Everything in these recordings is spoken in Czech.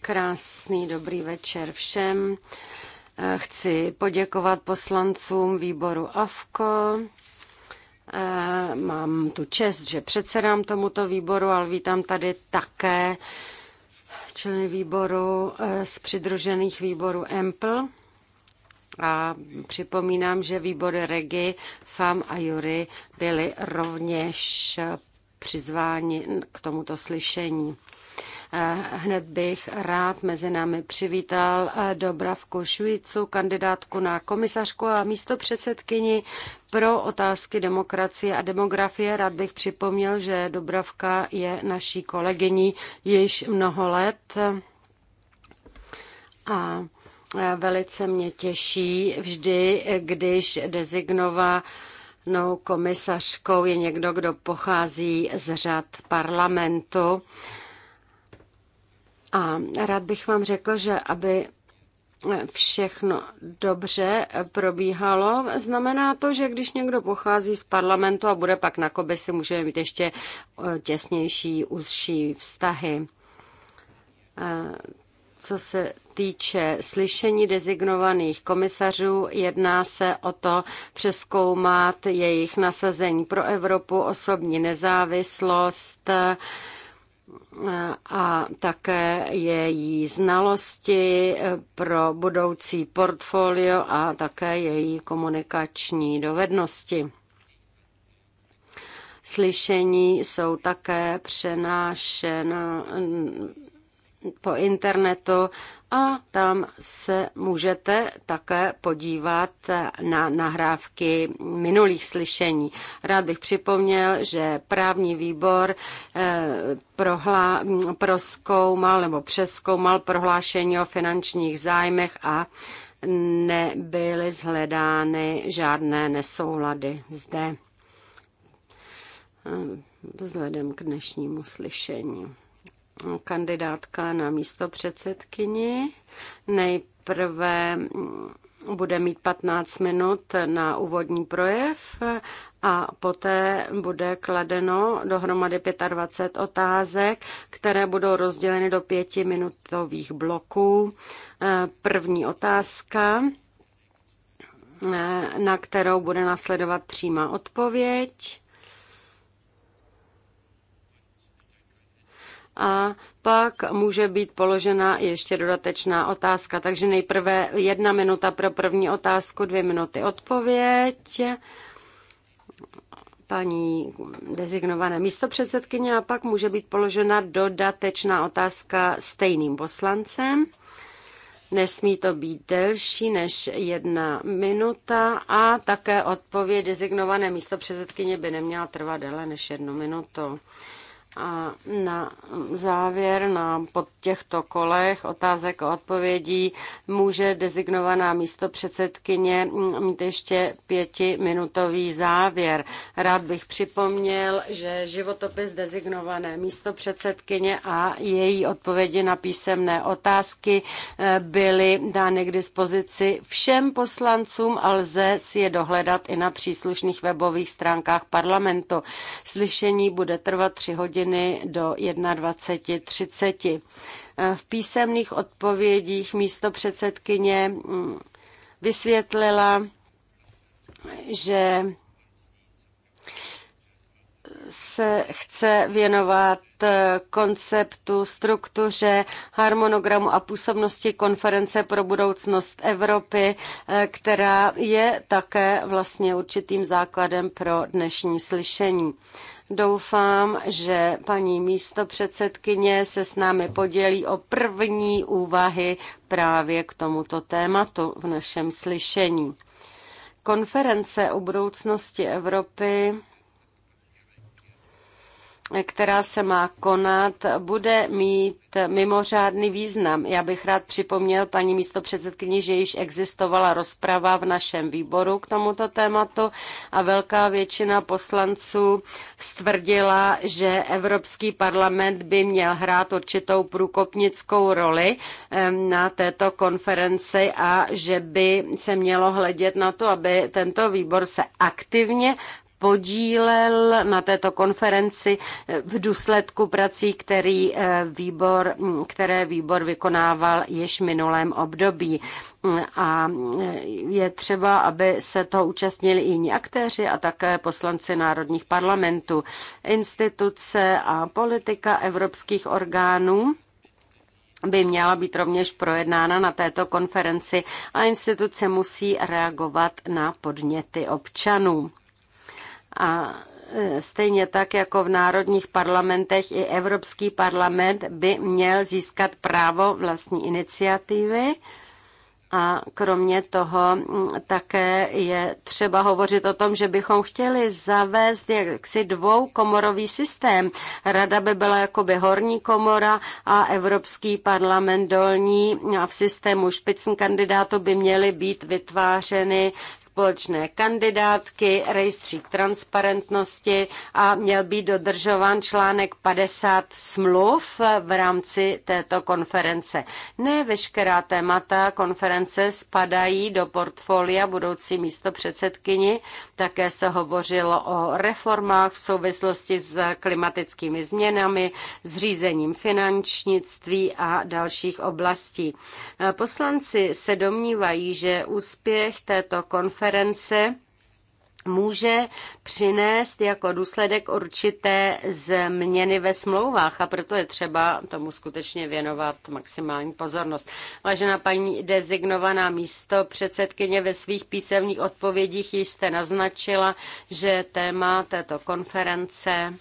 Krásný dobrý večer všem. Eh, chci poděkovat poslancům výboru AFKO. Eh, mám tu čest, že předsedám tomuto výboru, ale vítám tady také členy výboru eh, z přidružených výborů EMPL. A připomínám, že výbory Regi, FAM a Jury byly rovněž přizváni k tomuto slyšení. Hned bych rád mezi námi přivítal eh, Dobravku Šujicu, kandidátku na komisařku a místo předsedkyni pro otázky demokracie a demografie. Rád bych připomněl, že Dobravka je naší kolegyní již mnoho let. A eh, velice mě těší vždy, když dezignová No, komisařkou je někdo, kdo pochází z řad parlamentu a rád bych vám řekl, že aby všechno dobře probíhalo. Znamená to, že když někdo pochází z parlamentu a bude pak na kobe, si můžeme mít ještě eh, těsnější, úzší vztahy. Eh, co se týče slyšení designovaných komisařů, jedná se o to přeskoumat jejich nasazení pro Evropu, osobní nezávislost, a také její znalosti pro budoucí portfolio a také její komunikační dovednosti. Slyšení jsou také přenášena po internetu a tam se můžete také podívat na nahrávky minulých slyšení. Rád bych připomněl, že právní výbor eh, prohlá, proskoumal nebo přeskoumal prohlášení o finančních zájmech a nebyly zhledány žádné nesoulady zde eh, vzhledem k dnešnímu slyšení kandidátka na místo předsedkyni. Nejprve bude mít 15 minut na úvodní projev a poté bude kladeno dohromady 25 otázek, které budou rozděleny do pětiminutových bloků. Eh, první otázka, eh, na kterou bude nasledovat přímá odpověď. a pak může být položena ještě dodatečná otázka. Takže nejprve jedna minuta pro první otázku, dvě minuty odpověď paní dezignované místo předsedkyně a pak může být položena dodatečná otázka stejným poslancem. Nesmí to být delší než jedna minuta a také odpověď dezignované místo předsedkyně by neměla trvat déle než jednu minutu. A na závěr na pod těchto kolech otázek a odpovědí může dezignovaná místo předsedkyně mít ještě pětiminutový závěr. Rád bych připomněl, že životopis dezignované místo předsedkyně a její odpovědi na písemné otázky eh, byly dány k dispozici všem poslancům a lze si je dohledat i na příslušných webových stránkách parlamentu. Slyšení bude trvat tři hodiny hodiny do 21.30. V písemných odpovědích místo předsedkyně mm, vysvětlila, že se chce věnovat eh, konceptu, struktuře, harmonogramu a působnosti konference pro budoucnost Evropy, eh, která je také vlastně určitým základem pro dnešní slyšení. Doufám, že paní místo předsedkyně se s námi podělí o první úvahy právě k tomuto tématu v našem slyšení. Konference o budoucnosti Evropy která se má konat, bude mít mimořádný význam. Já bych rád připomněl paní místopředsedkyni, že již existovala rozprava v našem výboru k tomuto tématu a velká většina poslanců stvrdila, že Evropský parlament by měl hrát určitou průkopnickou roli na této konferenci a že by se mělo hledět na to, aby tento výbor se aktivně podílel na této konferenci eh, v důsledku prací, který eh, výbor, mm, které výbor vykonával již minulém období. Mm, a eh, je třeba, aby se toho účastnili i jiní aktéři a také poslanci národních parlamentů, instituce a politika evropských orgánů by měla být rovněž projednána na této konferenci a instituce musí reagovat na podněty občanů. A e, stejně tak jako v národních parlamentech i Evropský parlament by měl získat právo vlastní iniciativy a kromě toho mm, také je třeba hovořit o tom, že bychom chtěli zavést jaksi dvoukomorový systém. Rada by byla jakoby horní komora a Evropský parlament dolní a v systému špicn kandidátu by měly být vytvářeny společné kandidátky, rejstřík transparentnosti a měl být dodržován článek 50 smluv v rámci této konference. Ne veškerá témata konference konference spadají do portfolia budoucí místo předsedkyni. Také se hovořilo o reformách v souvislosti s klimatickými změnami, zřízením finančnictví a dalších oblastí. Poslanci se domnívají, že úspěch této konference může přinést jako důsledek určité změny ve smlouvách a proto je třeba tomu skutečně věnovat maximální pozornost. Vážená paní dezignovaná místo předsedkyně ve svých písemných odpovědích jste naznačila, že téma této konference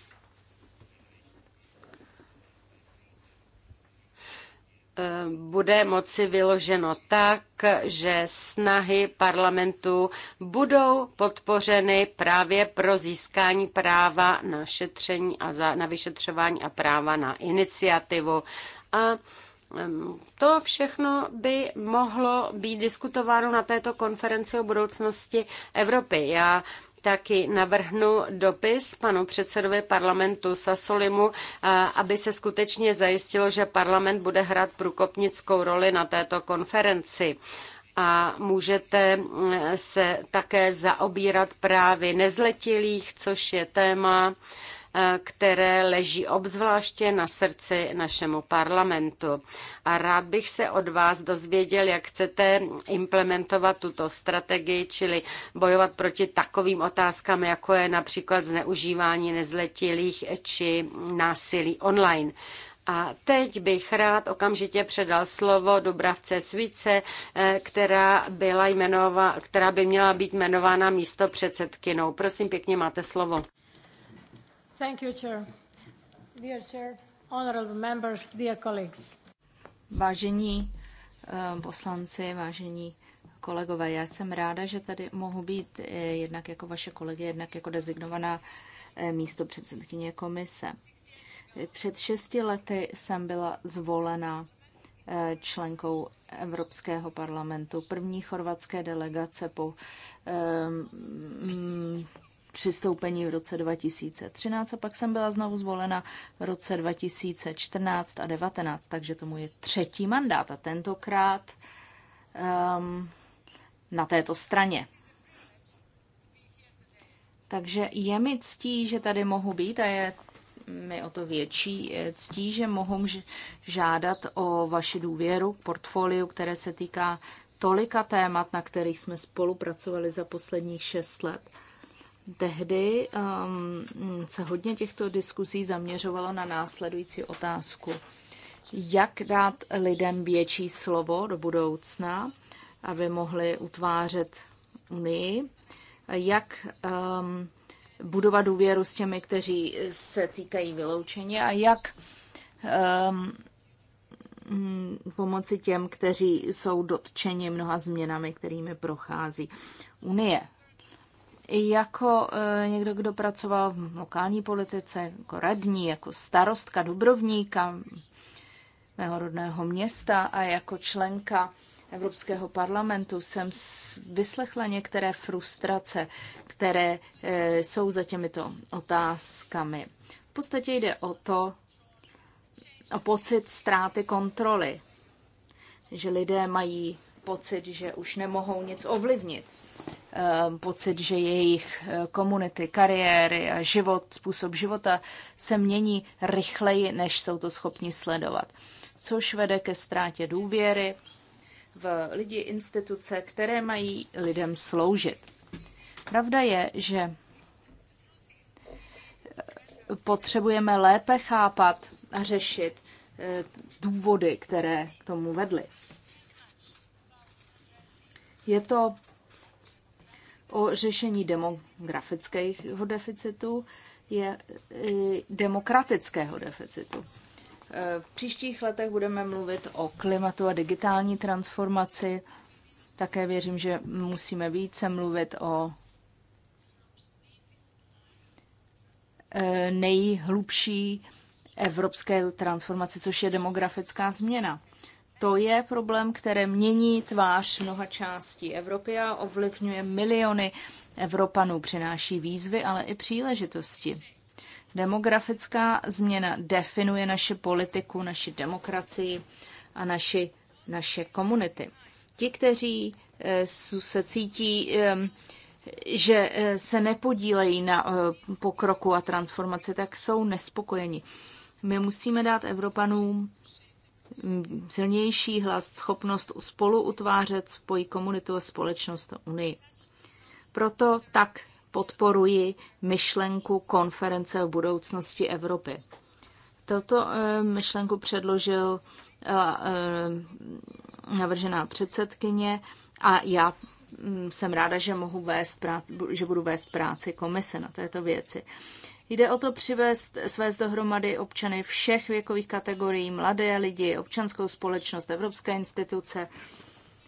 Eh, bude moci vyloženo tak, že snahy parlamentu budou podpořeny právě pro získání práva na šetření a za, na vyšetřování a práva na iniciativu. A to všechno by mohlo být diskutováno na této konferenci o budoucnosti Evropy. Já taky navrhnu dopis panu předsedovi parlamentu Sasolimu, aby se skutečně zajistilo, že parlament bude hrát průkopnickou roli na této konferenci a můžete se také zaobírat právě nezletilých, což je téma, které leží obzvláště na srdci našemu parlamentu. A rád bych se od vás dozvěděl, jak chcete implementovat tuto strategii, čili bojovat proti takovým otázkám, jako je například zneužívání nezletilých či násilí online. A teď bych rád okamžitě předal slovo Dubravce Svíce, eh, která, byla jmenová, která by měla být jmenována místo předsedkynou. Prosím, pěkně máte slovo. Thank you, Chair. Dear Chair, honorable members, dear colleagues. Vážení eh, poslanci, vážení kolegové, já jsem ráda, že tady mohu být eh, jednak jako vaše kolegy, jednak jako designovaná eh, místo předsedkyně komise. Před šesti lety jsem byla zvolena členkou Evropského parlamentu, první chorvatské delegace po přistoupení v roce 2013 a pak jsem byla znovu zvolena v roce 2014 a 2019, takže tomu je třetí mandát a tentokrát um, na této straně. Takže je mi ctí, že tady mohu být a je mi o to větší eh, ctí, že mohu žádat o vaši důvěru k portfoliu, které se týká tolika témat, na kterých jsme spolupracovali za posledních šest let. Tehdy um, se hodně těchto diskusí zaměřovalo na následující otázku. Jak dát lidem větší slovo do budoucna, aby mohli utvářet unii? Jak um, budovat důvěru s těmi, kteří se týkají vyloučení a jak um, pomoci těm, kteří jsou dotčeni mnoha změnami, kterými prochází Unie jako e, někdo, kdo pracoval v lokální politice, jako radní, jako starostka Dubrovníka, mého rodného města a jako členka Evropského parlamentu jsem vyslechla některé frustrace, které e, jsou za těmito otázkami. V podstatě jde o to, o pocit ztráty kontroly, že lidé mají pocit, že už nemohou nic ovlivnit. Ehm, pocit, že jejich eh, komunity, kariéry a život, způsob života se mění rychleji, než jsou to schopni sledovat. Což vede ke ztrátě důvěry v lidi, instituce, které mají lidem sloužit. Pravda je, že eh, potřebujeme lépe chápat a řešit eh, důvody, které k tomu vedly. Je to o řešení demografického deficitu je demokratického deficitu. E, v příštích letech budeme mluvit o klimatu a digitální transformaci. Také věřím, že musíme více mluvit o e, nejhlubší evropské transformaci, což je demografická změna. To je problém, který mění tvář mnoha částí Evropy a ovlivňuje miliony Evropanů. Přináší výzvy, ale i příležitosti. Demografická změna definuje naši politiku, naši demokracii a naši, naše komunity. Ti, kteří eh, se cítí, že eh, se nepodílejí na eh, pokroku a transformaci, tak jsou nespokojeni. My musíme dát Evropanům silnější hlas, schopnost spolu utvářet, spojí komunitu a společnost a Unii. Proto tak podporuji myšlenku konference o budoucnosti Evropy. Toto eh, myšlenku předložil eh, eh, navržená předsedkyně a já mm, jsem ráda, že mohu vést práci, že budu vést práci komise na této věci. Jde o to přivést, své dohromady občany všech věkových kategorií, mladé lidi, občanskou společnost, evropské instituce,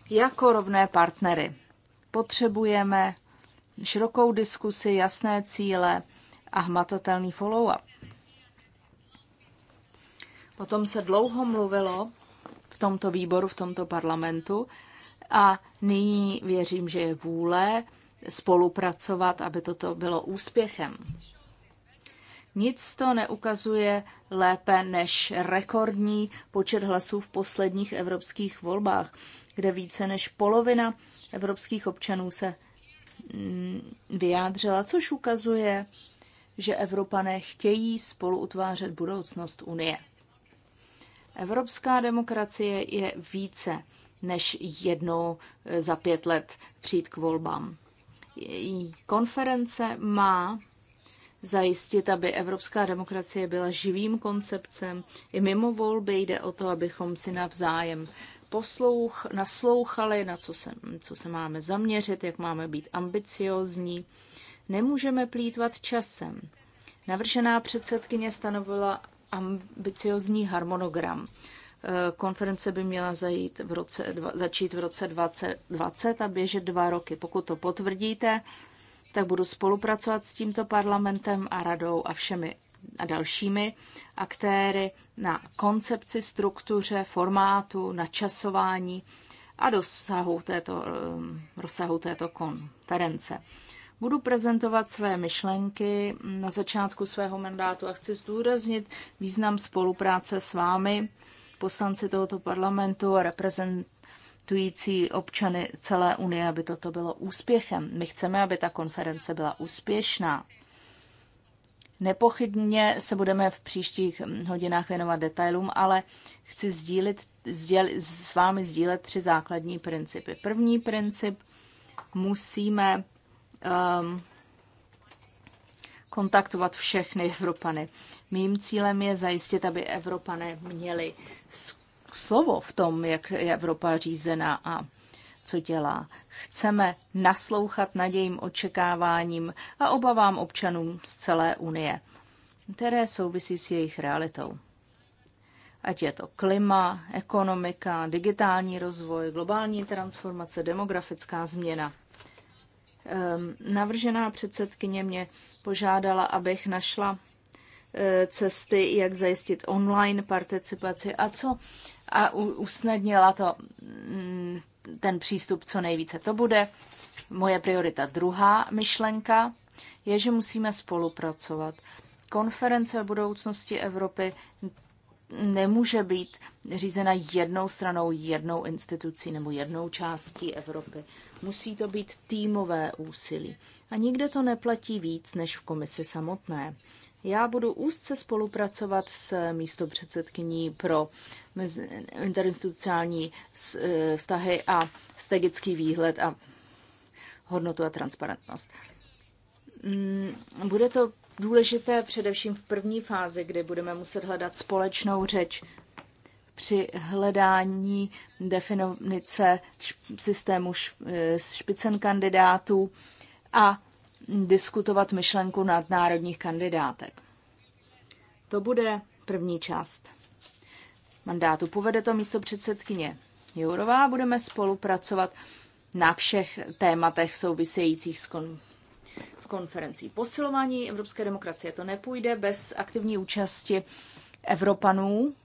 jako rovné partnery. Potřebujeme širokou diskusi, jasné cíle a hmatatelný follow-up. O tom se dlouho mluvilo v tomto výboru, v tomto parlamentu a nyní věřím, že je vůle spolupracovat, aby toto bylo úspěchem. Nic to neukazuje lépe než rekordní počet hlasů v posledních evropských volbách, kde více než polovina evropských občanů se mm, vyjádřila, což ukazuje, že Evropané chtějí spolu utvářet budoucnost Unie. Evropská demokracie je více než jednou e, za pět let přijít k volbám. Konference má zajistit, aby evropská demokracie byla živým koncepcem. I mimo volby jde o to, abychom si navzájem poslouch, naslouchali, na co se, co se máme zaměřit, jak máme být ambiciozní. Nemůžeme plítvat časem. Navržená předsedkyně stanovila ambiciozní harmonogram. Eh, konference by měla zajít v roce, začít v roce 2020 a běžet dva roky. Pokud to potvrdíte, tak budu spolupracovat s tímto parlamentem a radou a všemi a dalšími aktéry na koncepci, struktuře, formátu, načasování a dosahu této, um, rozsahu této konference. Budu prezentovat své myšlenky na začátku svého mandátu a chci zdůraznit význam spolupráce s vámi, poslanci tohoto parlamentu a reprezent cestující občany celé Unie, aby toto bylo úspěchem. My chceme, aby ta konference byla úspěšná. Nepochybně se budeme v příštích hm, hodinách věnovat detailům, ale chci sdílit, sděl, s vámi sdílet tři základní principy. První princip musíme um, kontaktovat všechny Evropany. Mým cílem je zajistit, aby Evropané měli slovo v tom, jak je Evropa řízená a co dělá. Chceme naslouchat nadějím, očekáváním a obavám občanům z celé Unie, které souvisí s jejich realitou. Ať je to klima, ekonomika, digitální rozvoj, globální transformace, demografická změna. Ehm, navržená předsedkyně mě požádala, abych našla eh, cesty, jak zajistit online participaci a co a usnadnila to mm, ten přístup co nejvíce. To bude moje priorita. Druhá myšlenka je, že musíme spolupracovat. Konference o budoucnosti Evropy nemůže být řízena jednou stranou, jednou institucí nebo jednou částí Evropy. Musí to být týmové úsilí. A nikde to neplatí víc než v komisi samotné. Já budu úzce spolupracovat s místopředsedkyní pro interinstitucionální e, vztahy a strategický výhled a hodnotu a transparentnost. Mm, bude to důležité především v první fázi, kdy budeme muset hledat společnou řeč při hledání definice systému eh, špicen kandidátů a diskutovat myšlenku nadnárodních kandidátek. To bude první část mandátu. Povede to místo předsedkyně Jourová. Budeme spolupracovat na všech tématech souvisejících s konfliktem s konferencí. Posilování evropské demokracie to nepůjde bez aktivní účasti Evropanů.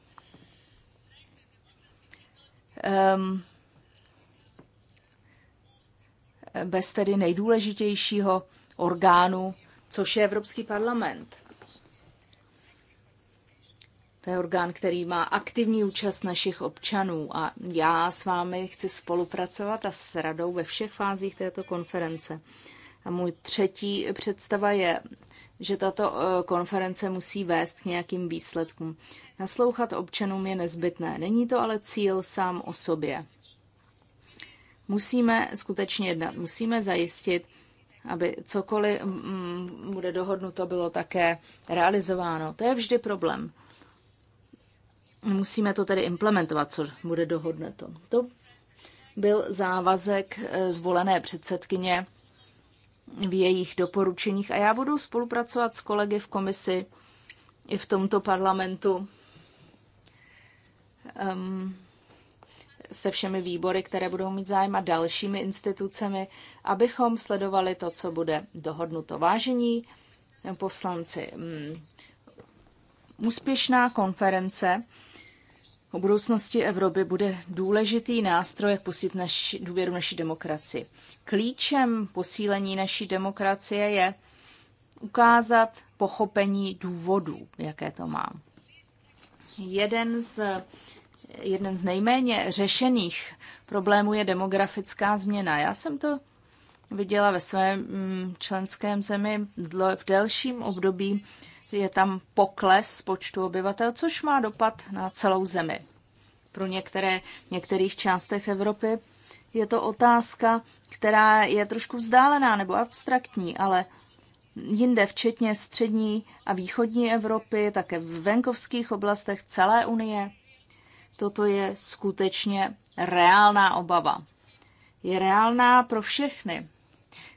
Um, bez tedy nejdůležitějšího orgánu, což je Evropský parlament. To je orgán, který má aktivní účast našich občanů a já s vámi chci spolupracovat a s radou ve všech fázích této konference. A můj třetí představa je, že tato eh, konference musí vést k nějakým výsledkům. Naslouchat občanům je nezbytné. Není to ale cíl sám o sobě. Musíme skutečně jednat, musíme zajistit, aby cokoliv mm, bude dohodnuto, bylo také realizováno. To je vždy problém. Musíme to tedy implementovat, co bude dohodnuto. To byl závazek eh, zvolené předsedkyně v jejich doporučeních a já budu spolupracovat s kolegy v komisi i v tomto parlamentu um, se všemi výbory, které budou mít zájem a dalšími institucemi, abychom sledovali to, co bude dohodnuto. Vážení poslanci, um, úspěšná konference o budoucnosti Evropy bude důležitý nástroj, jak posílit naši, důvěru naší demokracii. Klíčem posílení naší demokracie je ukázat pochopení důvodů, jaké to má. Jeden z, jeden z nejméně řešených problémů je demografická změna. Já jsem to viděla ve svém mm, členském zemi v delším období je tam pokles počtu obyvatel, což má dopad na celou zemi. Pro některé, některých částech Evropy je to otázka, která je trošku vzdálená nebo abstraktní, ale jinde, včetně střední a východní Evropy, také v venkovských oblastech celé Unie, toto je skutečně reálná obava. Je reálná pro všechny,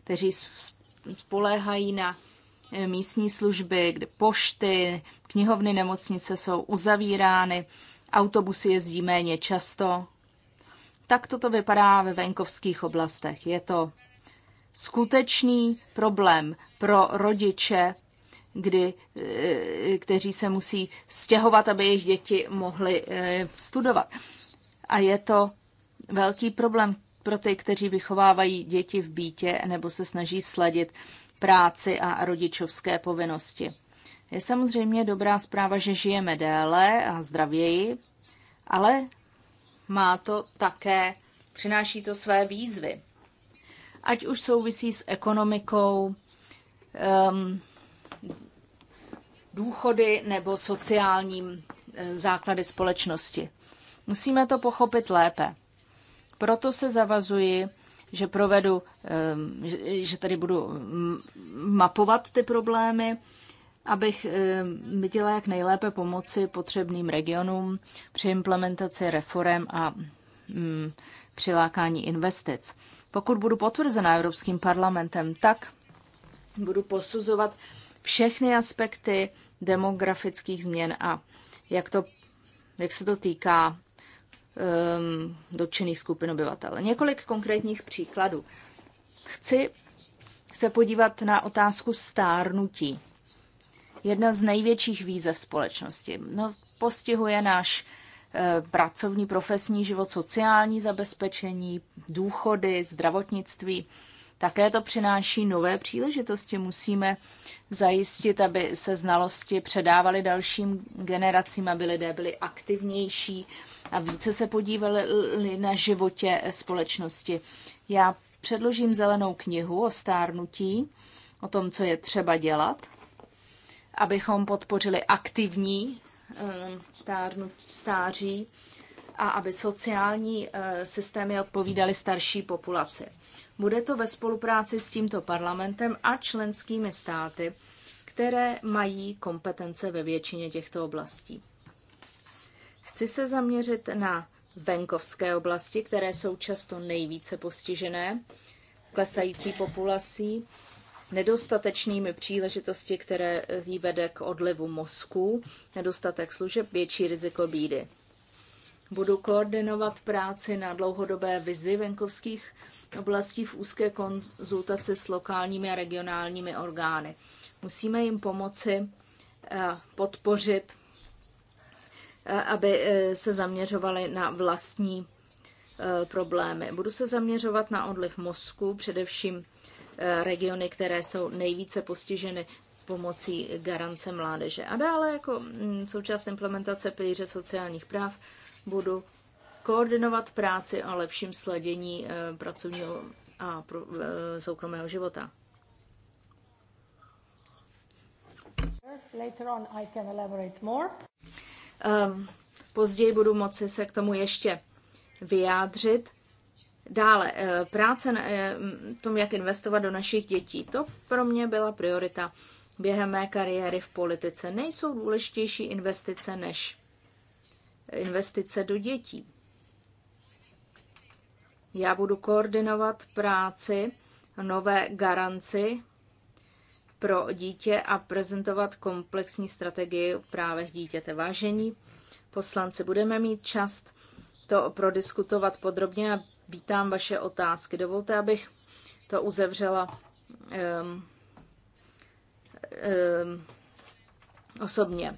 kteří spoléhají na Eh, místní služby, kdy pošty, knihovny, nemocnice jsou uzavírány, autobusy jezdí méně často. Tak toto vypadá ve venkovských oblastech. Je to skutečný problém pro rodiče, kdy, eh, kteří se musí stěhovat, aby jejich děti mohly eh, studovat. A je to velký problém pro ty, kteří vychovávají děti v bítě nebo se snaží sladit práci a rodičovské povinnosti. Je samozřejmě dobrá zpráva, že žijeme déle a zdravěji, ale má to také, přináší to své výzvy. Ať už souvisí s ekonomikou, um, důchody nebo sociálním e, základy společnosti. Musíme to pochopit lépe. Proto se zavazuji že provedu, ehm, že tady budu mapovat ty problémy, abych ehm, viděla, jak nejlépe pomoci potřebným regionům při implementaci reform a mm, přilákání investic. Pokud budu potvrzena Evropským parlamentem, tak budu posuzovat všechny aspekty demografických změn a jak, to, jak se to týká um, dotčených skupin obyvatel. Několik konkrétních příkladů. Chci se podívat na otázku stárnutí. Jedna z největších výzev společnosti. No, postihuje náš eh, pracovní, profesní život, sociální zabezpečení, důchody, zdravotnictví. Také to přináší nové příležitosti. Musíme zajistit, aby se znalosti předávaly dalším generacím, aby lidé byli aktivnější a více se podívali na životě společnosti. Já předložím zelenou knihu o stárnutí, o tom, co je třeba dělat, abychom podpořili aktivní eh, stáří a aby sociální eh, systémy odpovídaly starší populaci. Bude to ve spolupráci s tímto parlamentem a členskými státy, které mají kompetence ve většině těchto oblastí. Chci se zaměřit na venkovské oblasti, které jsou často nejvíce postižené klesající populací, nedostatečnými příležitosti, které jí vede k odlivu mozku, nedostatek služeb, větší riziko bídy. Budu koordinovat práci na dlouhodobé vizi venkovských oblastí v úzké konzultaci s lokálními a regionálními orgány. Musíme jim pomoci eh, podpořit, eh, aby eh, se zaměřovali na vlastní problémy. Budu se zaměřovat na odliv mozku, především regiony, které jsou nejvíce postiženy pomocí garance mládeže. A dále jako mm, součást implementace pilíře sociálních práv budu koordinovat práci a lepším sledění eh, pracovního a eh, soukromého života. Later on I can elaborate more. Um, později budu moci se k tomu ještě vyjádřit. Dále, eh, práce na tom, jak investovat do našich dětí, to pro mě byla priorita během mé kariéry v politice. Nejsou důležitější investice než investice do dětí. Já budu koordinovat práci nové garanci pro dítě a prezentovat komplexní strategii právě právech dítěte. Vážení poslanci, budeme mít čas to prodiskutovat podrobně a vítám vaše otázky. Dovolte, abych to uzevřela um, ehm, um, ehm, osobně.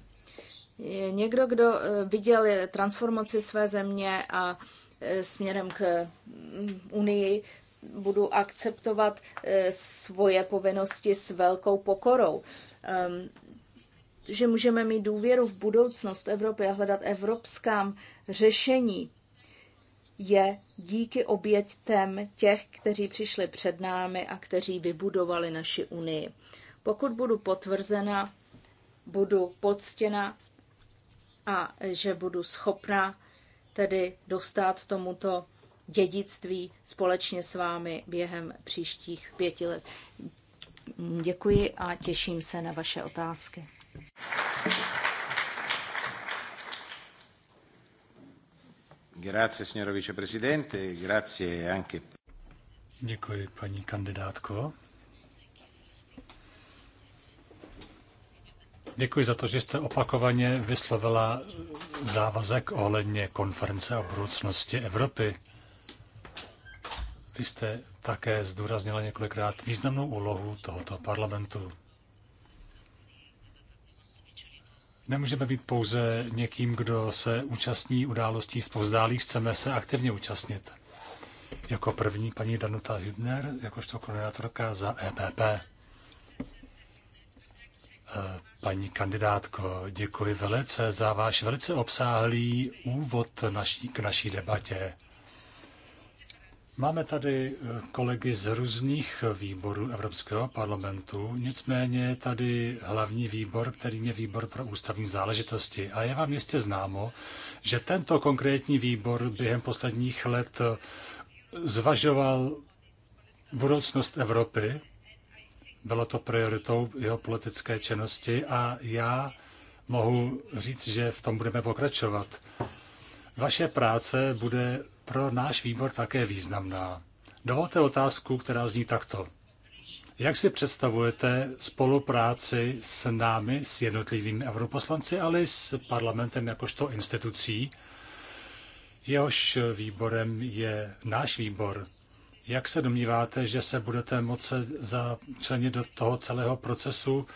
Někdo, kdo eh, viděl transformaci své země a Eh, směrem k mm, Unii, budu akceptovat eh, svoje povinnosti s velkou pokorou. Ehm, že můžeme mít důvěru v budoucnost Evropy a hledat evropská řešení je díky obětem těch, kteří přišli před námi a kteří vybudovali naši unii. Pokud budu potvrzena, budu poctěna a že budu schopna tedy dostat tomuto dědictví společně s vámi během příštích pěti let. Děkuji a těším se na vaše otázky. Grazie, signora viceprezidente, grazie anche. Děkuji, paní kandidátko. Děkuji za to, že jste opakovaně vyslovila závazek ohledně konference o budoucnosti Evropy. Vy jste také zdůraznila několikrát významnou úlohu tohoto parlamentu. Nemůžeme být pouze někým, kdo se účastní událostí zpovzdálí, chceme se aktivně účastnit. Jako první paní Danuta Hübner, jakožto koordinátorka za EPP. Paní kandidátko, děkuji velice za váš velice obsáhlý úvod naší, k naší debatě. Máme tady eh, kolegy z různých výborů Evropského parlamentu, nicméně je tady hlavní výbor, kterým je výbor pro ústavní záležitosti. A je vám jistě známo, že tento konkrétní výbor během posledních let eh, zvažoval budoucnost Evropy, bylo to prioritou jeho politické činnosti a já mohu říct, že v tom budeme pokračovat. Vaše práce bude pro náš výbor také významná. Dovolte otázku, která zní takto. Jak si představujete spolupráci s námi, s jednotlivými europoslanci, ale s parlamentem jakožto institucí? Jehož výborem je náš výbor. Jak se domníváte, že se budete moci začlenit do toho celého procesu?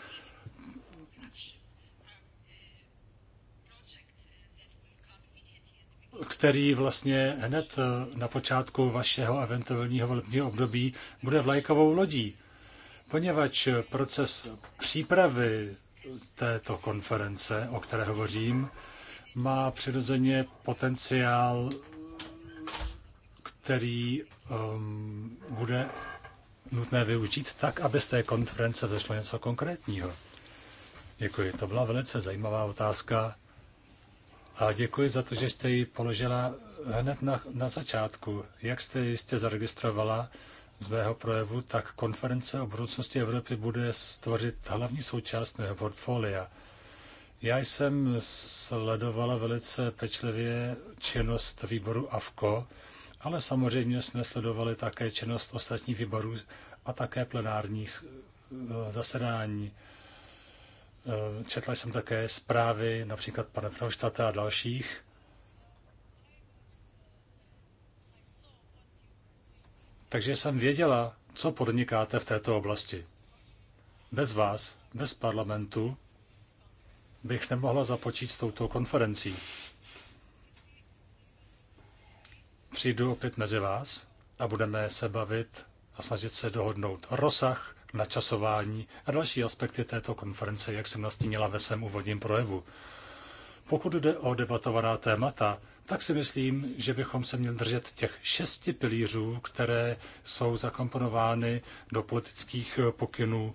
který vlastně hned na počátku vašeho eventuálního volebního období bude vlajkovou lodí, poněvadž proces přípravy této konference, o které hovořím, má přirozeně potenciál který um, bude nutné využít tak, aby z té konference zešlo něco konkrétního. Děkuji, to byla velice zajímavá otázka a děkuji za to, že jste ji položila hned na, na začátku. Jak jste jistě zaregistrovala z mého projevu, tak konference o budoucnosti Evropy bude stvořit hlavní součást mého portfolia. Já jsem sledovala velice pečlivě činnost výboru AFKO, ale samozřejmě jsme sledovali také činnost ostatních výborů a také plenárních zasedání. E, četla jsem také zprávy například pana Froštata a dalších. Takže jsem věděla, co podnikáte v této oblasti. Bez vás, bez parlamentu, bych nemohla započít s touto konferencí přijdu opět mezi vás a budeme se bavit a snažit se dohodnout rozsah, načasování a další aspekty této konference, jak jsem nastínila ve svém úvodním projevu. Pokud jde o debatovaná témata, tak si myslím, že bychom se měli držet těch šesti pilířů, které jsou zakomponovány do politických pokynů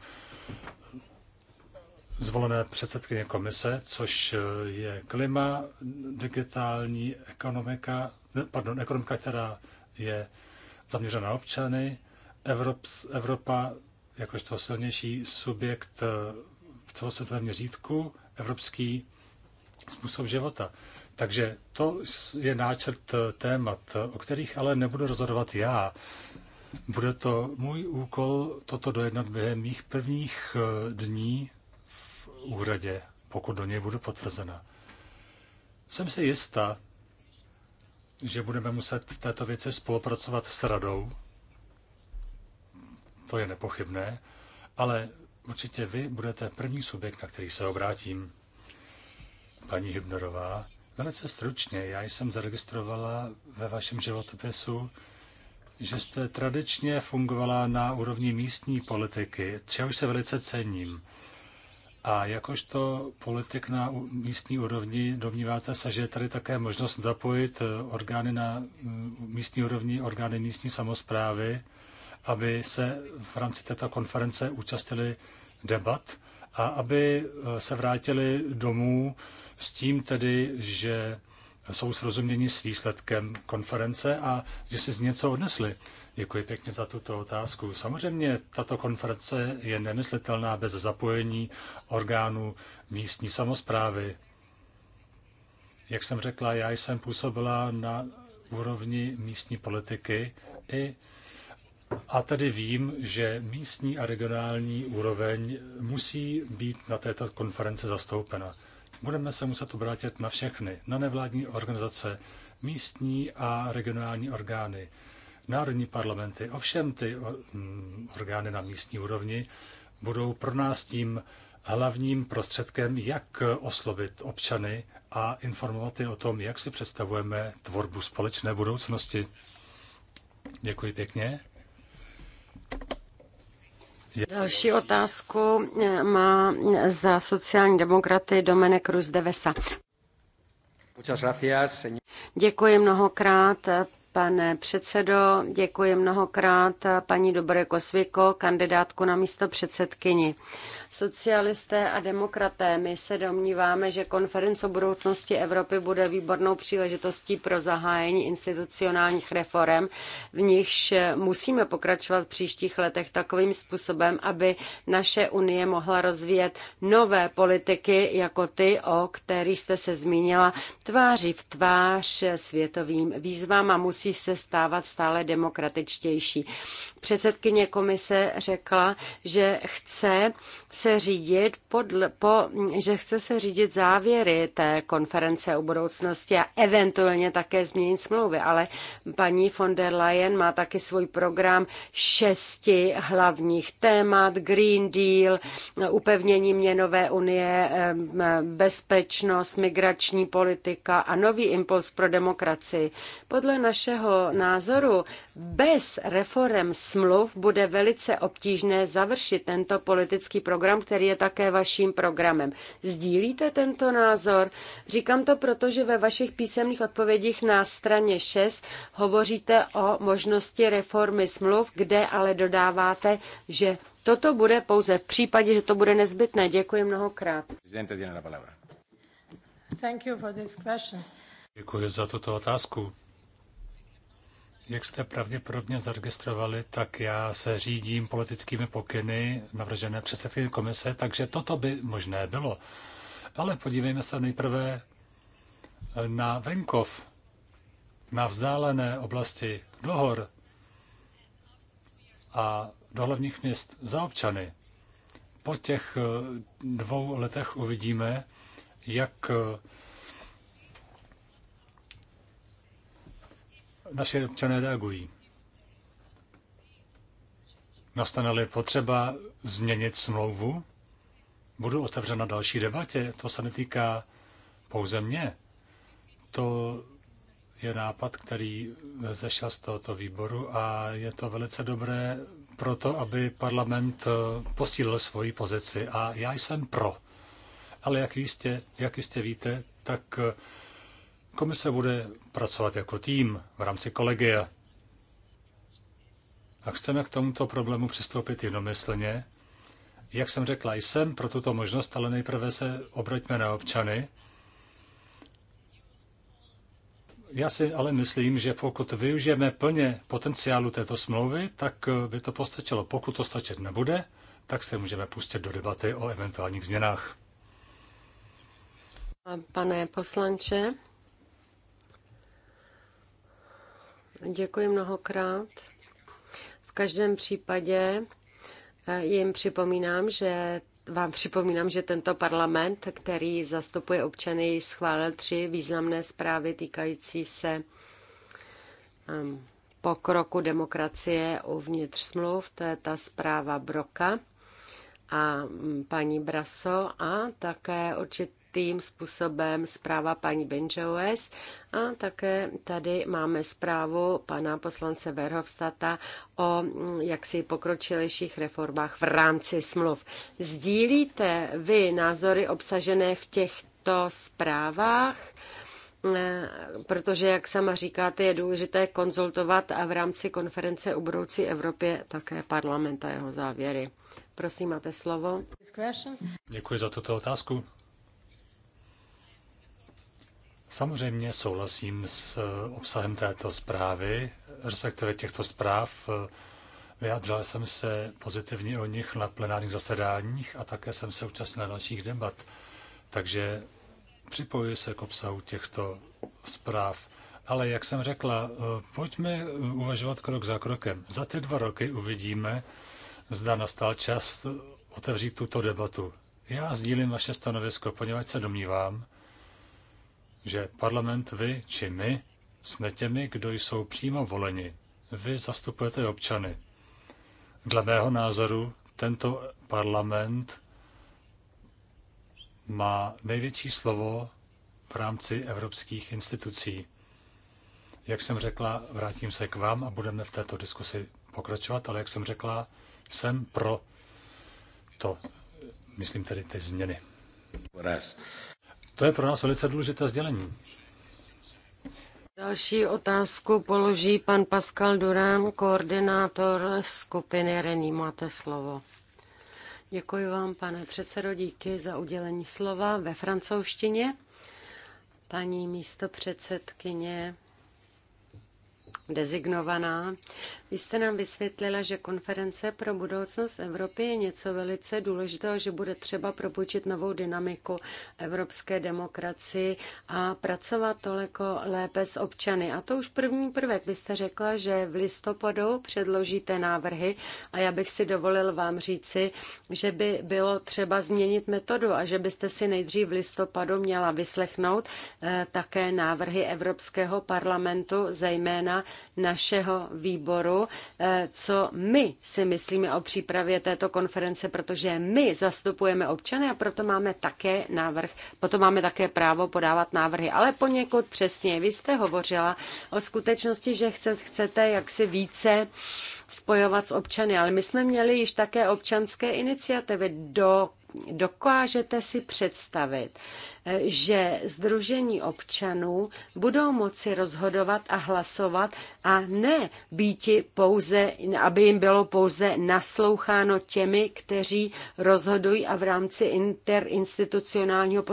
zvolené předsedkyně komise, což eh, je klima, digitální ekonomika, pardon, ekonomika, která je zaměřena na občany, Evrops, Evropa jakožto silnější subjekt eh, v celosvětovém měřítku, evropský způsob života. Takže to je náčrt eh, témat, o kterých ale nebudu rozhodovat já. Bude to můj úkol toto dojednat během mých prvních dní úřadě, pokud do něj budu potvrzena. Jsem si jistá, že budeme muset v této věci spolupracovat s radou. To je nepochybné, ale určitě vy budete první subjekt, na který se obrátím. Paní Hybnerová, velice stručně, já jsem zaregistrovala ve vašem životopisu, že jste tradičně fungovala na úrovni místní politiky, čehož se velice cením. A jakožto politik na místní úrovni, domníváte se, že je tady také možnost zapojit eh, orgány na mm, místní úrovni, orgány místní samozprávy, aby se v rámci této konference účastnili debat a aby eh, se vrátili domů s tím tedy, že jsou srozuměni s výsledkem konference a že si z něco odnesli. Děkuji pěkně za tuto otázku. Samozřejmě tato konference je nemyslitelná bez zapojení orgánů místní samozprávy. Jak jsem řekla, já jsem působila na úrovni místní politiky i a tedy vím, že místní a regionální úroveň musí být na této konferenci zastoupena. Budeme se muset obrátit na všechny, na nevládní organizace, místní a regionální orgány národní parlamenty. Ovšem ty mm, orgány na místní úrovni budou pro nás tím hlavním prostředkem, jak oslovit občany a informovat je o tom, jak si představujeme tvorbu společné budoucnosti. Děkuji pěkně. Další otázku eh, má eh, za sociální demokraty Domenek Ruzdevesa. Děkuji mnohokrát, eh, pane předsedo. Děkuji mnohokrát paní Dobré Kosviko, kandidátku na místo předsedkyni. Socialisté a demokraté, my se domníváme, že konference o budoucnosti Evropy bude výbornou příležitostí pro zahájení institucionálních reform, v nichž musíme pokračovat v příštích letech takovým způsobem, aby naše unie mohla rozvíjet nové politiky, jako ty, o kterých jste se zmínila, tváří v tvář světovým výzvám a musí se stávat stále demokratičtější. Předsedkyně komise řekla, že chce se řídit podle, po, že chce se řídit závěry té konference o budoucnosti a eventuálně také změnit smlouvy, ale paní von der Leyen má taky svůj program šesti hlavních témat, Green Deal, upevnění měnové unie, bezpečnost, migrační politika a nový impuls pro demokracii. Podle našeho názoru bez reform smluv bude velice obtížné završit tento politický program program, který je také vaším programem. Sdílíte tento názor? Říkám to proto, že ve vašich písemných odpovědích na straně 6 hovoříte o možnosti reformy smluv, kde ale dodáváte, že toto bude pouze v případě, že to bude nezbytné. Děkuji mnohokrát. Děkuji za tuto otázku. Jak jste pravděpodobně zaregistrovali, tak já se řídím politickými pokyny navržené předsedkyně komise, takže toto by možné bylo. Ale podívejme se nejprve na venkov, na vzdálené oblasti do hor a do hlavních měst za občany. Po těch eh, dvou letech uvidíme, jak eh, naše občané reagují. Nastane-li potřeba změnit smlouvu, budu otevřena další debatě. To se netýká pouze mě. To je nápad, který zešel z tohoto výboru a je to velice dobré pro to, aby parlament eh, posílil svoji pozici a já jsem pro. Ale jak jistě, jak jistě víte, tak eh, komise bude pracovat jako tým v rámci kolegia. A chceme k tomuto problému přistoupit jednomyslně. Jak jsem řekla, jsem pro tuto možnost, ale nejprve se obraťme na občany. Já si ale myslím, že pokud využijeme plně potenciálu této smlouvy, tak by to postačilo. Pokud to stačit nebude, tak se můžeme pustit do debaty o eventuálních změnách. Pane poslanče, Děkuji mnohokrát. V každém případě eh, jim připomínám, že vám připomínám, že tento parlament, který zastupuje občany, již schválil tři významné zprávy týkající se ehm, pokroku demokracie uvnitř smluv. To je ta zpráva Broka a mm, paní Braso a také určitě tím způsobem zpráva paní Benjoes a také tady máme zprávu pana poslance Verhofstata o mm, jaksi pokročilejších reformách v rámci smluv. Sdílíte vy názory obsažené v těchto zprávách? Eh, protože, jak sama říkáte, je důležité konzultovat a v rámci konference o budoucí Evropě také parlament a jeho závěry. Prosím, máte slovo. Děkuji za tuto otázku. Samozřejmě souhlasím s eh, obsahem této zprávy, respektive těchto zpráv. Eh, Vyjádřil jsem se pozitivně o nich na plenárních zasedáních a také jsem se účastnil dalších debat. Takže připojuji se k obsahu těchto zpráv. Ale jak jsem řekla, eh, pojďme uvažovat krok za krokem. Za ty dva roky uvidíme, zda nastal čas otevřít tuto debatu. Já sdílím vaše stanovisko, poněvadž se domnívám, že parlament, vy či my, jsme těmi, kdo jsou přímo voleni. Vy zastupujete občany. Dle mého názoru tento parlament má největší slovo v rámci evropských institucí. Jak jsem řekla, vrátím se k vám a budeme v této diskusi pokračovat, ale jak jsem řekla, jsem pro to, myslím tedy ty změny. Raz. To je pro nás velice důležité sdělení. Další otázku položí pan Pascal Durán, koordinátor skupiny Rení. Máte slovo. Děkuji vám, pane předsedo, díky za udělení slova ve francouzštině. Paní místo předsedkyně dezignovaná. Vy jste nám vysvětlila, že konference pro budoucnost Evropy je něco velice důležitého, že bude třeba propůjčit novou dynamiku evropské demokracii a pracovat toliko lépe s občany. A to už první prvek. Vy jste řekla, že v listopadu předložíte návrhy a já bych si dovolil vám říci, že by bylo třeba změnit metodu a že byste si nejdřív v listopadu měla vyslechnout eh, také návrhy Evropského parlamentu, zejména našeho výboru, eh, co my si myslíme o přípravě této konference, protože my zastupujeme občany a proto máme také návrh, potom máme také právo podávat návrhy. Ale poněkud přesně, vy jste hovořila o skutečnosti, že chcete jaksi více spojovat s občany, ale my jsme měli již také občanské iniciativy, do Dokážete si představit, že Združení občanů budou moci rozhodovat a hlasovat a ne být pouze, aby jim bylo pouze nasloucháno těmi, kteří rozhodují a v rámci interinstitucionálního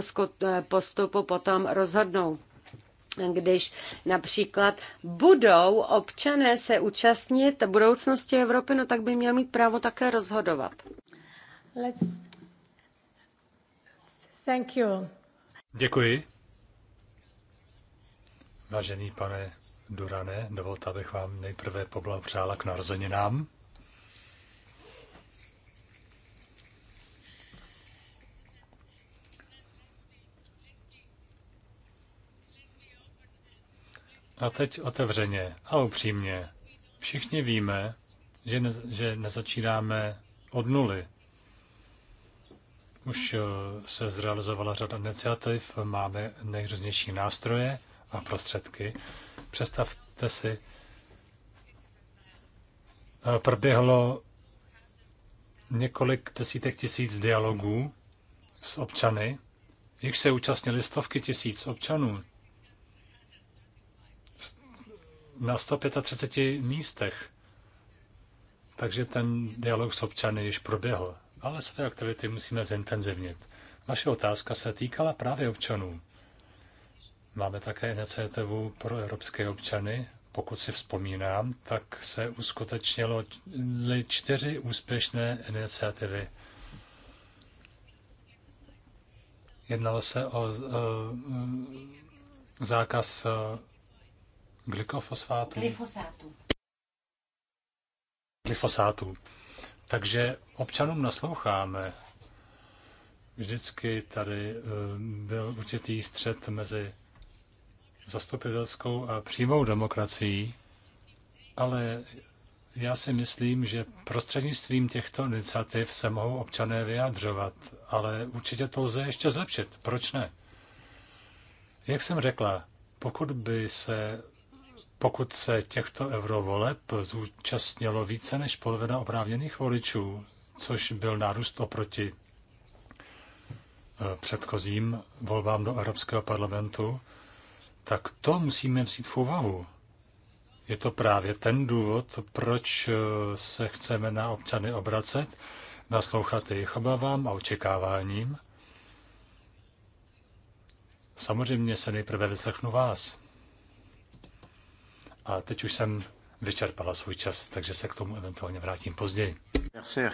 postupu potom rozhodnou když například budou občané se účastnit budoucnosti Evropy, no tak by měl mít právo také rozhodovat. Let's Thank you. Děkuji. Vážený pane Durane, dovolte, abych vám nejprve poblahopřála k narozeninám. A teď otevřeně a upřímně. Všichni víme, že, ne, že nezačínáme od nuly. Už eh, se zrealizovala řada iniciativ, máme nejrůznější nástroje a prostředky. Představte si, eh, proběhlo několik desítek tisíc dialogů s občany, jich se účastnili stovky tisíc občanů na 135 místech. Takže ten dialog s občany již proběhl ale své aktivity musíme zintenzivnit. Vaše otázka se týkala právě občanů. Máme také iniciativu pro evropské občany. Pokud si vzpomínám, tak se uskutečnilo čtyři úspěšné iniciativy. Jednalo se o uh, zákaz uh, glykofosfátu. Glyfosátu. Glyfosátu. Takže občanům nasloucháme. Vždycky tady eh, byl určitý střed mezi zastupitelskou a přímou demokracií, ale já si myslím, že prostřednictvím těchto iniciativ se mohou občané vyjadřovat, ale určitě to lze ještě zlepšit. Proč ne? Jak jsem řekla, pokud by se pokud se těchto eurovoleb zúčastnilo více než polovina oprávněných voličů, což byl nárůst oproti eh, předchozím volbám do Evropského parlamentu, tak to musíme vzít v úvahu. Je to právě ten důvod, proč eh, se chceme na občany obracet, naslouchat jejich obavám a očekáváním. Samozřejmě se nejprve vyslechnu vás. A teď už jsem vyčerpala svůj čas, takže se k tomu eventuálně vrátím později. Merci.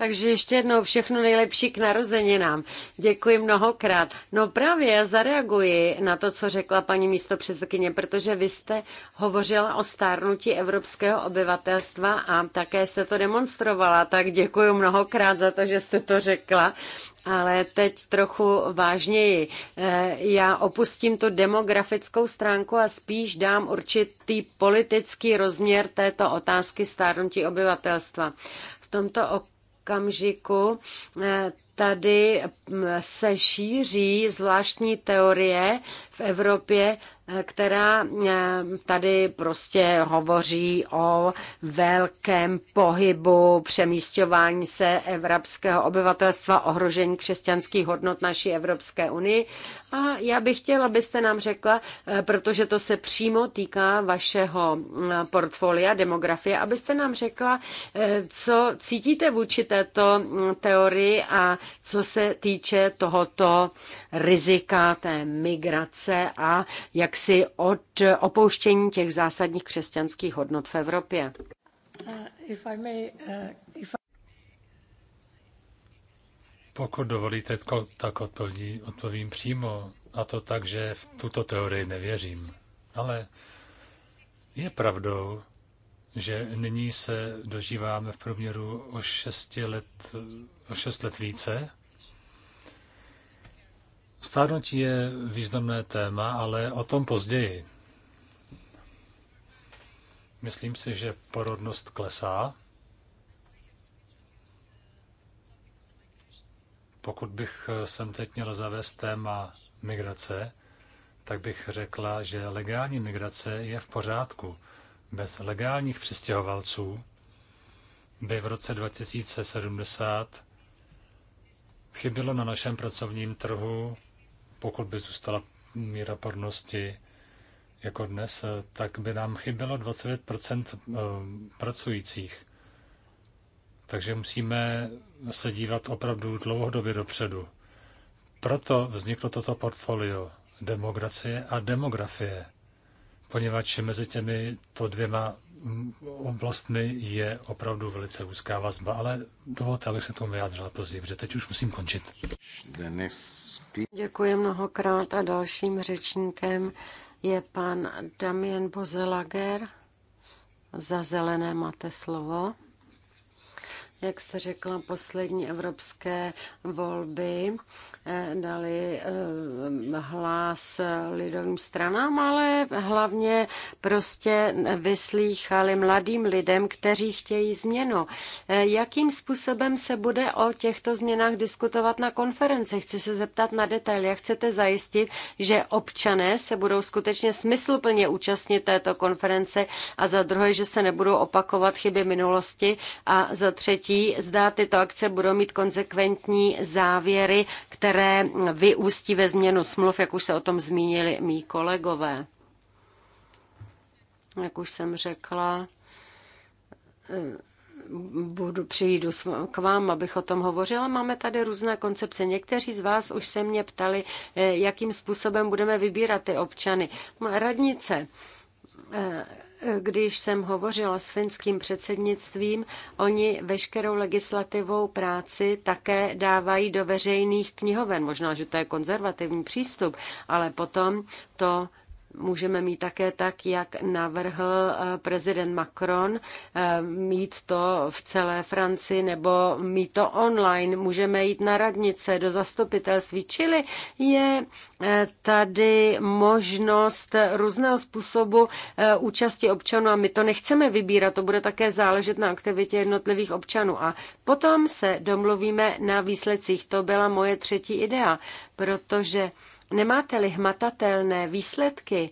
Takže ještě jednou všechno nejlepší k narozeninám. Děkuji mnohokrát. No právě já zareaguji na to, co řekla paní místo předsedkyně, protože vy jste hovořila o stárnutí evropského obyvatelstva a také jste to demonstrovala, tak děkuji mnohokrát za to, že jste to řekla. Ale teď trochu vážněji. Eh, já opustím tu demografickou stránku a spíš dám určitý politický rozměr této otázky stárnutí obyvatelstva. V tomto okamžiku eh, tady mm, se šíří zvláštní teorie, Evropě, která eh, tady prostě hovoří o velkém pohybu, přemístování se evropského obyvatelstva, ohrožení křesťanských hodnot naší Evropské unii. A já bych chtěla, abyste nám řekla, eh, protože to se přímo týká vašeho eh, portfolia demografie, abyste nám řekla, co cítíte vůči této mm, teorii a co se týče tohoto rizika té migrace revoluce a jaksi od opouštění těch zásadních křesťanských hodnot v Evropě. Uh, uh, Pokud dovolíte, tak odpoví, odpovím přímo. A to tak, že v tuto teorii nevěřím. Ale je pravdou, že nyní se dožíváme v průměru o 6 let, o 6 let více Stárnutí je významné téma, ale o tom později. Myslím si, že porodnost klesá. Pokud bych sem teď měl zavést téma migrace, tak bych řekla, že legální migrace je v pořádku. Bez legálních přistěhovalců by v roce 2070 chybělo na našem pracovním trhu pokud by zůstala míra pornosti jako dnes, tak by nám chybělo 29 eh, pracujících. Takže musíme se dívat opravdu dlouhodobě dopředu. Proto vzniklo toto portfolio demokracie a demografie poněvadž mezi těmi to dvěma oblastmi je opravdu velice úzká vazba, ale dovolte, abych se tomu vyjádřila později, protože teď už musím končit. Děkuji mnohokrát a dalším řečníkem je pan Damien Bozelager. Za zelené máte slovo. Jak jste řekla, poslední evropské volby Eh, dali eh, hlas lidovým stranám, ale hlavně prostě vyslýchali mladým lidem, kteří chtějí změnu. Eh, jakým způsobem se bude o těchto změnách diskutovat na konferenci? Chci se zeptat na detail. Jak chcete zajistit, že občané se budou skutečně smysluplně účastnit této konference a za druhé, že se nebudou opakovat chyby minulosti a za třetí, zda tyto akce budou mít konsekventní závěry, které které vyústí ve změnu smluv, jak už se o tom zmínili mý kolegové. Jak už jsem řekla, eh, budu, přijdu k vám, abych o tom hovořila. Máme tady různé koncepce. Někteří z vás už se mě ptali, eh, jakým způsobem budeme vybírat ty občany. Radnice eh, když jsem hovořila s finským předsednictvím, oni veškerou legislativou práci také dávají do veřejných knihoven. Možná, že to je konzervativní přístup, ale potom to můžeme mít také tak, jak navrhl eh, prezident Macron, eh, mít to v celé Francii nebo mít to online, můžeme jít na radnice, do zastupitelství, čili je eh, tady možnost různého způsobu účasti občanů a my to nechceme vybírat, to bude také záležet na aktivitě jednotlivých občanů a potom se domluvíme na výsledcích. To byla moje třetí idea, protože Nemáte-li hmatatelné výsledky,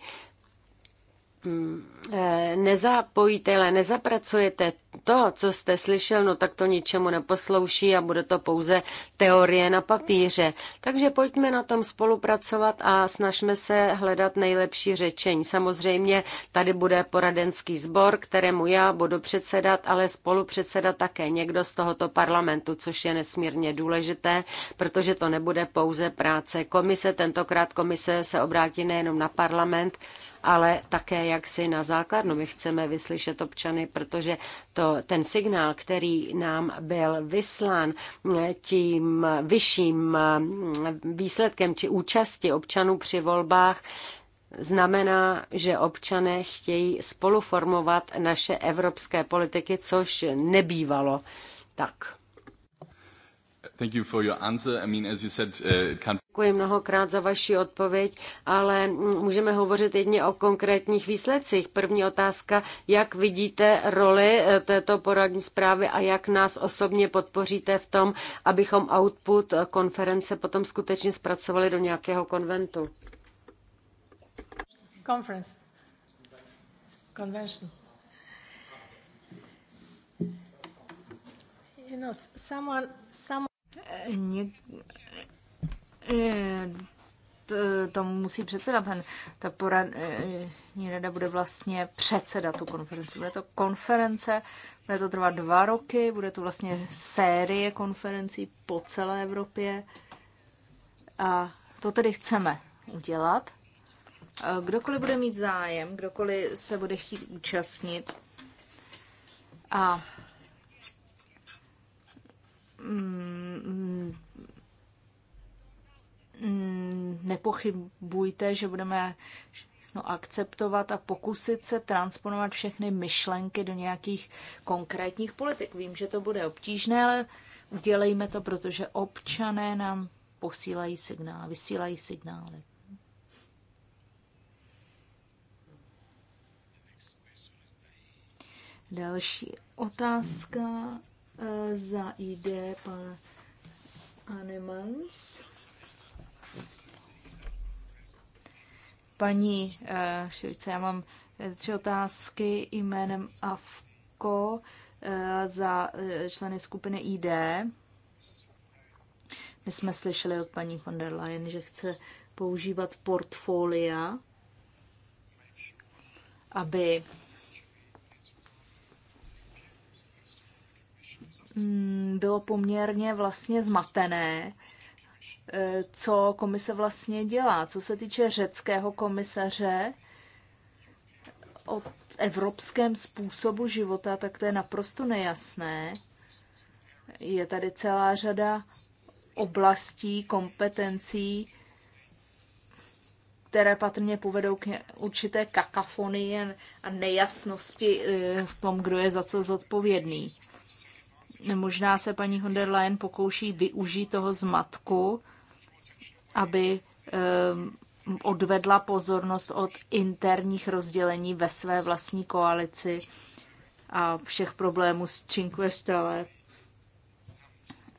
Eh, nezapojíte, ale nezapracujete to, co jste slyšel, no tak to ničemu neposlouší a bude to pouze teorie na papíře. Takže pojďme na tom spolupracovat a snažme se hledat nejlepší řečení. Samozřejmě tady bude poradenský sbor, kterému já budu předsedat, ale spolupředseda také někdo z tohoto parlamentu, což je nesmírně důležité, protože to nebude pouze práce komise. Tentokrát komise se obrátí nejenom na parlament, ale také jak si na základnu. My chceme vyslyšet občany, protože to, ten signál, který nám byl vyslán mm, tím vyšším mm, výsledkem či účasti občanů při volbách, znamená, že občané chtějí spoluformovat naše evropské politiky, což nebývalo tak. Děkuji mnohokrát za vaši odpověď, ale mm, můžeme hovořit jedně o konkrétních výsledcích. První otázka, jak vidíte roli eh, této poradní zprávy a jak nás osobně podpoříte v tom, abychom output eh, konference potom skutečně zpracovali do nějakého konventu? Conference. Convention. You know, someone, someone... Ně... Eh, to musí předsedat. Ten, ta poradní eh, rada bude vlastně předsedat tu konferenci. Bude to konference, bude to trvat dva roky, bude to vlastně série konferencí po celé Evropě. A to tedy chceme udělat. Eh, kdokoliv bude mít zájem, kdokoliv se bude chtít účastnit a Mm, mm, nepochybujte, že budeme no, akceptovat a pokusit se transponovat všechny myšlenky do nějakých konkrétních politik. Vím, že to bude obtížné, ale udělejme to, protože občané nám posílají signály, vysílají signály. Další otázka za ID pan Anemans. Paní eh, Šilice, já mám eh, tři otázky jménem AFKO eh, za členy skupiny ID. My jsme slyšeli od paní von der Leyen, že chce používat portfolia, aby Mm, bylo poměrně vlastně zmatené, eh, co komise vlastně dělá. Co se týče řeckého komisaře, o evropském způsobu života, tak to je naprosto nejasné. Je tady celá řada oblastí, kompetencí, které patrně povedou k určité kakafonii a nejasnosti eh, v tom, kdo je za co zodpovědný. Možná se paní von der Leyen pokouší využít toho zmatku, aby ehm, odvedla pozornost od interních rozdělení ve své vlastní koalici a všech problémů s Cinque Stelle.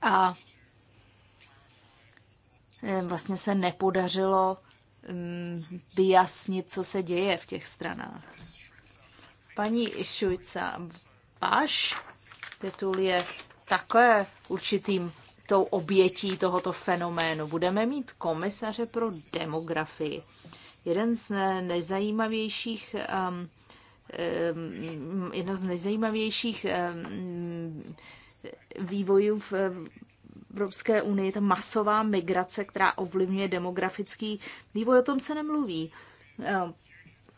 A ehm, vlastně se nepodařilo ehm, vyjasnit, co se děje v těch stranách. Paní Šujca, váš titul je také určitým tou obětí tohoto fenoménu. Budeme mít komisaře pro demografii. Jeden z nejzajímavějších um, um, jedno z nejzajímavějších um, vývojů v Evropské unii, ta masová migrace, která ovlivňuje demografický vývoj, o tom se nemluví. Um,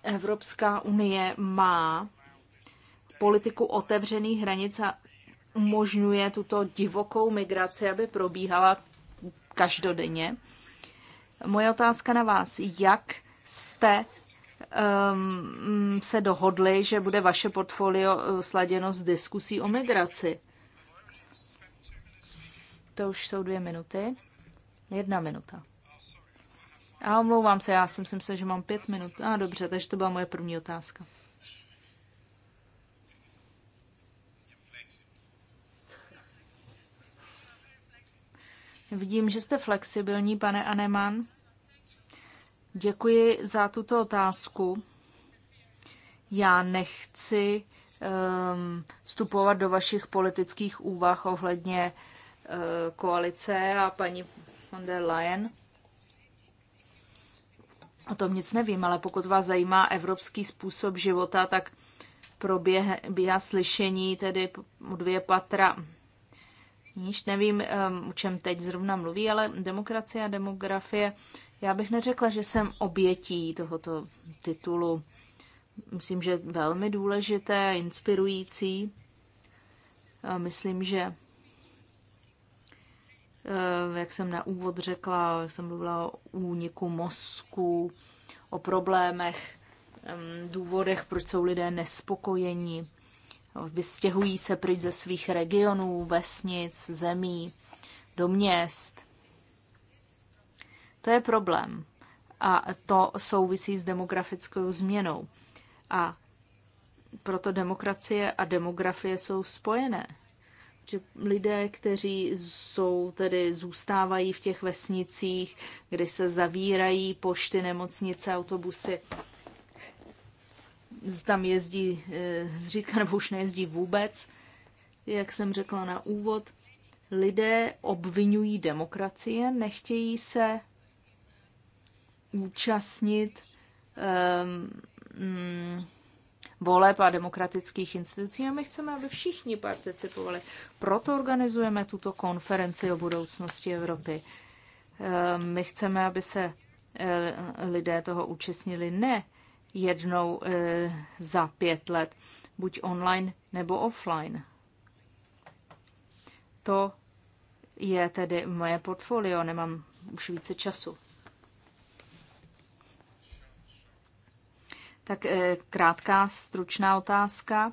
Evropská unie má politiku otevřených hranic a umožňuje tuto divokou migraci, aby probíhala každodenně. Moje otázka na vás, jak jste um, se dohodli, že bude vaše portfolio uh, sladěno s diskusí o migraci? To už jsou dvě minuty. Jedna minuta. A omlouvám se, já jsem si myslel, že mám pět minut. A ah, dobře, takže to byla moje první otázka. Vidím, že jste flexibilní, pane Aneman. Děkuji za tuto otázku. Já nechci um, vstupovat do vašich politických úvah ohledně uh, koalice a paní von der Leyen. O tom nic nevím, ale pokud vás zajímá evropský způsob života, tak proběhá slyšení tedy dvě patra níž nevím, o čem teď zrovna mluví, ale demokracie a demografie, já bych neřekla, že jsem obětí tohoto titulu. Myslím, že velmi důležité, inspirující. A myslím, že jak jsem na úvod řekla, jsem mluvila o úniku mozku, o problémech, důvodech, proč jsou lidé nespokojení Vystěhují se pryč ze svých regionů, vesnic, zemí, do měst. To je problém. A to souvisí s demografickou změnou. A proto demokracie a demografie jsou spojené. Že lidé, kteří jsou tedy zůstávají v těch vesnicích, kdy se zavírají pošty, nemocnice, autobusy, tam jezdí e, zřídka nebo už nejezdí vůbec. Jak jsem řekla na úvod, lidé obvinují demokracie, nechtějí se účastnit um, voleb a demokratických institucí a my chceme, aby všichni participovali. Proto organizujeme tuto konferenci o budoucnosti Evropy. Ehm, my chceme, aby se e, lidé toho účastnili ne jednou eh, za pět let, buď online nebo offline. To je tedy moje portfolio, nemám už více času. Tak eh, krátká, stručná otázka.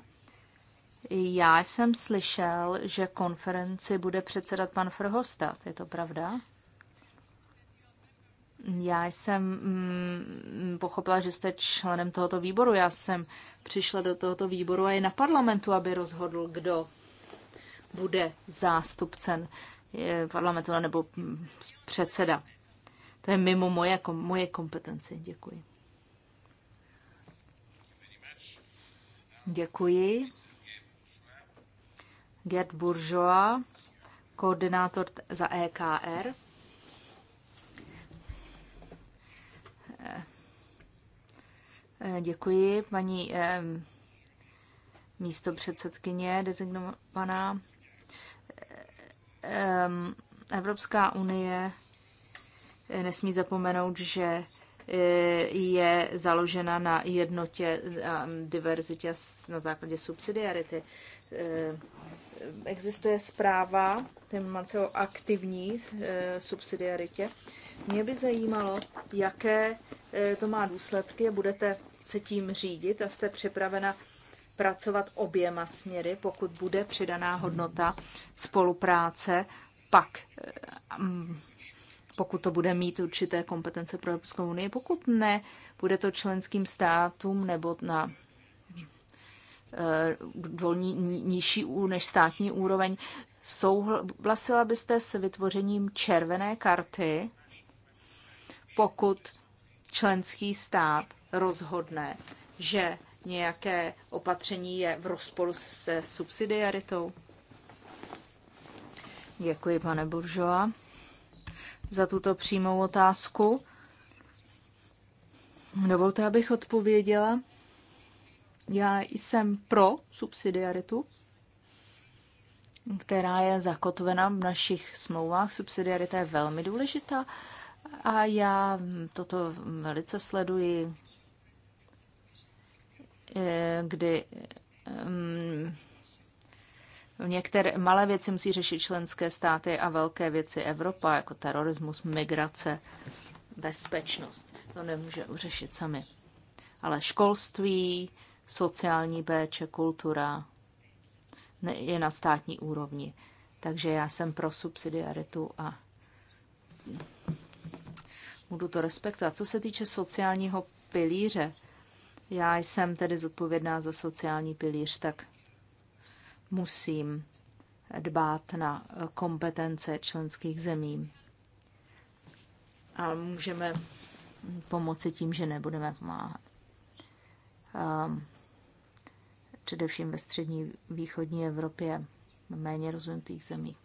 Já jsem slyšel, že konferenci bude předsedat pan Frhostat. Je to pravda? Já jsem mm, pochopila, že jste členem tohoto výboru. Já jsem přišla do tohoto výboru a je na parlamentu, aby rozhodl, kdo bude zástupcem eh, parlamentu nebo mm, předseda. To je mimo moje, moje kompetenci. Děkuji. Děkuji. Gerd Bourgeois, koordinátor za EKR. Eh, eh, děkuji, paní eh, místo předsedkyně designovaná. Evropská unie nesmí zapomenout, že je založena na jednotě, diverzitě na základě subsidiarity. Existuje zpráva ten o aktivní subsidiaritě mě by zajímalo, jaké eh, to má důsledky a budete se tím řídit a jste připravena pracovat oběma směry, pokud bude přidaná hodnota spolupráce, pak eh, mm, pokud to bude mít určité kompetence pro Evropskou unii, pokud ne, bude to členským státům nebo na volní, eh, nižší než státní úroveň. Souhlasila byste s vytvořením červené karty pokud členský stát rozhodne, že nějaké opatření je v rozporu se subsidiaritou? Děkuji, pane Buržova, za tuto přímou otázku. Dovolte, abych odpověděla. Já jsem pro subsidiaritu, která je zakotvena v našich smlouvách. Subsidiarita je velmi důležitá a já toto velice sleduji, eh, kdy ehm, některé malé věci musí řešit členské státy a velké věci Evropa, jako terorismus, migrace, bezpečnost. To nemůže řešit sami. Ale školství, sociální péče, kultura je na státní úrovni. Takže já jsem pro subsidiaritu a budu to respektovat. Co se týče sociálního pilíře, já jsem tedy zodpovědná za sociální pilíř, tak musím dbát na kompetence členských zemí. A můžeme pomoci tím, že nebudeme pomáhat. Um, především ve střední východní Evropě, méně rozvinutých zemí.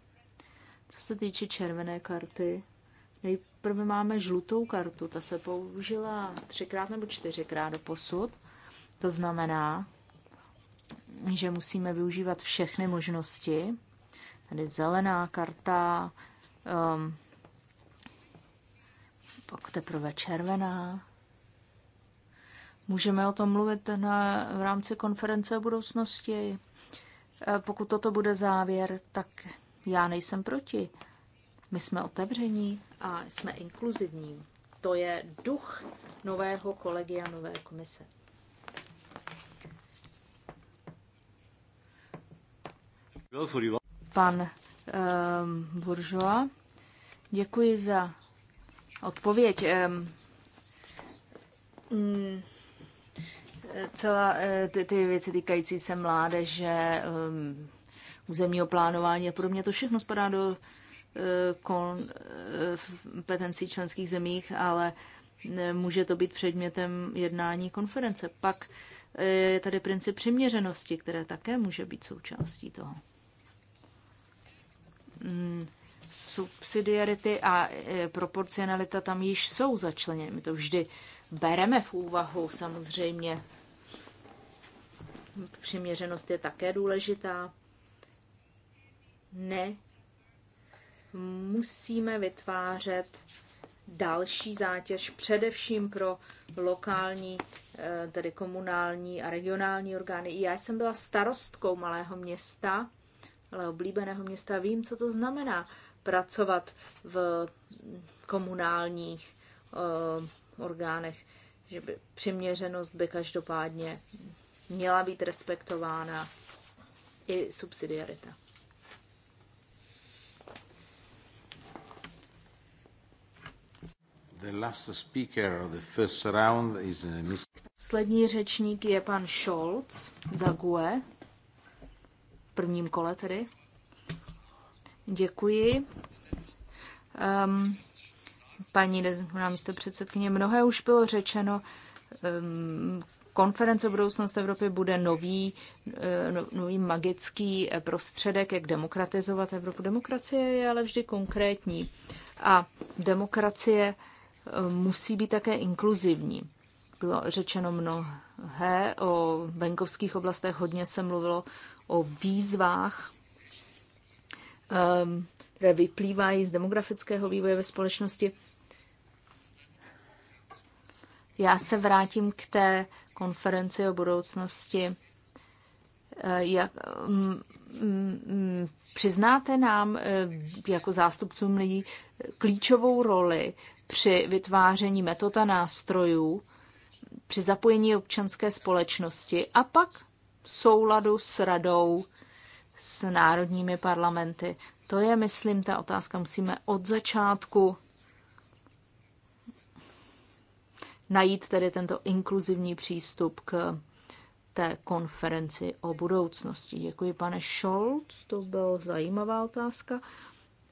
Co se týče červené karty, nej, Nejprve máme žlutou kartu, ta se použila třikrát nebo čtyřikrát do posud. To znamená, že musíme využívat všechny možnosti. Tady zelená karta, um, pak teprve červená. Můžeme o tom mluvit na, v rámci konference o budoucnosti. E, pokud toto bude závěr, tak já nejsem proti. My jsme otevření a jsme inkluzivní. To je duch nového kolegia, nové komise. Pan um, Buržoa, děkuji za odpověď. Um, celá eh, ty, ty věci týkající se mládeže, um, územního plánování a podobně, to všechno spadá do v petenci členských zemích, ale může to být předmětem jednání konference. Pak eh, je tady princip přiměřenosti, které také může být součástí toho. Hmm, subsidiarity a eh, proporcionalita tam již jsou začleněny. My to vždy bereme v úvahu samozřejmě. Přiměřenost je také důležitá. Ne musíme vytvářet další zátěž, především pro lokální, eh, tedy komunální a regionální orgány. I já jsem byla starostkou malého města, ale oblíbeného města. Vím, co to znamená pracovat v komunálních eh, orgánech, že by přiměřenost by každopádně měla být respektována i subsidiarita. Poslední řečník je pan Scholz za GUE, v prvním kole tedy. Děkuji. Um, paní místo předsedkyně, mnohé už bylo řečeno. Um, konference o budoucnost Evropy bude nový, eh, no- nový magický eh, prostředek, jak demokratizovat Evropu. Demokracie je ale vždy konkrétní. A demokracie musí být také inkluzivní. Bylo řečeno mnohé o venkovských oblastech, hodně se mluvilo o výzvách, ehm, které vyplývají z demografického vývoje ve společnosti. Já se vrátím k té konferenci o budoucnosti. Eh, jak, m, mm, m, mm, m, mm, přiznáte nám eh, jako zástupcům lidí klíčovou roli při vytváření metoda nástrojů, při zapojení občanské společnosti a pak v souladu s radou, s národními parlamenty. To je, myslím, ta otázka. Musíme od začátku najít tedy tento inkluzivní přístup k té konferenci o budoucnosti. Děkuji, pane Scholz, to byla zajímavá otázka.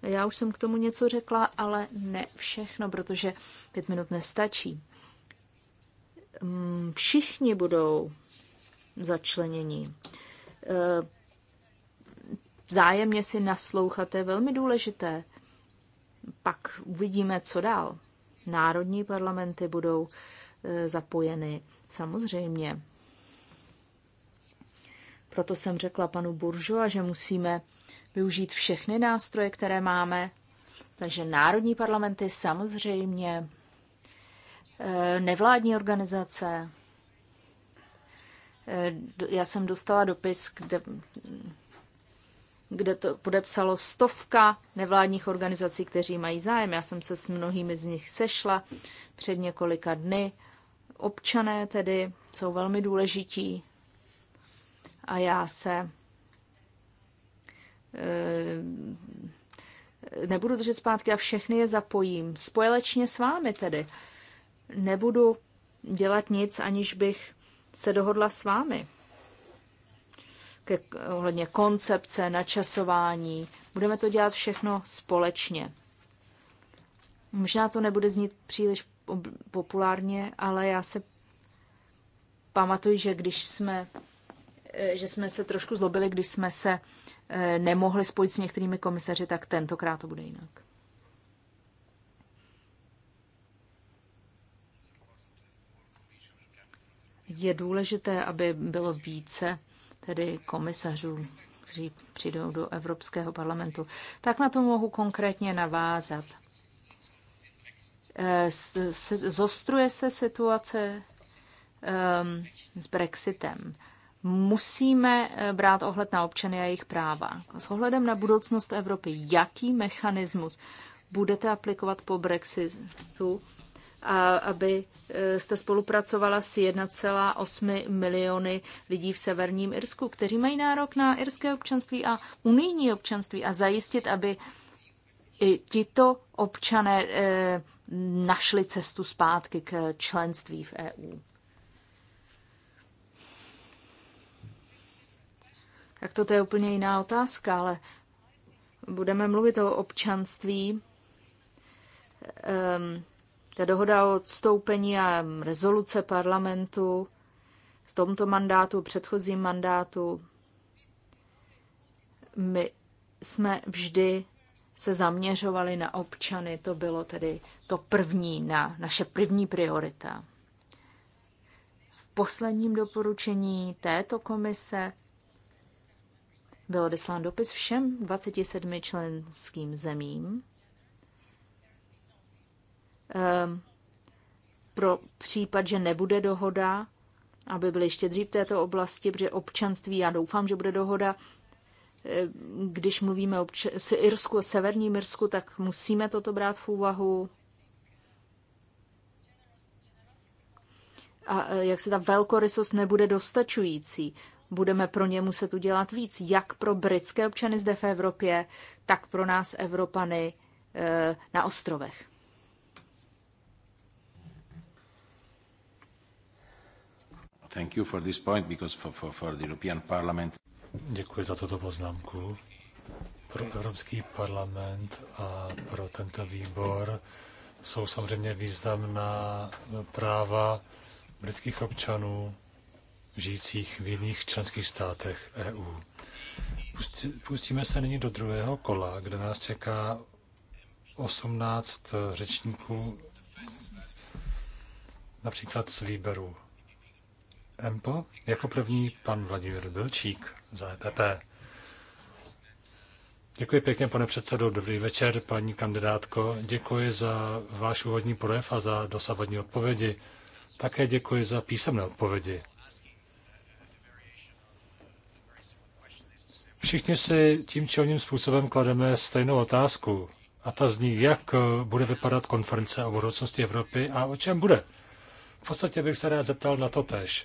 Já už jsem k tomu něco řekla, ale ne všechno, protože pět minut nestačí. Mm, všichni budou začlenění. E, vzájemně si naslouchat, to je velmi důležité. Pak uvidíme, co dál. Národní parlamenty budou e, zapojeny, samozřejmě. Proto jsem řekla panu Buržo, že musíme využít všechny nástroje, které máme. Takže národní parlamenty samozřejmě, eh, nevládní organizace. Eh, já jsem dostala dopis, kde, kde to podepsalo stovka nevládních organizací, kteří mají zájem. Já jsem se s mnohými z nich sešla před několika dny. Občané tedy jsou velmi důležití a já se Eh, nebudu držet zpátky a všechny je zapojím. Společně s vámi tedy. Nebudu dělat nic, aniž bych se dohodla s vámi. Ke, ohledně koncepce, načasování. Budeme to dělat všechno společně. Možná to nebude znít příliš populárně, ale já se pamatuju, že když jsme, eh, že jsme se trošku zlobili, když jsme se nemohli spojit s některými komisaři, tak tentokrát to bude jinak. Je důležité, aby bylo více tedy komisařů, kteří přijdou do Evropského parlamentu. Tak na to mohu konkrétně navázat. Eh, zostruje se situace ehm, s Brexitem. Musíme eh, brát ohled na občany a jejich práva. S ohledem na budoucnost Evropy, jaký mechanismus budete aplikovat po Brexitu, a aby eh, jste spolupracovala s 1,8 miliony lidí v severním Irsku, kteří mají nárok na irské občanství a unijní občanství a zajistit, aby i tito občané eh, našli cestu zpátky k členství v EU. tak to, je úplně jiná otázka, ale budeme mluvit o občanství. Ehm, ta dohoda o odstoupení a rezoluce parlamentu v tomto mandátu, předchozím mandátu, my jsme vždy se zaměřovali na občany, to bylo tedy to první, na naše první priorita. V posledním doporučení této komise byl odeslán dopis všem 27 členským zemím ehm, pro případ, že nebude dohoda, aby byly ještě dřív v této oblasti, protože občanství, já doufám, že bude dohoda, ehm, když mluvíme o Irsku o Severním Irsku, tak musíme toto brát v úvahu. A eh, jak se ta velkorysost nebude dostačující budeme pro ně muset udělat víc, jak pro britské občany zde v Evropě, tak pro nás Evropany eh, na ostrovech. Thank you for this point, because for, for, for the European Parliament. Děkuji za tuto poznámku. Pro Evropský parlament a pro tento výbor jsou samozřejmě významná práva britských občanů, žijících v jiných členských státech EU. Pustíme se nyní do druhého kola, kde nás čeká 18 eh, řečníků například z výběru EMPO. Jako první pan Vladimír Bilčík za EPP. Děkuji pěkně, pane předsedo. Dobrý večer, paní kandidátko. Děkuji za váš úvodní projev a za dosavadní odpovědi. Také děkuji za písemné odpovědi. Všichni si tím či oním způsobem klademe stejnou otázku. A ta zní, jak bude vypadat konference o budoucnosti Evropy a o čem bude. V podstatě bych se rád zeptal na to tež.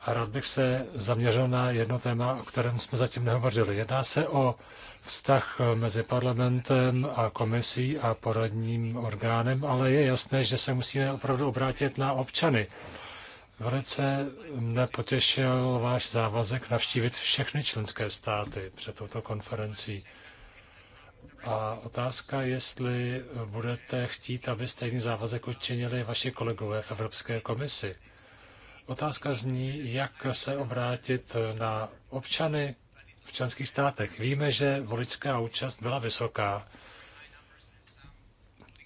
A rád bych se zaměřil na jedno téma, o kterém jsme zatím nehovořili. Jedná se o vztah mezi parlamentem a komisí a poradním orgánem, ale je jasné, že se musíme opravdu obrátit na občany. Velice mne potěšil váš závazek navštívit všechny členské státy před touto konferencí. A otázka, jestli budete chtít, aby stejný závazek učinili vaši kolegové v Evropské komisi. Otázka zní, jak se obrátit na občany v členských státech. Víme, že voličská účast byla vysoká.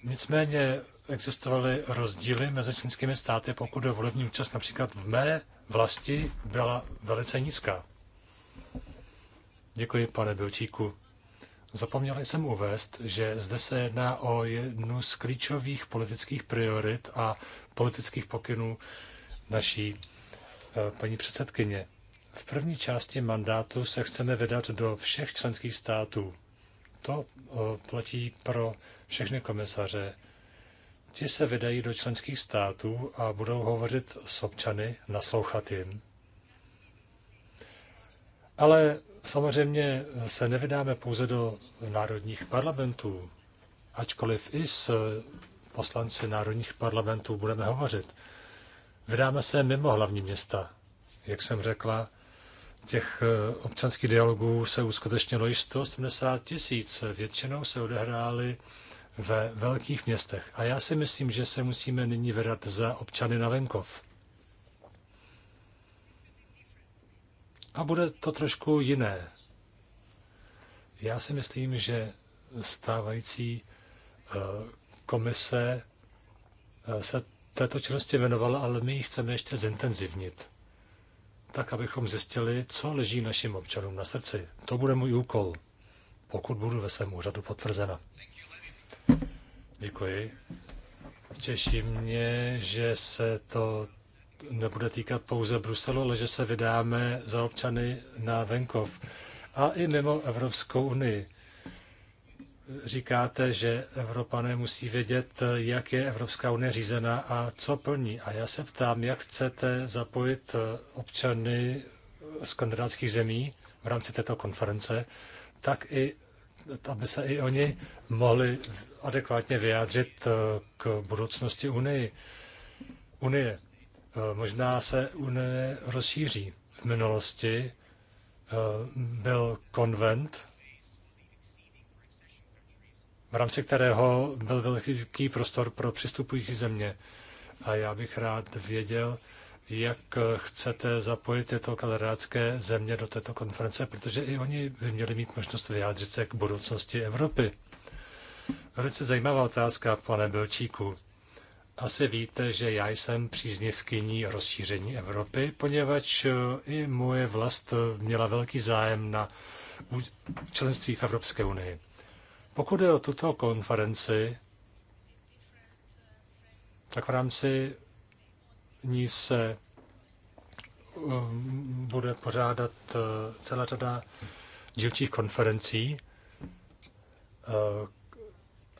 Nicméně existovaly rozdíly mezi členskými státy, pokud je volební účast například v mé vlasti byla velice nízká. Děkuji, pane Bilčíku. Zapomněl jsem uvést, že zde se jedná o jednu z klíčových politických priorit a politických pokynů naší eh, paní předsedkyně. V první části mandátu se chceme vydat do všech členských států. To eh, platí pro všechny komisaře Ti se vydají do členských států a budou hovořit s občany, naslouchat jim. Ale samozřejmě se nevydáme pouze do národních parlamentů, ačkoliv i s poslanci národních parlamentů budeme hovořit. Vydáme se mimo hlavní města. Jak jsem řekla, těch eh, občanských dialogů se uskutečnilo již 180 tisíc. Většinou se odehrály ve velkých městech. A já si myslím, že se musíme nyní vydat za občany na venkov. A bude to trošku jiné. Já si myslím, že stávající eh, komise eh, se této činnosti věnovala, ale my ji chceme ještě zintenzivnit. Tak, abychom zjistili, co leží našim občanům na srdci. To bude můj úkol, pokud budu ve svém úřadu potvrzena. Děkuji. Těší mě, že se to nebude týkat pouze Bruselu, ale že se vydáme za občany na venkov a i mimo Evropskou unii. Říkáte, že Evropané musí vědět, jak je Evropská unie řízená a co plní. A já se ptám, jak chcete zapojit občany skandinávských zemí v rámci této konference, tak i aby se i oni mohli adekvátně vyjádřit eh, k budoucnosti Unii. Unie. Eh, možná se Unie rozšíří. V minulosti eh, byl konvent, v rámci kterého byl velký prostor pro přistupující země. A já bych rád věděl, jak chcete zapojit tyto kalerácké země do této konference, protože i oni by měli mít možnost vyjádřit se k budoucnosti Evropy. Velice zajímavá otázka, pane Belčíku. Asi víte, že já jsem příznivkyní rozšíření Evropy, poněvadž eh, i moje vlast eh, měla velký zájem na členství v Evropské unii. Pokud je o tuto konferenci, tak v rámci ní se eh, bude pořádat celá řada dílčích konferencí,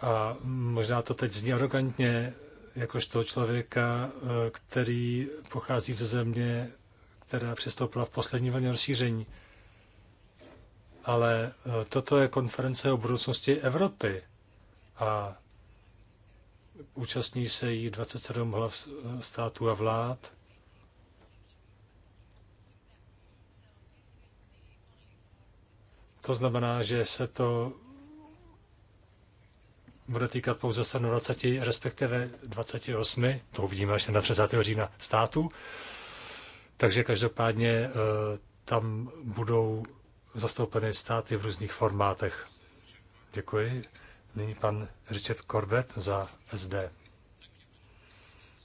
a možná to teď zní arrogantně, jakožto člověka, eh, který pochází ze země, která přistoupila v poslední vlně rozšíření. Ale eh, toto je konference o budoucnosti Evropy a účastní se jí 27 hlav eh, států a vlád. To znamená, že se to bude týkat pouze 27, respektive 28, to uvidíme až na 30. října států. Takže každopádně eh, tam budou zastoupeny státy v různých formátech. Děkuji. Nyní pan Richard Corbett za SD.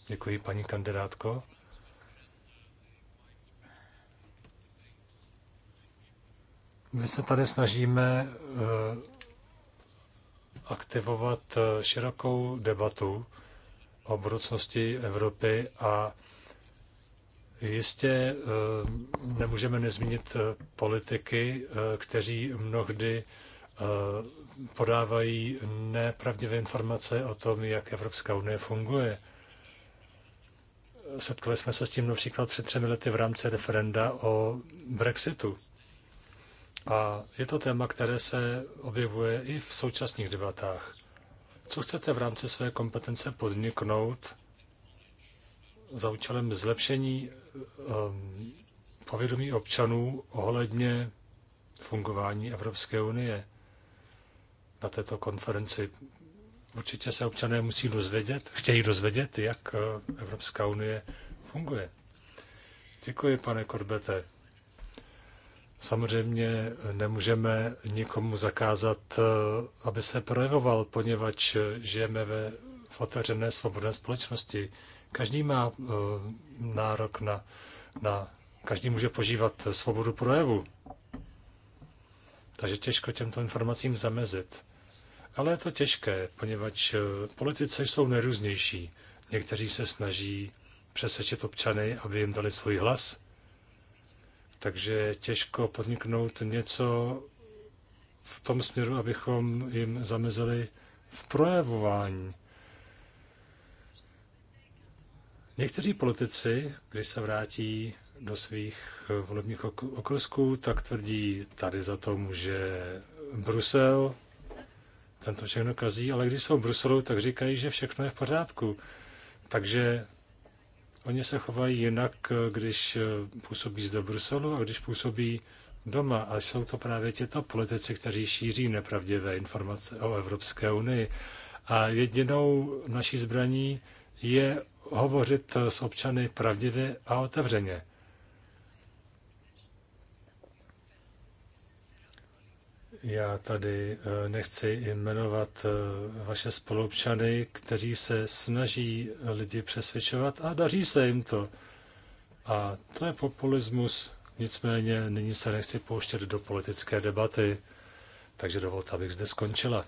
Děkuji, paní kandidátko. My se tady snažíme eh, aktivovat eh, širokou debatu o budoucnosti Evropy a jistě eh, nemůžeme nezmínit eh, politiky, kteří mnohdy podávají nepravdivé informace o tom, jak Evropská unie funguje. Setkali jsme se s tím například před třemi lety v rámci referenda o Brexitu. A je to téma, které se objevuje i v současných debatách. Co chcete v rámci své kompetence podniknout za účelem zlepšení um, povědomí občanů ohledně fungování Evropské unie na této konferenci? Určitě se občané musí dozvědět, chtějí dozvědět, jak eh, Evropská unie funguje. Děkuji, pane Korbete. Samozřejmě nemůžeme nikomu zakázat, eh, aby se projevoval, poněvadž žijeme ve v otevřené svobodné společnosti. Každý má eh, nárok na, na každý může požívat svobodu projevu. Takže těžko těmto informacím zamezit. Ale je to těžké, poněvadž eh, politici jsou nejrůznější. Někteří se snaží přesvědčit občany, aby jim dali svůj hlas, takže je těžko podniknout něco v tom směru, abychom jim zamezili v projevování. Někteří politici, když se vrátí do svých volebních okrsků, tak tvrdí, tady za to že Brusel, tento všechno kazí, ale když jsou v Bruselu, tak říkají, že všechno je v pořádku. Takže Oni se chovají jinak, když působí zde Bruselu a když působí doma. A jsou to právě těto politici, kteří šíří nepravdivé informace o Evropské unii. A jedinou naší zbraní je hovořit s občany pravdivě a otevřeně. Já tady eh, nechci jmenovat eh, vaše spolupčany, kteří se snaží lidi přesvědčovat a daří se jim to. A to je populismus, nicméně nyní se nechci pouštět do politické debaty, takže dovolte, abych zde skončila.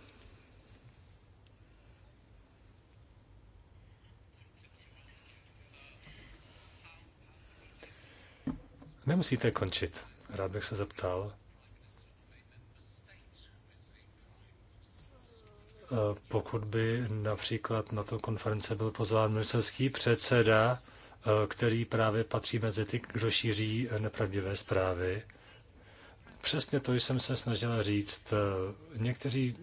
Nemusíte končit. Rád bych se zeptal, Eh, pokud by například na to konference byl pozván ministerský předseda, eh, který právě patří mezi ty, kdo šíří nepravdivé zprávy. Přesně to jsem se snažila říct. Eh, někteří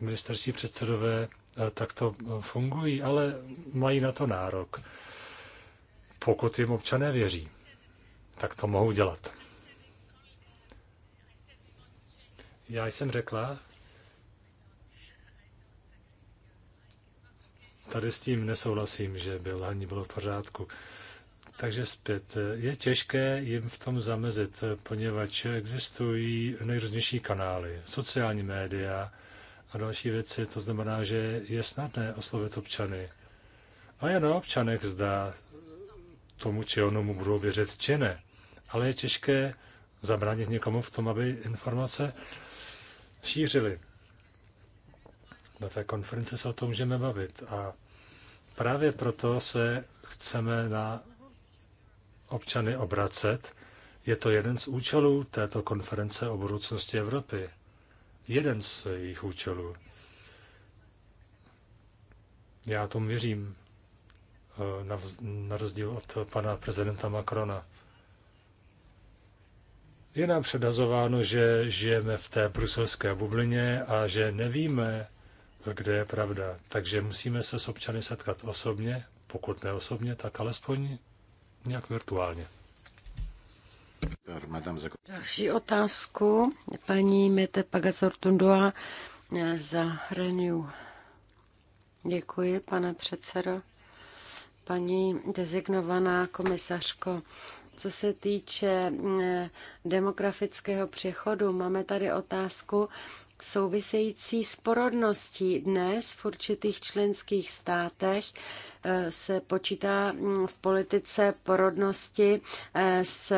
ministerští předsedové takto fungují, ale mají na to nárok. Pokud jim občané věří, tak to mohou dělat. Já jsem řekla, tady s tím nesouhlasím, že by lhaní bylo v pořádku. Takže zpět. Je těžké jim v tom zamezit, poněvadž existují nejrůznější kanály, sociální média a další věci. To znamená, že je snadné oslovit občany. A je na občanech zda tomu či onomu budou věřit či ne. Ale je těžké zabránit někomu v tom, aby informace šířili. Na té konferenci se o tom můžeme bavit a Právě proto se chceme na občany obracet. Je to jeden z účelů této konference o budoucnosti Evropy. Jeden z jejich účelů. Já tomu věřím, eh, na rozdíl od pana prezidenta Macrona. Je nám předazováno, že žijeme v té bruselské bublině a že nevíme, kde je pravda. Takže musíme se s občany setkat osobně, pokud ne osobně, tak alespoň nějak virtuálně. Další otázku paní Mete Pagazortundua za Renew. Děkuji, pane předsedo. Paní dezignovaná komisařko, co se týče eh, demografického přechodu, máme tady otázku, související s porodností. Dnes v určitých členských státech eh, se počítá mm, v politice porodnosti eh, s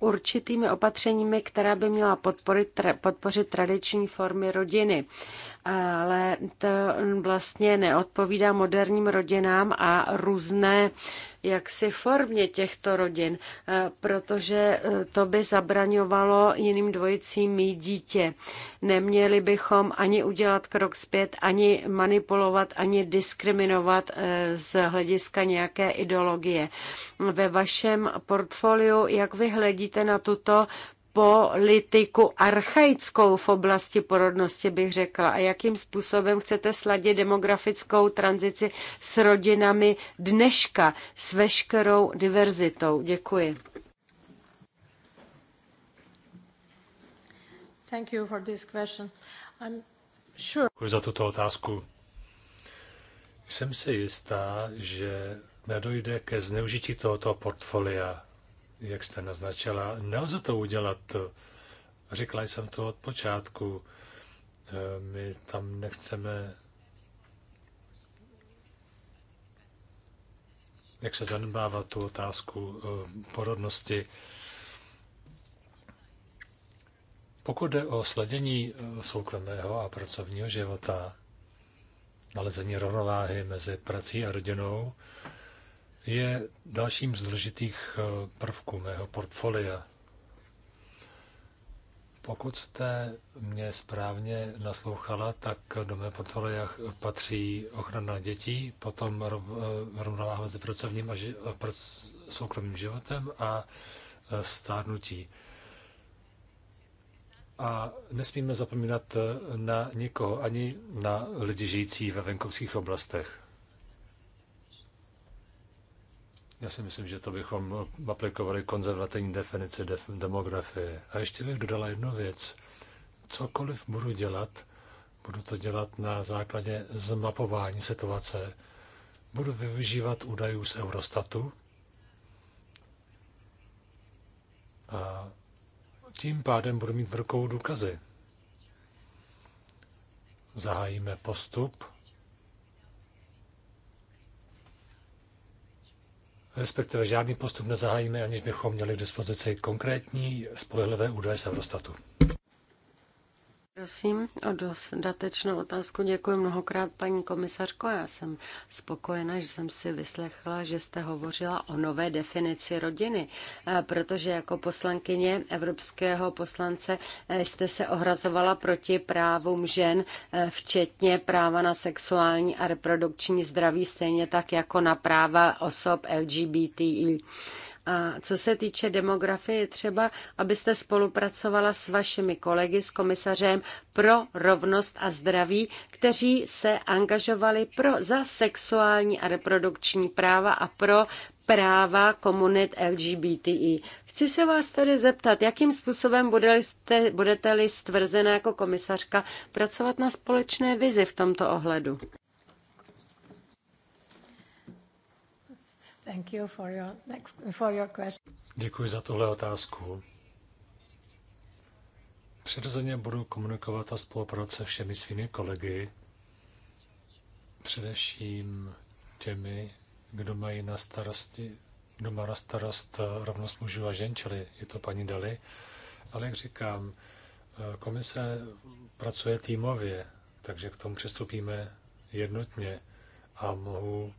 určitými opatřeními, která by měla podporit, podpořit tradiční formy rodiny. Ale to vlastně neodpovídá moderním rodinám a různé jaksi formě těchto rodin, e, protože e, to by zabraňovalo jiným dvojicím mít dítě. Neměli bychom ani udělat krok zpět, ani manipulovat, ani diskriminovat e, z hlediska nějaké ideologie. Ve vašem portfoliu, jak vy hledíte na tuto politiku archaickou v oblasti porodnosti, bych řekla, a jakým způsobem chcete sladit demografickou tranzici s rodinami dneška, s veškerou diverzitou. Děkuji. Thank you for this question. I'm sure... Děkuji za tuto otázku. Jsem si jistá, že nedojde ke zneužití tohoto portfolia jak jste naznačila, nelze to udělat. Řekla jsem to od počátku. Eh, my tam nechceme jak se zanedbávat tu otázku eh, porodnosti. Pokud jde o sledění eh, soukromého a pracovního života, nalezení rovnováhy mezi prací a rodinou, je dalším z důležitých eh, prvků mého portfolia. Pokud jste mě správně naslouchala, tak do mé portfolia patří ochrana dětí, potom eh, rovnováha mezi pracovním a ži- soukromým životem a eh, stárnutí. A nesmíme zapomínat na nikoho, ani na lidi žijící ve venkovských oblastech. Já si myslím, že to bychom aplikovali konzervativní definici def- demografie. A ještě bych dodala jednu věc. Cokoliv budu dělat, budu to dělat na základě zmapování situace. Budu využívat údajů z Eurostatu a tím pádem budu mít v rukou důkazy. Zahájíme postup respektive žádný postup nezahájíme, aniž bychom měli k dispozici konkrétní spolehlivé údaje z Eurostatu. Prosím o dostatečnou otázku. Děkuji mnohokrát, paní komisařko. Já jsem spokojena, že jsem si vyslechla, že jste hovořila o nové definici rodiny, eh, protože jako poslankyně evropského poslance eh, jste se ohrazovala proti právům žen, eh, včetně práva na sexuální a reprodukční zdraví, stejně tak jako na práva osob LGBTI a co se týče demografie, je třeba, abyste spolupracovala s vašimi kolegy, s komisařem pro rovnost a zdraví, kteří se angažovali pro, za sexuální a reprodukční práva a pro práva komunit LGBTI. Chci se vás tedy zeptat, jakým způsobem budete, budete-li stvrzena jako komisařka pracovat na společné vizi v tomto ohledu? Thank you for your next, for your question. Děkuji za tuhle otázku. Přirozeně budu komunikovat a spolupracovat se všemi svými kolegy, především těmi, kdo mají na starosti, kdo má na starost rovnost mužů a žen, čili je to paní Dali. Ale jak říkám, komise pracuje týmově, takže k tomu přistupíme jednotně a mohu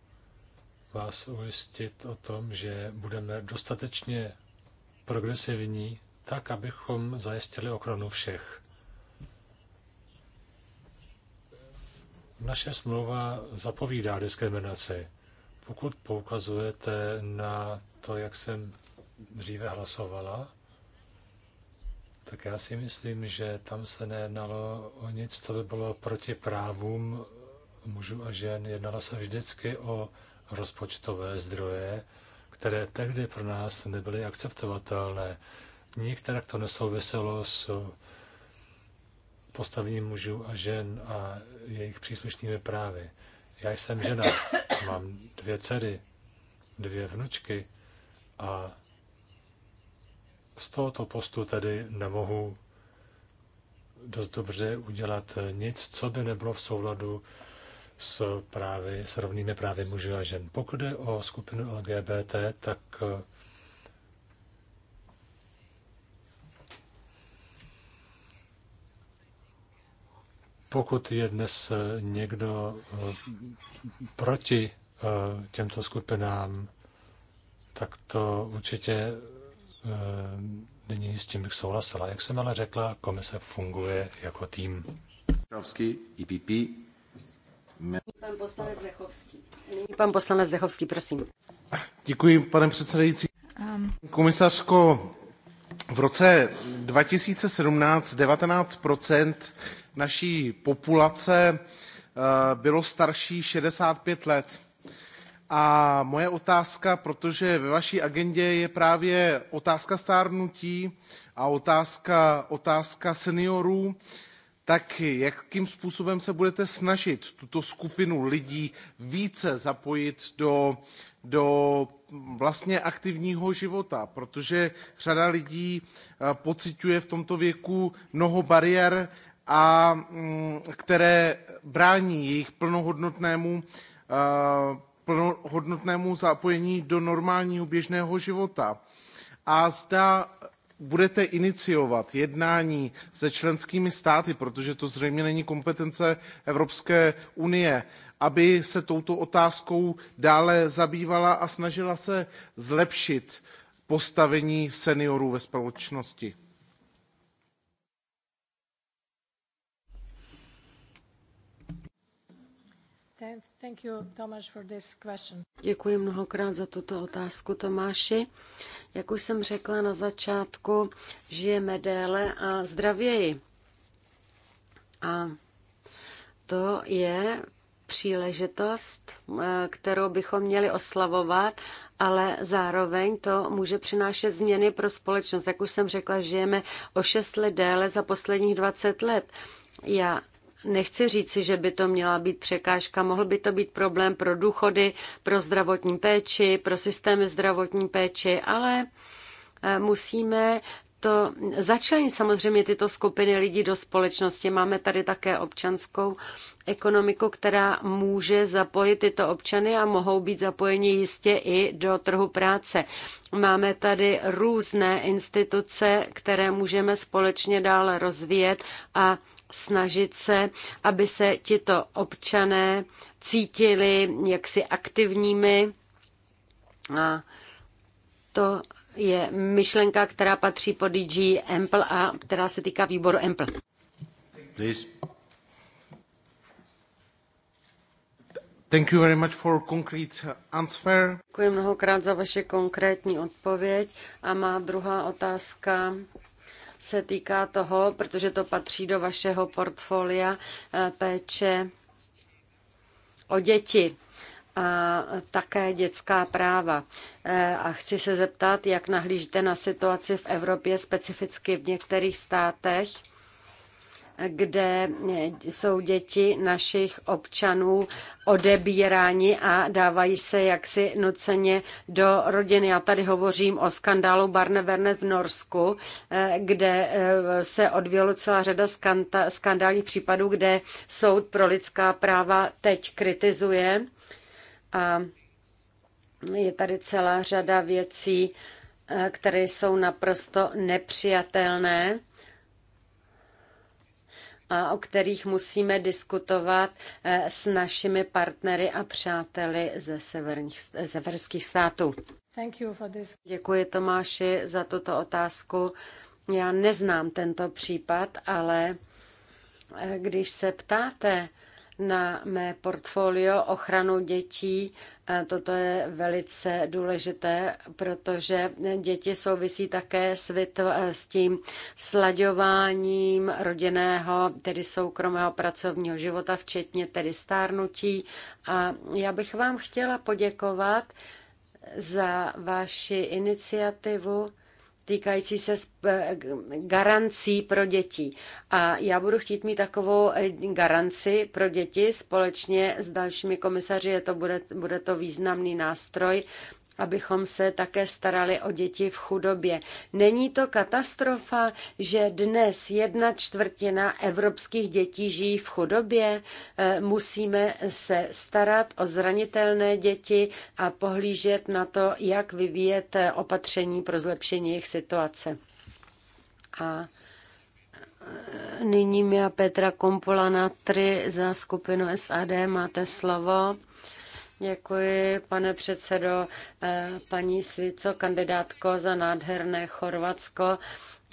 vás ujistit o tom, že budeme dostatečně progresivní, tak, abychom zajistili ochranu všech. Naše smlouva zapovídá diskriminaci. Pokud poukazujete na to, jak jsem dříve hlasovala, tak já si myslím, že tam se nejednalo o nic, co by bylo proti právům mužů a žen. Jednalo se vždycky o rozpočtové zdroje, které tehdy pro nás nebyly akceptovatelné. Některé to nesouviselo s postavením mužů a žen a jejich příslušnými právy. Já jsem žena, mám dvě dcery, dvě vnučky a z tohoto postu tedy nemohu dost dobře udělat nic, co by nebylo v souladu s, právy, s rovnými právy mužů a žen. Pokud jde o skupinu LGBT, tak eh, pokud je dnes eh, někdo eh, proti těmto skupinám, tak to určitě není s tím bych souhlasila. Jak jsem ale řekla, komise funguje jako tým. Kravský, IPP, Pan poslanec Zdechovský, Nyní pan poslanec Zdechovský, prosím. Děkuji, pane předsedající. Um. Komisařko, v roce 2017 19 naší populace uh, bylo starší 65 let. A moje otázka, protože ve vaší agendě je právě otázka stárnutí a otázka, otázka seniorů, tak jakým způsobem se budete snažit tuto skupinu lidí více zapojit do, do vlastně aktivního života, protože řada lidí eh, pociťuje v tomto věku mnoho bariér, a mm, které brání jejich plnohodnotnému, eh, plnohodnotnému zapojení do normálního běžného života. A zda budete iniciovat jednání se členskými státy, protože to zřejmě není kompetence Evropské unie, aby se touto otázkou dále zabývala a snažila se zlepšit postavení seniorů ve společnosti? Děkuji mnohokrát za tuto otázku, Tomáši. Jak už jsem řekla na začátku, žijeme déle a zdravěji. A to je příležitost, eh, kterou bychom měli oslavovat, ale zároveň to může přinášet změny pro společnost. Jak už jsem řekla, žijeme o 6 let déle za posledních 20 let. Já Nechci říci, že by to měla být překážka, mohl by to být problém pro důchody, pro zdravotní péči, pro systémy zdravotní péči, ale eh, musíme to začlenit samozřejmě tyto skupiny lidí do společnosti. Máme tady také občanskou ekonomiku, která může zapojit tyto občany a mohou být zapojeni jistě i do trhu práce. Máme tady různé instituce, které můžeme společně dále rozvíjet a snažit se, aby se tito občané cítili jaksi aktivními a to je myšlenka, která patří pod DG Ample a která se týká výboru Ample. Please. Thank you very much for concrete answer. Děkuji mnohokrát za vaše konkrétní odpověď. A má druhá otázka se týká toho, protože to patří do vašeho portfolia eh, péče o děti a také dětská práva. Eh, a chci se zeptat, jak nahlížíte na situaci v Evropě, specificky v některých státech, kde jsou děti našich občanů odebírány a dávají se jaksi nuceně do rodiny. Já tady hovořím o skandálu Barnevernet v Norsku, eh, kde eh, se odvělo celá řada skandálních případů, kde soud pro lidská práva teď kritizuje. A je tady celá řada věcí, eh, které jsou naprosto nepřijatelné a o kterých musíme diskutovat eh, s našimi partnery a přáteli ze severních, severských států. Thank you for this. Děkuji Tomáši za tuto otázku. Já neznám tento případ, ale eh, když se ptáte, na mé portfolio ochranu dětí. Toto je velice důležité, protože děti souvisí také s, vytv- s tím slaďováním rodinného, tedy soukromého pracovního života, včetně tedy stárnutí. A já bych vám chtěla poděkovat za vaši iniciativu týkající se garancí pro děti. A já budu chtít mít takovou eh, garanci pro děti společně s dalšími komisaři. Je to, bude, bude to významný nástroj abychom se také starali o děti v chudobě. Není to katastrofa, že dnes jedna čtvrtina evropských dětí žijí v chudobě? Eh, musíme se starat o zranitelné děti a pohlížet na to, jak vyvíjet eh, opatření pro zlepšení jejich situace. A eh, nyní mě Petra Kompola na tři za skupinu SAD máte slovo. Děkuji, pane předsedo, eh, paní Svico, kandidátko za nádherné Chorvatsko.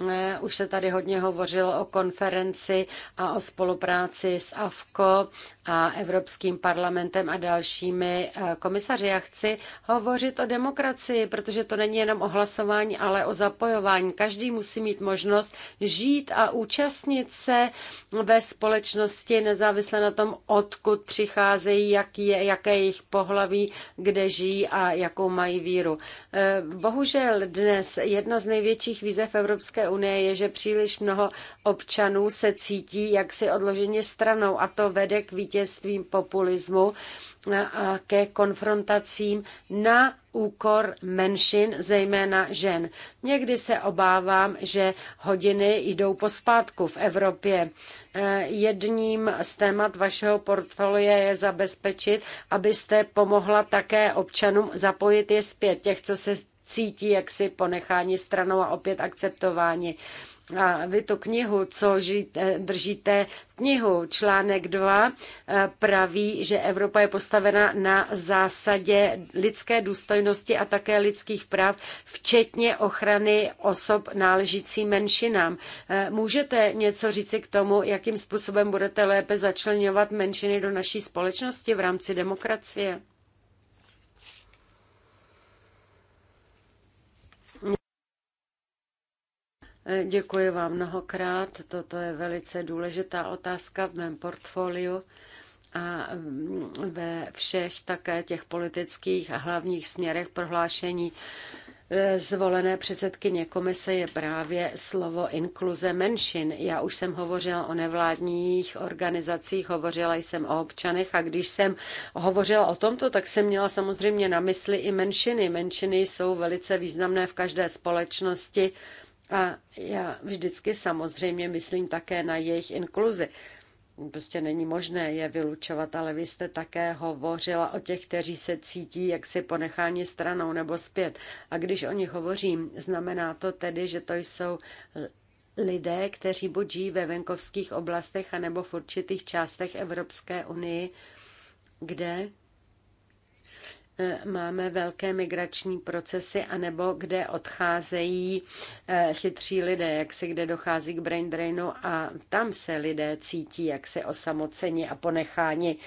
Eh, už se tady hodně hovořilo o konferenci a o spolupráci s AFKO a Evropským parlamentem a dalšími eh, komisaři. Já chci hovořit o demokracii, protože to není jenom o hlasování, ale o zapojování. Každý musí mít možnost žít a účastnit se ve společnosti nezávisle na tom, odkud přicházejí, jak je, jaké jejich pohlaví, kde žijí a jakou mají víru. Eh, bohužel dnes jedna z největších výzev Evropské unie je, že příliš mnoho občanů se cítí jaksi odloženě stranou a to vede k vítězstvím populismu a ke konfrontacím na úkor menšin, zejména žen. Někdy se obávám, že hodiny jdou pospátku v Evropě. E, jedním z témat vašeho portfolia je zabezpečit, abyste pomohla také občanům zapojit je zpět, těch, co se cítí jaksi ponecháni stranou a opět akceptováni. A vy tu knihu, co žijte, eh, držíte, knihu článek 2 eh, praví, že Evropa je postavena na zásadě lidské důstojnosti a také lidských práv, včetně ochrany osob náležící menšinám. Eh, můžete něco říci k tomu, jakým způsobem budete lépe začlenovat menšiny do naší společnosti v rámci demokracie? Eh, děkuji vám mnohokrát. Toto je velice důležitá otázka v mém portfoliu a mm, ve všech také těch politických a hlavních směrech prohlášení eh, zvolené předsedkyně komise je právě slovo inkluze menšin. Já už jsem hovořila o nevládních organizacích, hovořila jsem o občanech a když jsem hovořila o tomto, tak jsem měla samozřejmě na mysli i menšiny. Menšiny jsou velice významné v každé společnosti a já vždycky samozřejmě myslím také na jejich inkluzi. Prostě není možné je vylučovat, ale vy jste také hovořila o těch, kteří se cítí jak si ponecháni stranou nebo zpět. A když o nich hovořím, znamená to tedy, že to jsou lidé, kteří buď žijí ve venkovských oblastech anebo v určitých částech Evropské unii, kde E, máme velké migrační procesy, anebo kde odcházejí e, chytří lidé, jak se kde dochází k brain drainu a tam se lidé cítí, jak se osamoceni a ponecháni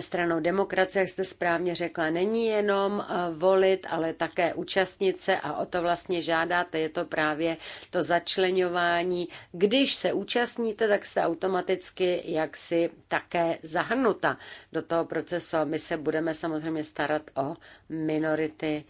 stranou demokracie, jak jste správně řekla, není jenom eh, volit, ale také účastnit se a o to vlastně žádáte. Je to právě to začlenování. Když se účastníte, tak jste automaticky jaksi také zahrnuta do toho procesu. My se budeme samozřejmě starat o minority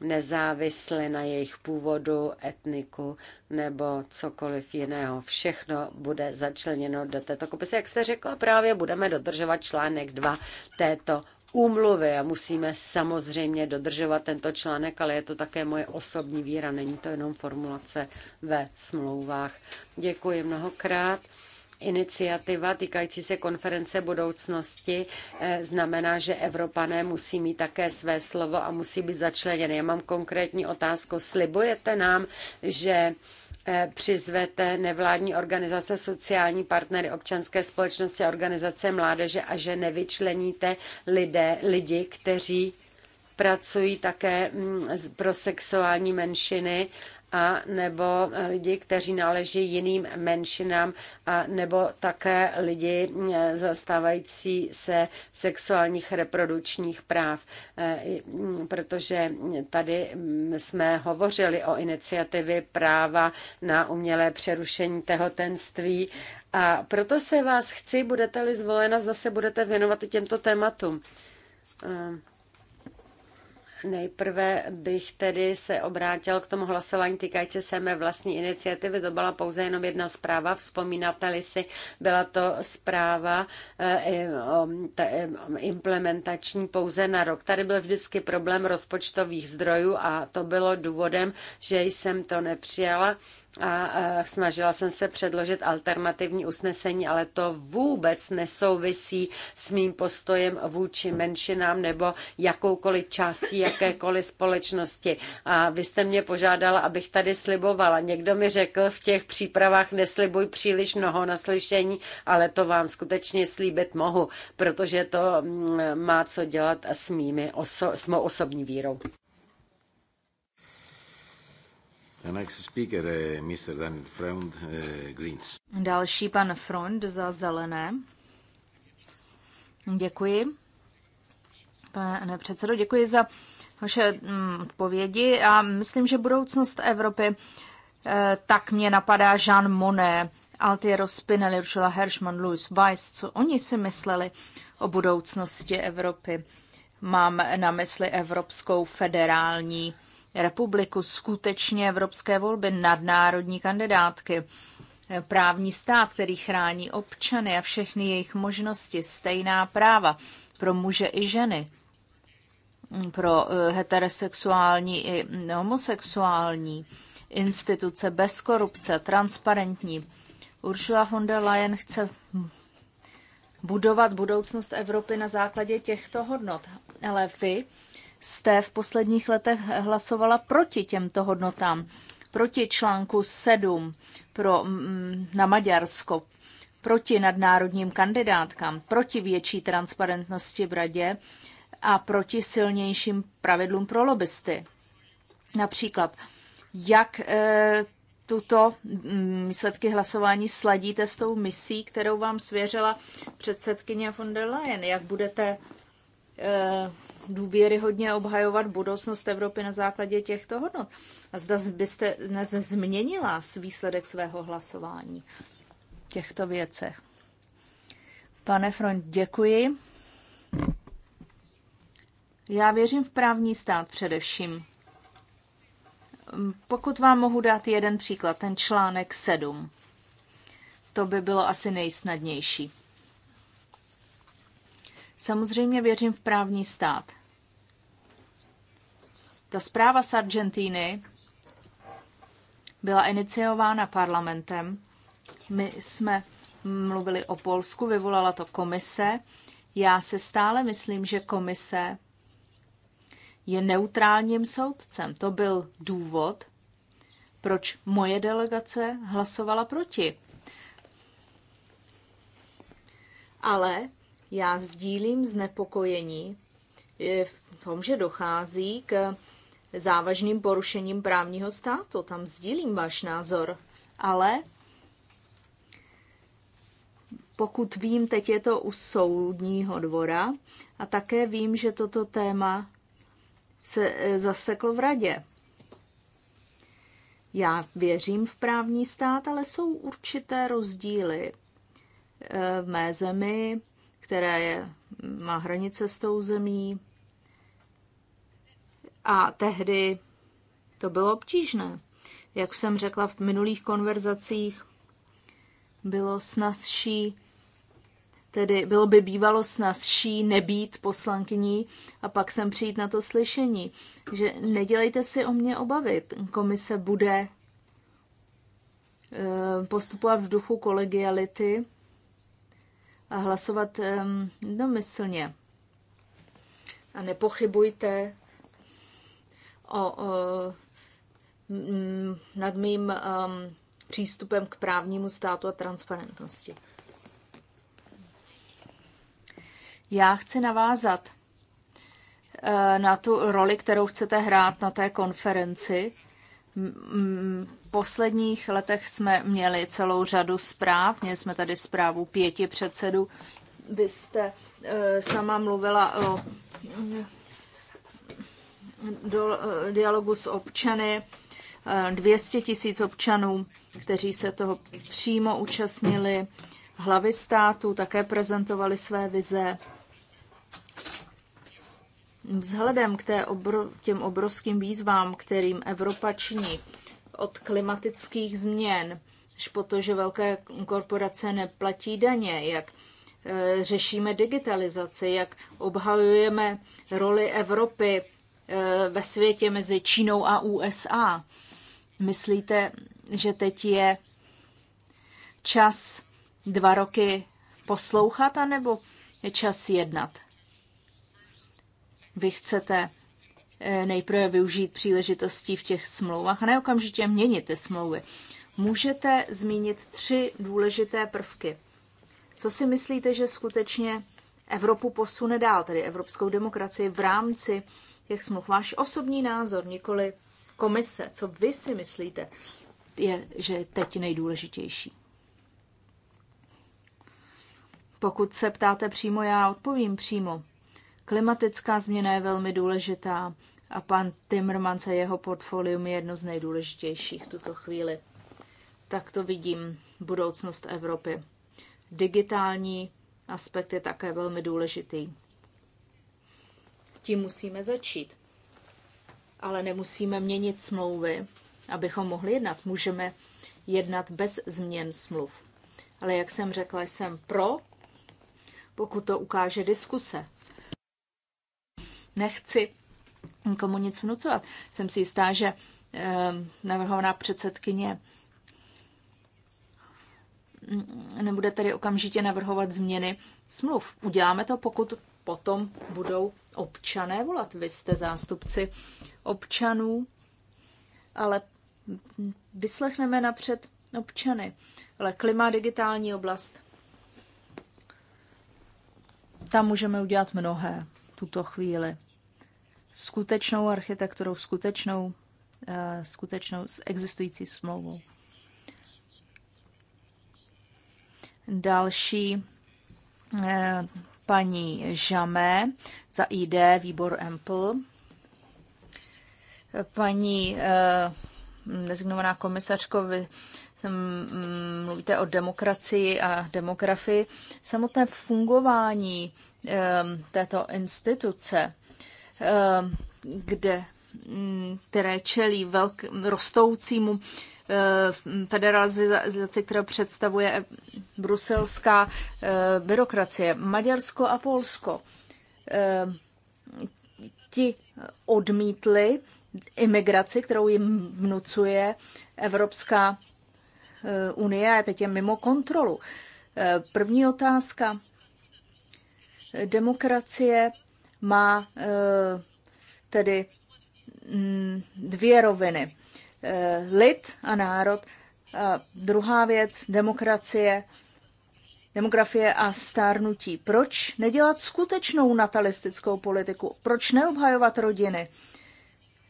nezávisle na jejich původu, etniku nebo cokoliv jiného. Všechno bude začleněno do této komise. Jak jste řekla, právě budeme dodržovat článek 2 této úmluvy a musíme samozřejmě dodržovat tento článek, ale je to také moje osobní víra, není to jenom formulace ve smlouvách. Děkuji mnohokrát iniciativa týkající se konference budoucnosti eh, znamená, že Evropané musí mít také své slovo a musí být začleněny. Já mám konkrétní otázku. Slibujete nám, že eh, přizvete nevládní organizace, sociální partnery, občanské společnosti organizace mládeže a že nevyčleníte lidé, lidi, kteří pracují také mm, pro sexuální menšiny a nebo eh, lidi, kteří náleží jiným menšinám a nebo také lidi eh, zastávající se sexuálních reprodukčních práv. Eh, mm, protože tady mm, jsme hovořili o iniciativě práva na umělé přerušení tehotenství a proto se vás chci, budete-li zvolena, zase budete věnovat i těmto tématům. Nejprve bych tedy se obrátil k tomu hlasování týkající se mé vlastní iniciativy. To byla pouze jenom jedna zpráva. Vzpomínáte-li si, byla to zpráva eh, eh, implementační pouze na rok. Tady byl vždycky problém rozpočtových zdrojů a to bylo důvodem, že jsem to nepřijala a snažila jsem se předložit alternativní usnesení, ale to vůbec nesouvisí s mým postojem vůči menšinám nebo jakoukoliv částí jakékoliv společnosti. A vy jste mě požádala, abych tady slibovala. Někdo mi řekl v těch přípravách neslibuj příliš mnoho naslyšení, ale to vám skutečně slíbit mohu, protože to mm, má co dělat s, mými oso- s mou osobní vírou. Eh, eh, Další pan Frond za zelené. Děkuji. Pane předsedo, děkuji za vaše mm, odpovědi a myslím, že budoucnost Evropy eh, tak mě napadá Jean Monnet, Altiero Spinelli, Ursula Herschman, Louis Weiss, co oni si mysleli o budoucnosti Evropy. Mám na mysli Evropskou federální republiku, skutečně evropské volby, nadnárodní kandidátky, právní stát, který chrání občany a všechny jejich možnosti, stejná práva pro muže i ženy, pro eh, heterosexuální i hm, homosexuální, instituce bez korupce, transparentní. Ursula von der Leyen chce budovat budoucnost Evropy na základě těchto hodnot. Ale vy jste v posledních letech hlasovala proti těmto hodnotám, proti článku 7 pro, mm, na Maďarsko, proti nadnárodním kandidátkám, proti větší transparentnosti v radě a proti silnějším pravidlům pro lobbysty. Například, jak e, tuto mm, výsledky hlasování sladíte s tou misí, kterou vám svěřila předsedkyně von der Leyen? Jak budete e, důvěryhodně obhajovat budoucnost Evropy na základě těchto hodnot. A zda byste dnes změnila výsledek svého hlasování v těchto věcech. Pane Front, děkuji. Já věřím v právní stát především. Pokud vám mohu dát jeden příklad, ten článek 7, to by bylo asi nejsnadnější. Samozřejmě věřím v právní stát. Ta zpráva z Argentíny byla iniciována parlamentem. My jsme mluvili o Polsku, vyvolala to komise. Já se stále myslím, že komise je neutrálním soudcem. To byl důvod, proč moje delegace hlasovala proti. Ale já sdílím znepokojení eh, v tom, že dochází k závažným porušením právního státu. Tam sdílím váš názor. Ale pokud vím, teď je to u soudního dvora a také vím, že toto téma se eh, zaseklo v radě. Já věřím v právní stát, ale jsou určité rozdíly eh, v mé zemi, které má hranice s tou zemí, a tehdy to bylo obtížné. Jak jsem řekla v minulých konverzacích, bylo snazší, tedy bylo by bývalo snazší nebýt poslankyní a pak jsem přijít na to slyšení, že nedělejte si o mě obavit. Komise bude eh, postupovat v duchu kolegiality a hlasovat jednomyslně. Ehm, a nepochybujte o, o nad mým um, přístupem k právnímu státu a transparentnosti. Já chci navázat eh, na tu roli, kterou chcete hrát na té konferenci. V posledních letech jsme měli celou řadu zpráv. Měli jsme tady zprávu pěti předsedů. Vy jste eh, sama mluvila o do eh, dialogu s občany, 200 eh, tisíc občanů, kteří se toho přímo účastnili, hlavy států také prezentovali své vize. Vzhledem k té obro, těm obrovským výzvám, kterým Evropa činí, od klimatických změn, až po to, že velké korporace neplatí daně, jak eh, řešíme digitalizaci, jak obhajujeme roli Evropy Eh, ve světě mezi Čínou a USA. Myslíte, že teď je čas dva roky poslouchat, anebo je čas jednat? Vy chcete eh, nejprve využít příležitostí v těch smlouvách a neokamžitě měnit ty smlouvy. Můžete zmínit tři důležité prvky. Co si myslíte, že skutečně Evropu posune dál, tedy evropskou demokracii v rámci těch smluv. Váš osobní názor, nikoli komise, co vy si myslíte, je, že je teď nejdůležitější. Pokud se ptáte přímo, já odpovím přímo. Klimatická změna je velmi důležitá a pan Timmermans a jeho portfolium je jedno z nejdůležitějších v tuto chvíli. Tak to vidím budoucnost Evropy. Digitální aspekt je také velmi důležitý. Tím musíme začít. Ale nemusíme měnit smlouvy, abychom mohli jednat. Můžeme jednat bez změn smluv. Ale jak jsem řekla, jsem pro, pokud to ukáže diskuse. Nechci nikomu nic vnucovat. Jsem si jistá, že ehm, navrhovaná předsedkyně nebude tady okamžitě navrhovat změny smluv. Uděláme to, pokud potom budou občané volat. Vy jste zástupci občanů, ale vyslechneme napřed občany. Ale klima, digitální oblast, tam můžeme udělat mnohé tuto chvíli. Skutečnou architekturou, skutečnou, eh, skutečnou existující smlouvou. Další eh, paní Žamé za ID výbor EMPL, paní eh, designovaná komisařko, vy mm, mluvíte o demokracii a demografii. Samotné fungování eh, této instituce, eh, kde, mm, které čelí velk, rostoucímu federalizaci, která představuje bruselská eh, byrokracie. Maďarsko a Polsko. Eh, ti odmítli imigraci, kterou jim vnucuje Evropská eh, unie a teď je mimo kontrolu. První otázka. Demokracie má tedy mm, dvě roviny. Lid a národ. A druhá věc, demokracie demografie a stárnutí. Proč nedělat skutečnou natalistickou politiku? Proč neobhajovat rodiny?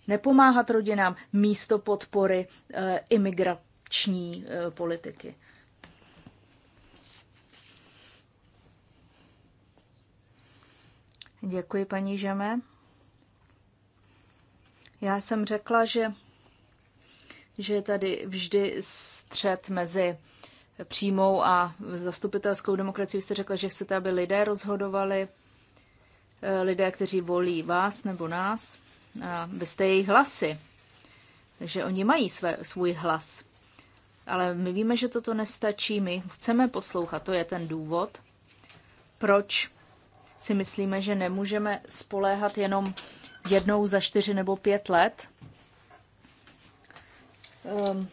Nepomáhat rodinám místo podpory e, imigrační e, politiky? Děkuji, paní Žeme. Já jsem řekla, že, že je tady vždy střed mezi přímou a zastupitelskou demokracii. Vy jste řekla, že chcete, aby lidé rozhodovali, eh, lidé, kteří volí vás nebo nás. A vy jste jejich hlasy, takže oni mají své, svůj hlas. Ale my víme, že toto nestačí, my chceme poslouchat, to je ten důvod, proč si myslíme, že nemůžeme spoléhat jenom jednou za čtyři nebo pět let. Ehm,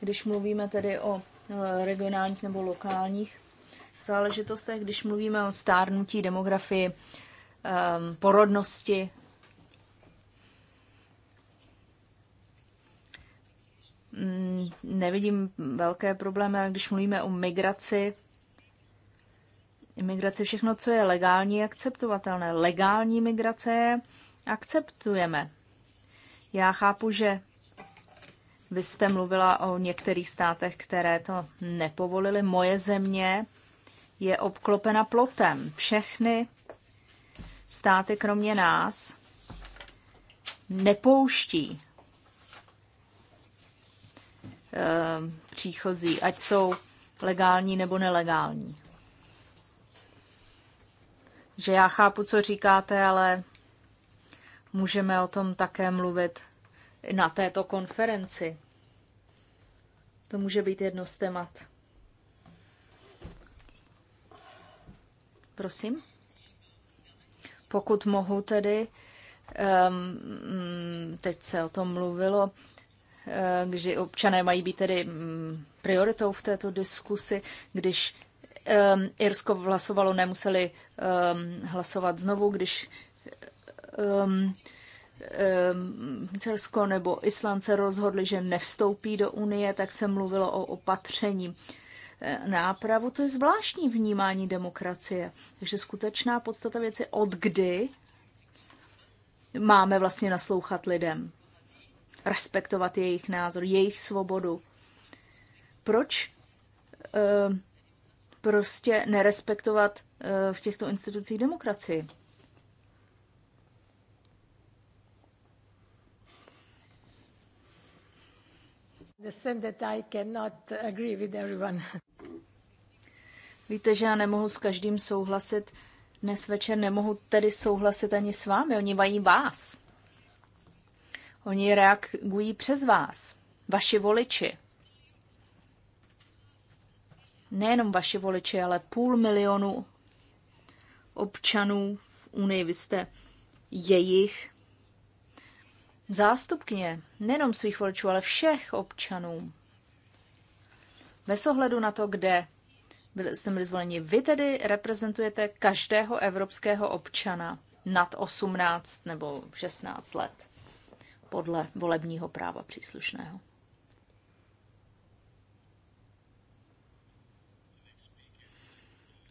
když mluvíme tedy o Eh, regionálních nebo lokálních záležitostech, když mluvíme o stárnutí, demografii, ehm, porodnosti. Mm, nevidím velké problémy, ale když mluvíme o migraci, migraci všechno, co je legální, je akceptovatelné. Legální migrace akceptujeme. Já chápu, že vy jste mluvila o některých státech, které to nepovolili. Moje země je obklopena plotem. Všechny státy kromě nás nepouští e, příchozí, ať jsou legální nebo nelegální. Že já chápu, co říkáte, ale můžeme o tom také mluvit na této konferenci. To může být jedno z témat. Prosím. Pokud mohu tedy, ehm, mm, teď se o tom mluvilo, že eh, občané mají být tedy mm, prioritou v této diskusi, když ehm, Irsko hlasovalo, nemuseli ehm, hlasovat znovu, když Česko ehm, nebo Island se rozhodli, že nevstoupí do Unie, tak se mluvilo o opatření e, nápravu. To je zvláštní vnímání demokracie. Takže skutečná podstata věci, od kdy máme vlastně naslouchat lidem, respektovat jejich názor, jejich svobodu. Proč ehm, prostě nerespektovat e, v těchto institucích demokracii? that I cannot agree with everyone. Víte, že já nemohu s každým souhlasit. Dnes večer nemohu tedy souhlasit ani s vámi. Oni mají vás. Oni reagují přes vás. Vaši voliči. Nejenom vaši voliči, ale půl milionu občanů v Unii. Vy jste jejich zástupkně nejenom svých voličů, ale všech občanů. Bez ohledu na to, kde byli, jste byli zvoleni, vy tedy reprezentujete každého evropského občana nad 18 nebo 16 let podle volebního práva příslušného.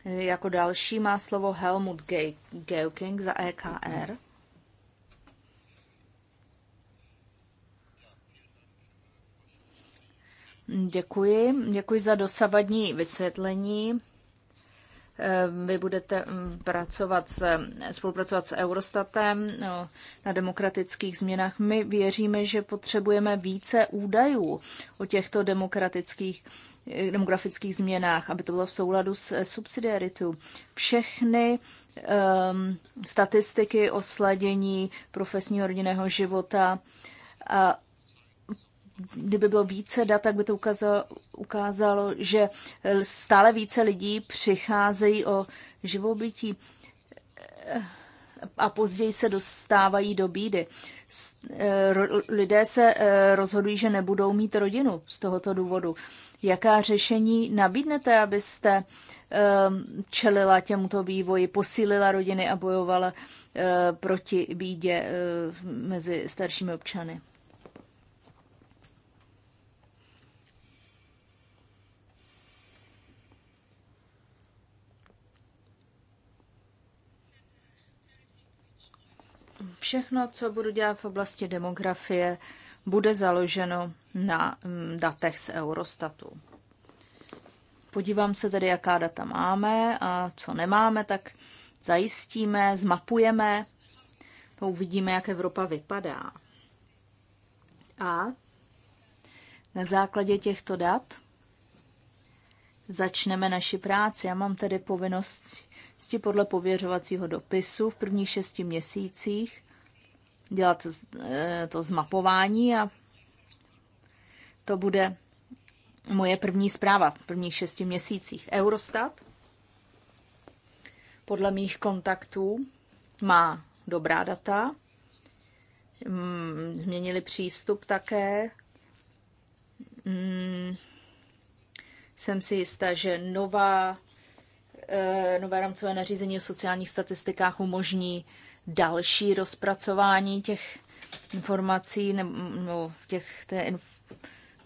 Jako další má slovo Helmut Geuking za EKR. Děkuji. Děkuji za dosavadní vysvětlení. Eh, vy budete mm, pracovat s, spolupracovat s Eurostatem no, na demokratických změnách. My věříme, že potřebujeme více údajů o těchto demokratických eh, demografických změnách, aby to bylo v souladu s eh, subsidiaritou. Všechny um, statistiky o sladění profesního rodinného života a kdyby bylo více dat, tak by to ukázalo, ukázalo že stále více lidí přicházejí o živobytí eh, a později se dostávají do bídy. Eh, lidé se eh, rozhodují, že nebudou mít rodinu z tohoto důvodu. Jaká řešení nabídnete, abyste ehm, čelila těmto vývoji, posílila rodiny a bojovala proti bídě mezi staršími občany? Všechno, co budu dělat v oblasti demografie, bude založeno na mm, datech z Eurostatu. Podívám se tedy, jaká data máme a co nemáme, tak zajistíme, zmapujeme, to uvidíme, jak Evropa vypadá. A na základě těchto dat začneme naši práci. Já mám tedy povinnost podle pověřovacího dopisu v prvních šesti měsících dělat eh, to zmapování a to bude moje první zpráva v prvních šesti měsících. Eurostat podle mých kontaktů má dobrá data. Mm, změnili přístup také. Mm, jsem si jistá, že nová, eh, nové rámcové nařízení o sociálních statistikách umožní další rozpracování těch informací nebo no, těch, té inf-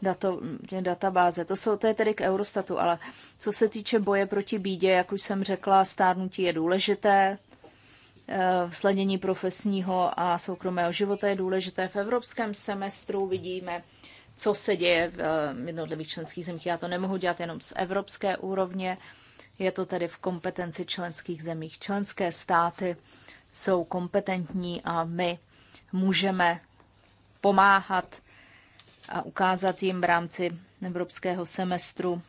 dato, databáze. To, jsou, to je tedy k Eurostatu, ale co se týče boje proti bídě, jak už jsem řekla, stárnutí je důležité, eh, sledění profesního a soukromého života je důležité. V evropském semestru vidíme, co se děje v eh, jednotlivých členských zemích. Já to nemohu dělat jenom z evropské úrovně, je to tedy v kompetenci členských zemích. Členské státy jsou kompetentní a my můžeme pomáhat a ukázat jim v rámci evropského semestru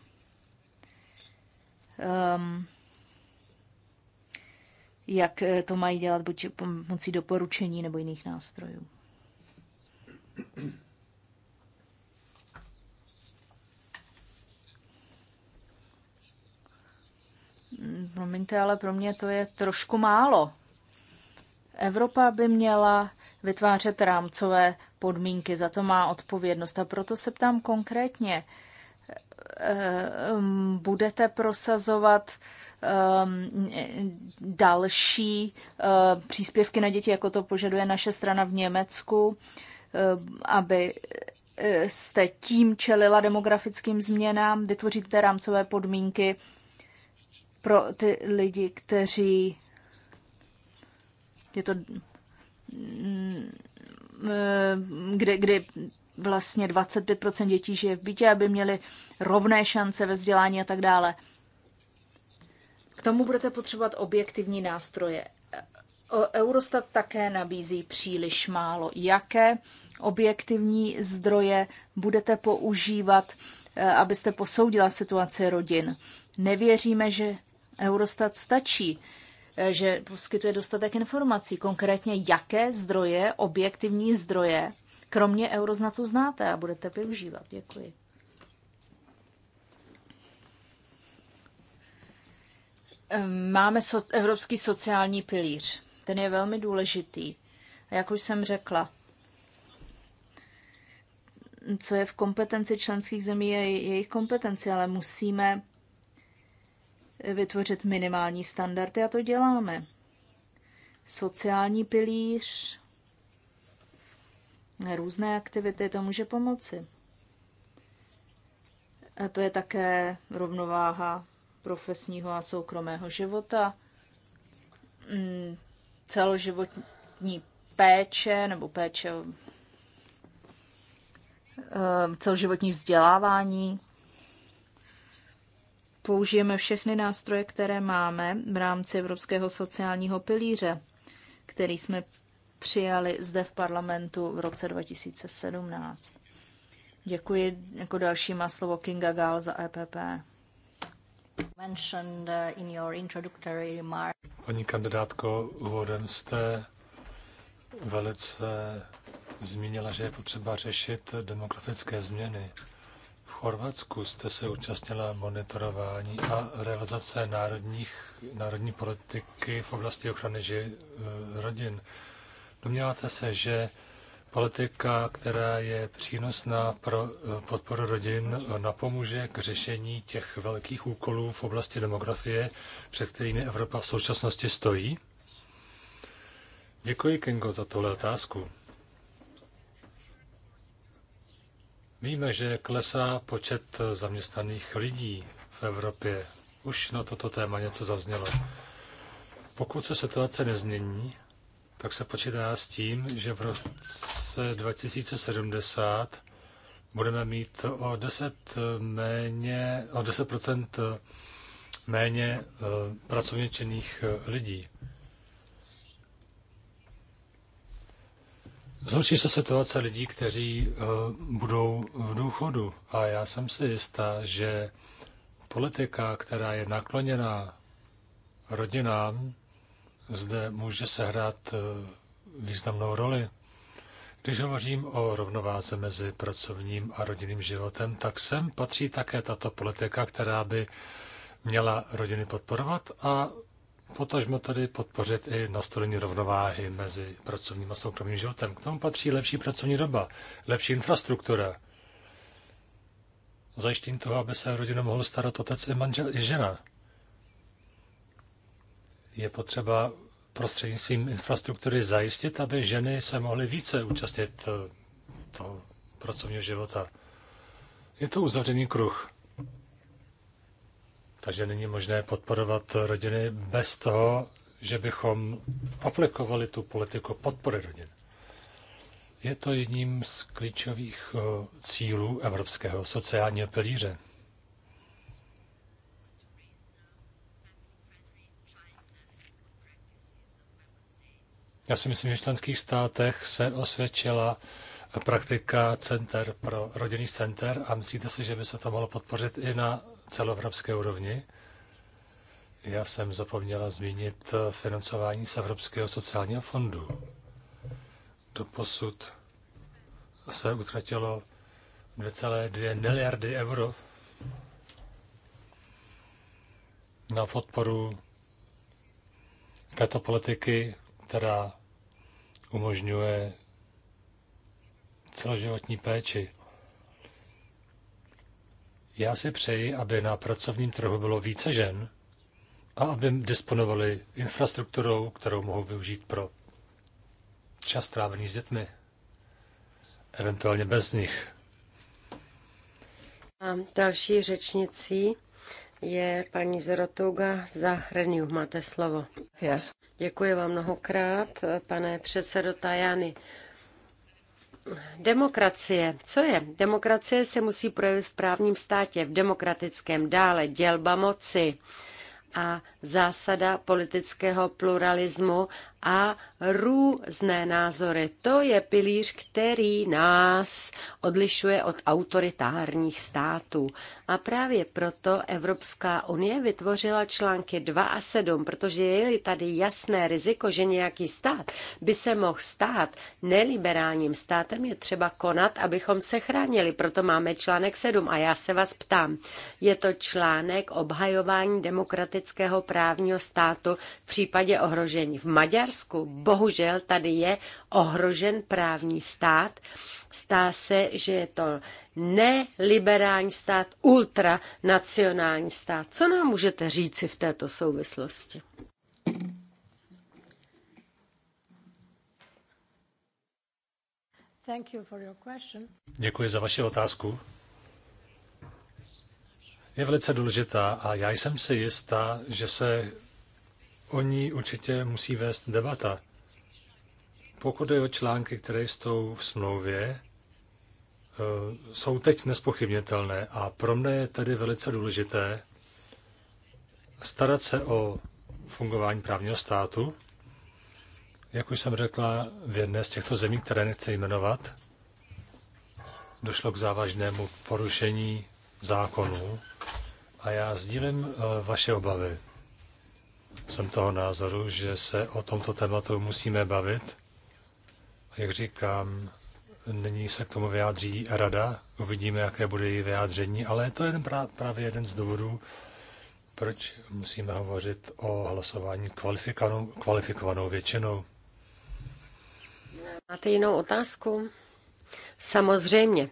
um, jak to mají dělat, buď pomocí doporučení nebo jiných nástrojů. Promiňte, ale pro mě to je trošku málo. Evropa by měla vytvářet rámcové podmínky, za to má odpovědnost. A proto se ptám konkrétně, eh, mm, budete prosazovat eh, další eh, příspěvky na děti, jako to požaduje naše strana v Německu, aby jste tím čelila demografickým změnám, vytvoříte rámcové podmínky pro ty lidi, kteří je to, kdy, mm, mm, kdy vlastně 25% dětí žije v bytě, aby měli rovné šance ve vzdělání a tak dále. K tomu budete potřebovat objektivní nástroje. E, Eurostat také nabízí příliš málo. Jaké objektivní zdroje budete používat, e, abyste posoudila situaci rodin? Nevěříme, že Eurostat stačí. Eh, že poskytuje dostatek informací, konkrétně jaké zdroje, objektivní zdroje, kromě Euroznatu znáte a budete využívat. Děkuji. Máme so, Evropský sociální pilíř. Ten je velmi důležitý. A jak už jsem řekla, co je v kompetenci členských zemí, je jejich kompetenci, ale musíme vytvořit minimální standardy a to děláme. Sociální pilíř, různé aktivity, to může pomoci. A to je také rovnováha profesního a soukromého života, mm, celoživotní péče nebo péče e, celoživotní vzdělávání, použijeme všechny nástroje, které máme v rámci Evropského sociálního pilíře, který jsme přijali zde v parlamentu v roce 2017. Děkuji. Jako další má slovo Kinga Gál za EPP. Uh, Paní kandidátko, úvodem jste velice zmínila, že je potřeba řešit demografické změny. Chorvatsku jste se účastnila monitorování a realizace národních, národní politiky v oblasti ochrany ži, eh, rodin. Domníváte se, že politika, která je přínosná pro eh, podporu rodin, napomůže k řešení těch velkých úkolů v oblasti demografie, před kterými Evropa v současnosti stojí? Děkuji, Kengo, za tuhle otázku. Víme, že klesá počet zaměstnaných lidí v Evropě. Už na toto téma něco zaznělo. Pokud se situace nezmění, tak se počítá s tím, že v roce 2070 budeme mít o 10, méně, o 10 méně eh, pracovně činných eh, lidí. Zhorší se situace lidí, kteří eh, budou v důchodu. A já jsem si jistá, že politika, která je nakloněná rodinám, zde může sehrát eh, významnou roli. Když hovořím o rovnováze mezi pracovním a rodinným životem, tak sem patří také tato politika, která by měla rodiny podporovat a potažmo tady podpořit i nastolení rovnováhy mezi pracovním a soukromým životem. K tomu patří lepší pracovní doba, lepší infrastruktura, zajištění toho, aby se rodina mohl starat otec i, manžel, i žena. Je potřeba prostřednictvím infrastruktury zajistit, aby ženy se mohly více účastnit eh, toho pracovního života. Je to uzavřený kruh. Takže není možné podporovat rodiny bez toho, že bychom aplikovali tu politiku podpory rodin. Je to jedním z klíčových eh, cílů Evropského sociálního pilíře. Já si myslím, že v členských státech se osvědčila praktika center pro rodinný center a myslíte si, že by se to mohlo podpořit i na celoevropské úrovni. Já jsem zapomněla zmínit financování z Evropského sociálního fondu. Do posud se utratilo 2,2 miliardy euro na podporu této politiky, která umožňuje celoživotní péči. Já si přeji, aby na pracovním trhu bylo více žen a aby disponovali infrastrukturou, kterou mohou využít pro čas trávený s dětmi, eventuálně bez nich. A další řečnicí je paní Zorotuga za Renew. Máte slovo. Yes. Děkuji vám mnohokrát, pane předsedo Tajany. Demokracie. Co je? Demokracie se musí projevit v právním státě, v demokratickém dále, dělba moci. A zásada politického pluralismu a různé názory. To je pilíř, který nás odlišuje od autoritárních států. A právě proto Evropská unie vytvořila články 2 a 7, protože je tady jasné riziko, že nějaký stát by se mohl stát neliberálním státem, je třeba konat, abychom se chránili. Proto máme článek 7 a já se vás ptám. Je to článek obhajování demokratického práva právního státu v případě ohrožení. V Maďarsku bohužel tady je ohrožen právní stát. Stá se, že je to neliberální stát, ultranacionální stát. Co nám můžete říci v této souvislosti? Děkuji za vaši otázku je velice důležitá a já jsem si jistá, že se o ní určitě musí vést debata. Pokud je o články, které jsou v smlouvě, eh, jsou teď nespochybnitelné a pro mne je tedy velice důležité starat se o fungování právního státu. Jak už jsem řekla, v jedné z těchto zemí, které nechci jmenovat, došlo k závažnému porušení zákonů a já sdílím eh, vaše obavy. Jsem toho názoru, že se o tomto tématu musíme bavit. A Jak říkám, nyní se k tomu vyjádří rada, uvidíme, jaké bude její vyjádření, ale to je jeden právě jeden z důvodů, proč musíme hovořit o hlasování kvalifikovanou, kvalifikovanou většinou. Máte jinou otázku? Samozřejmě.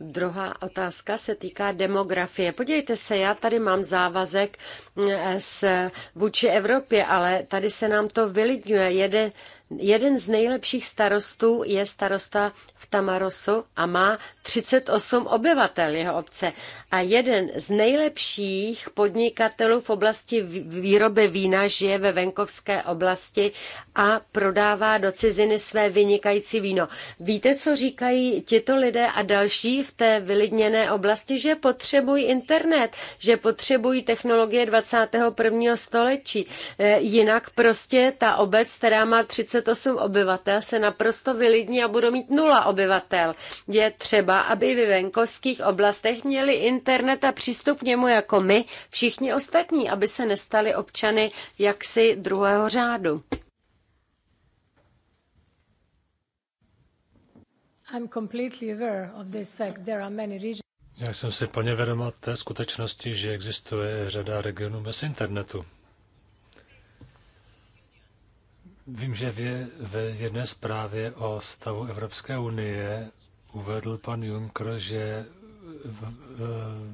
Druhá otázka se týká demografie. Podívejte se, já tady mám závazek mm, s, vůči Evropě, ale tady se nám to vylidňuje. Jeden, jeden z nejlepších starostů je starosta v Tamarosu a má 38 obyvatel jeho obce. A jeden z nejlepších podnikatelů v oblasti výroby vína žije ve venkovské oblasti a prodává do ciziny své vynikající víno. Víte, co říkají tito lidé a další v té vylidněné oblasti, že potřebují internet, že potřebují technologie 21. století. Eh, jinak prostě ta obec, která má 38 obyvatel, se naprosto vylidní a budou mít nula obyvatel. Je třeba, aby v venkovských oblastech měli internet a přístup k němu jako my, všichni ostatní, aby se nestali občany jaksi druhého řádu. Já jsem si plně vědoma té skutečnosti, že existuje řada regionů bez internetu. Vím, že v, jedné zprávě o stavu Evropské unie uvedl pan Juncker, že v, v,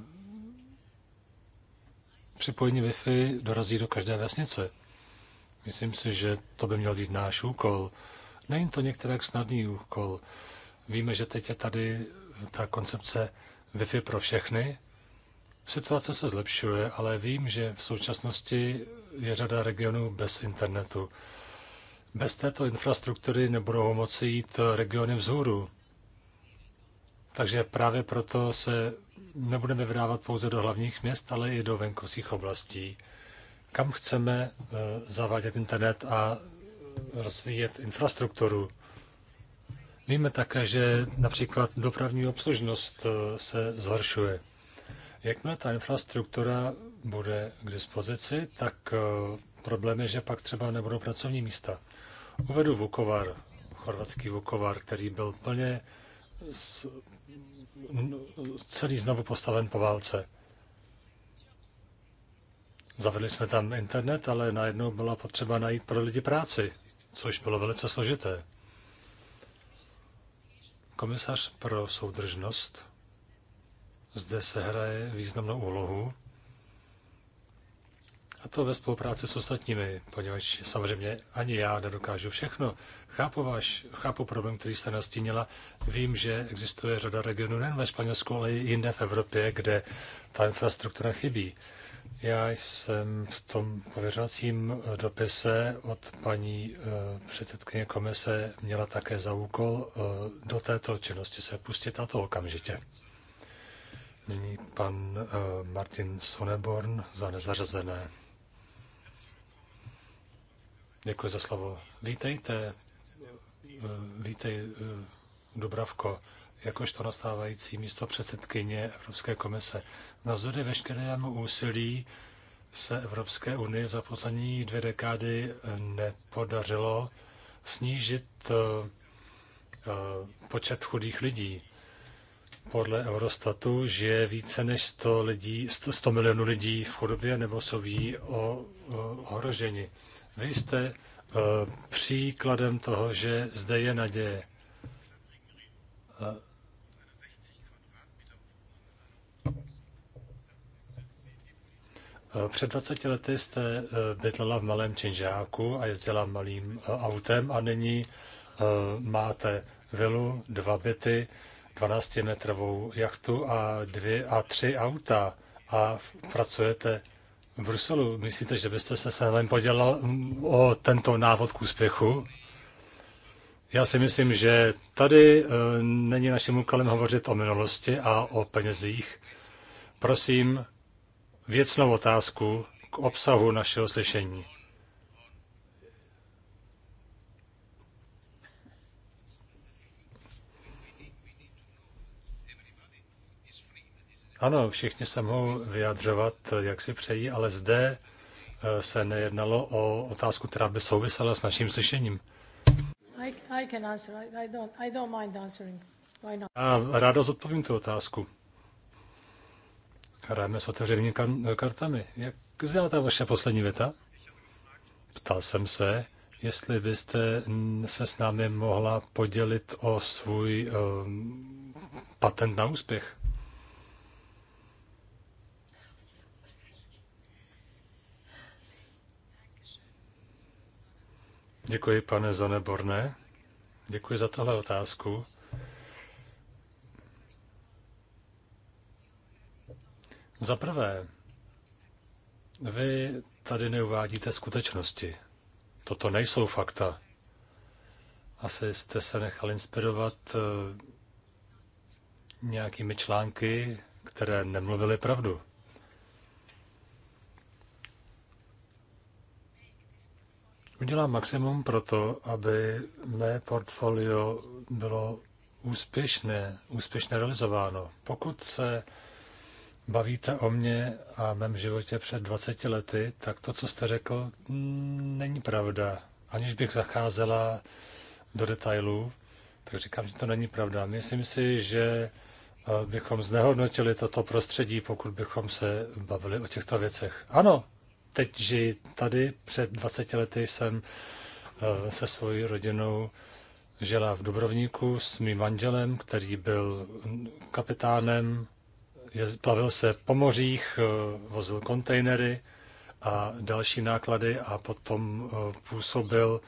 připojení Wi-Fi dorazí do každé vesnice. Myslím si, že to by měl být náš úkol. Není to některé snadný úkol. Víme, že teď je tady ta koncepce Wi-Fi pro všechny. Situace se zlepšuje, ale vím, že v současnosti je řada regionů bez internetu. Bez této infrastruktury nebudou moci jít regiony vzhůru. Takže právě proto se nebudeme vydávat pouze do hlavních měst, ale i do venkovských oblastí, kam chceme eh, zavádět internet a rozvíjet infrastrukturu. Víme také, že například dopravní obslužnost eh, se zhoršuje. Jakmile ta infrastruktura bude k dispozici, tak eh, problém je, že pak třeba nebudou pracovní místa. Uvedu Vukovar, chorvatský Vukovar, který byl plně z, celý znovu postaven po válce. Zavedli jsme tam internet, ale najednou byla potřeba najít pro lidi práci, což bylo velice složité. Komisař pro soudržnost zde se hraje významnou úlohu, a to ve spolupráci s ostatními, poněvadž samozřejmě ani já nedokážu všechno. Chápu, váš, chápu problém, který jste nastínila. Vím, že existuje řada regionů nejen ve Španělsku, ale i jinde v Evropě, kde ta infrastruktura chybí. Já jsem v tom pověřovacím dopise od paní eh, předsedkyně komise měla také za úkol eh, do této činnosti se pustit a to okamžitě. Nyní pan eh, Martin Soneborn za nezařazené. Děkuji za slovo. Vítejte, vítej Dubravko jakožto nastávající místo předsedkyně Evropské komise. na Navzdory veškerému úsilí se Evropské unie za poslední dvě dekády eh, nepodařilo snížit eh, eh, počet chudých lidí. Podle Eurostatu žije více než 100, lidí, 100, milionů lidí v chudobě nebo jsou jí o, ohroženi. Vy jste příkladem toho, že zde je naděje. Před 20 lety jste eh, bydlela v malém činžáku a jezdila malým eh, autem a nyní eh, máte vilu, dva byty, 12-metrovou jachtu a dvě a tři auta a pracujete v Bruselu. Myslíte, že byste se sem podělal mm, o tento návod k úspěchu? Já si myslím, že tady není naším úkolem hovořit o minulosti a o penězích. Prosím, věcnou otázku k obsahu našeho slyšení. Ano, všichni se mohou vyjadřovat, jak si přejí, ale zde eh, se nejednalo o otázku, která by souvisela s naším slyšením. Já rád zodpovím tu otázku hrajeme s otevřenými kartami. Jak zněla ta vaše poslední věta? Ptal jsem se, jestli byste se s námi mohla podělit o svůj um, patent na úspěch. Děkuji, pane Zaneborné. Děkuji za tohle otázku. Za prvé, vy tady neuvádíte skutečnosti. Toto nejsou fakta. Asi jste se nechal inspirovat eh, nějakými články, které nemluvily pravdu. Udělám maximum pro to, aby mé portfolio bylo úspěšné, úspěšně realizováno. Pokud se bavíte o mě a mém životě před 20 lety, tak to, co jste řekl, není pravda. Aniž bych zacházela do detailů, tak říkám, že to není pravda. Myslím si, že eh, bychom znehodnotili toto prostředí, pokud bychom se bavili o těchto věcech. Ano, teď žiji tady, před 20 lety jsem eh, se svojí rodinou žila v Dubrovníku s mým manželem, který byl kapitánem plavil se po mořích, eh, vozil kontejnery a další náklady a potom eh, působil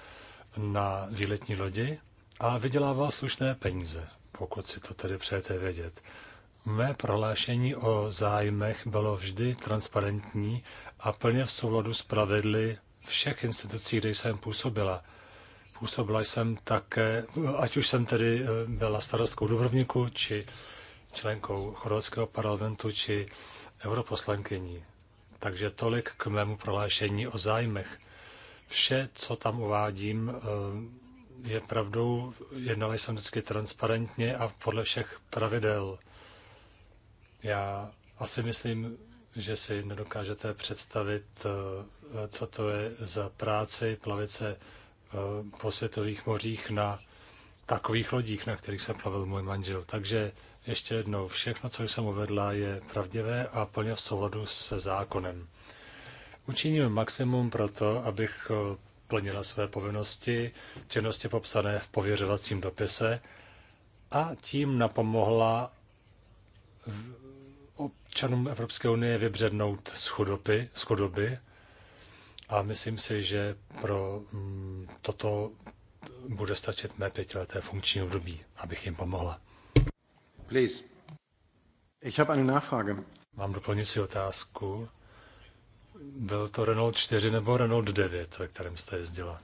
na výletní lodi a vydělával slušné peníze, pokud si to tedy přejete vědět. Mé prohlášení o zájmech bylo vždy transparentní a plně v souladu s pravidly všech institucí, kde jsem působila. Působila jsem také, ať už jsem tedy eh, byla starostkou Dubrovníku či členkou chorvatského parlamentu či europoslankyní. Takže tolik k mému prohlášení o zájmech. Vše, co tam uvádím, eh, je pravdou, jednal jsem vždycky transparentně a podle všech pravidel. Já asi myslím, že si nedokážete představit, eh, co to je za práci plavit se eh, po světových mořích na takových lodích, na kterých se plavil můj manžel. Takže ještě jednou, všechno, co jsem uvedla, je pravdivé a plně v souladu se zákonem. Učiním maximum pro to, abych eh, plnila své povinnosti, činnosti popsané v pověřovacím dopise a tím napomohla občanům Evropské unie vybřednout z chudoby, z chudoby a myslím si, že pro mm, toto bude stačit mé pětileté funkční období, abych jim pomohla. Please. Mám doplňující otázku. Byl to Renault 4 nebo Renault 9, ve kterém jste jezdila?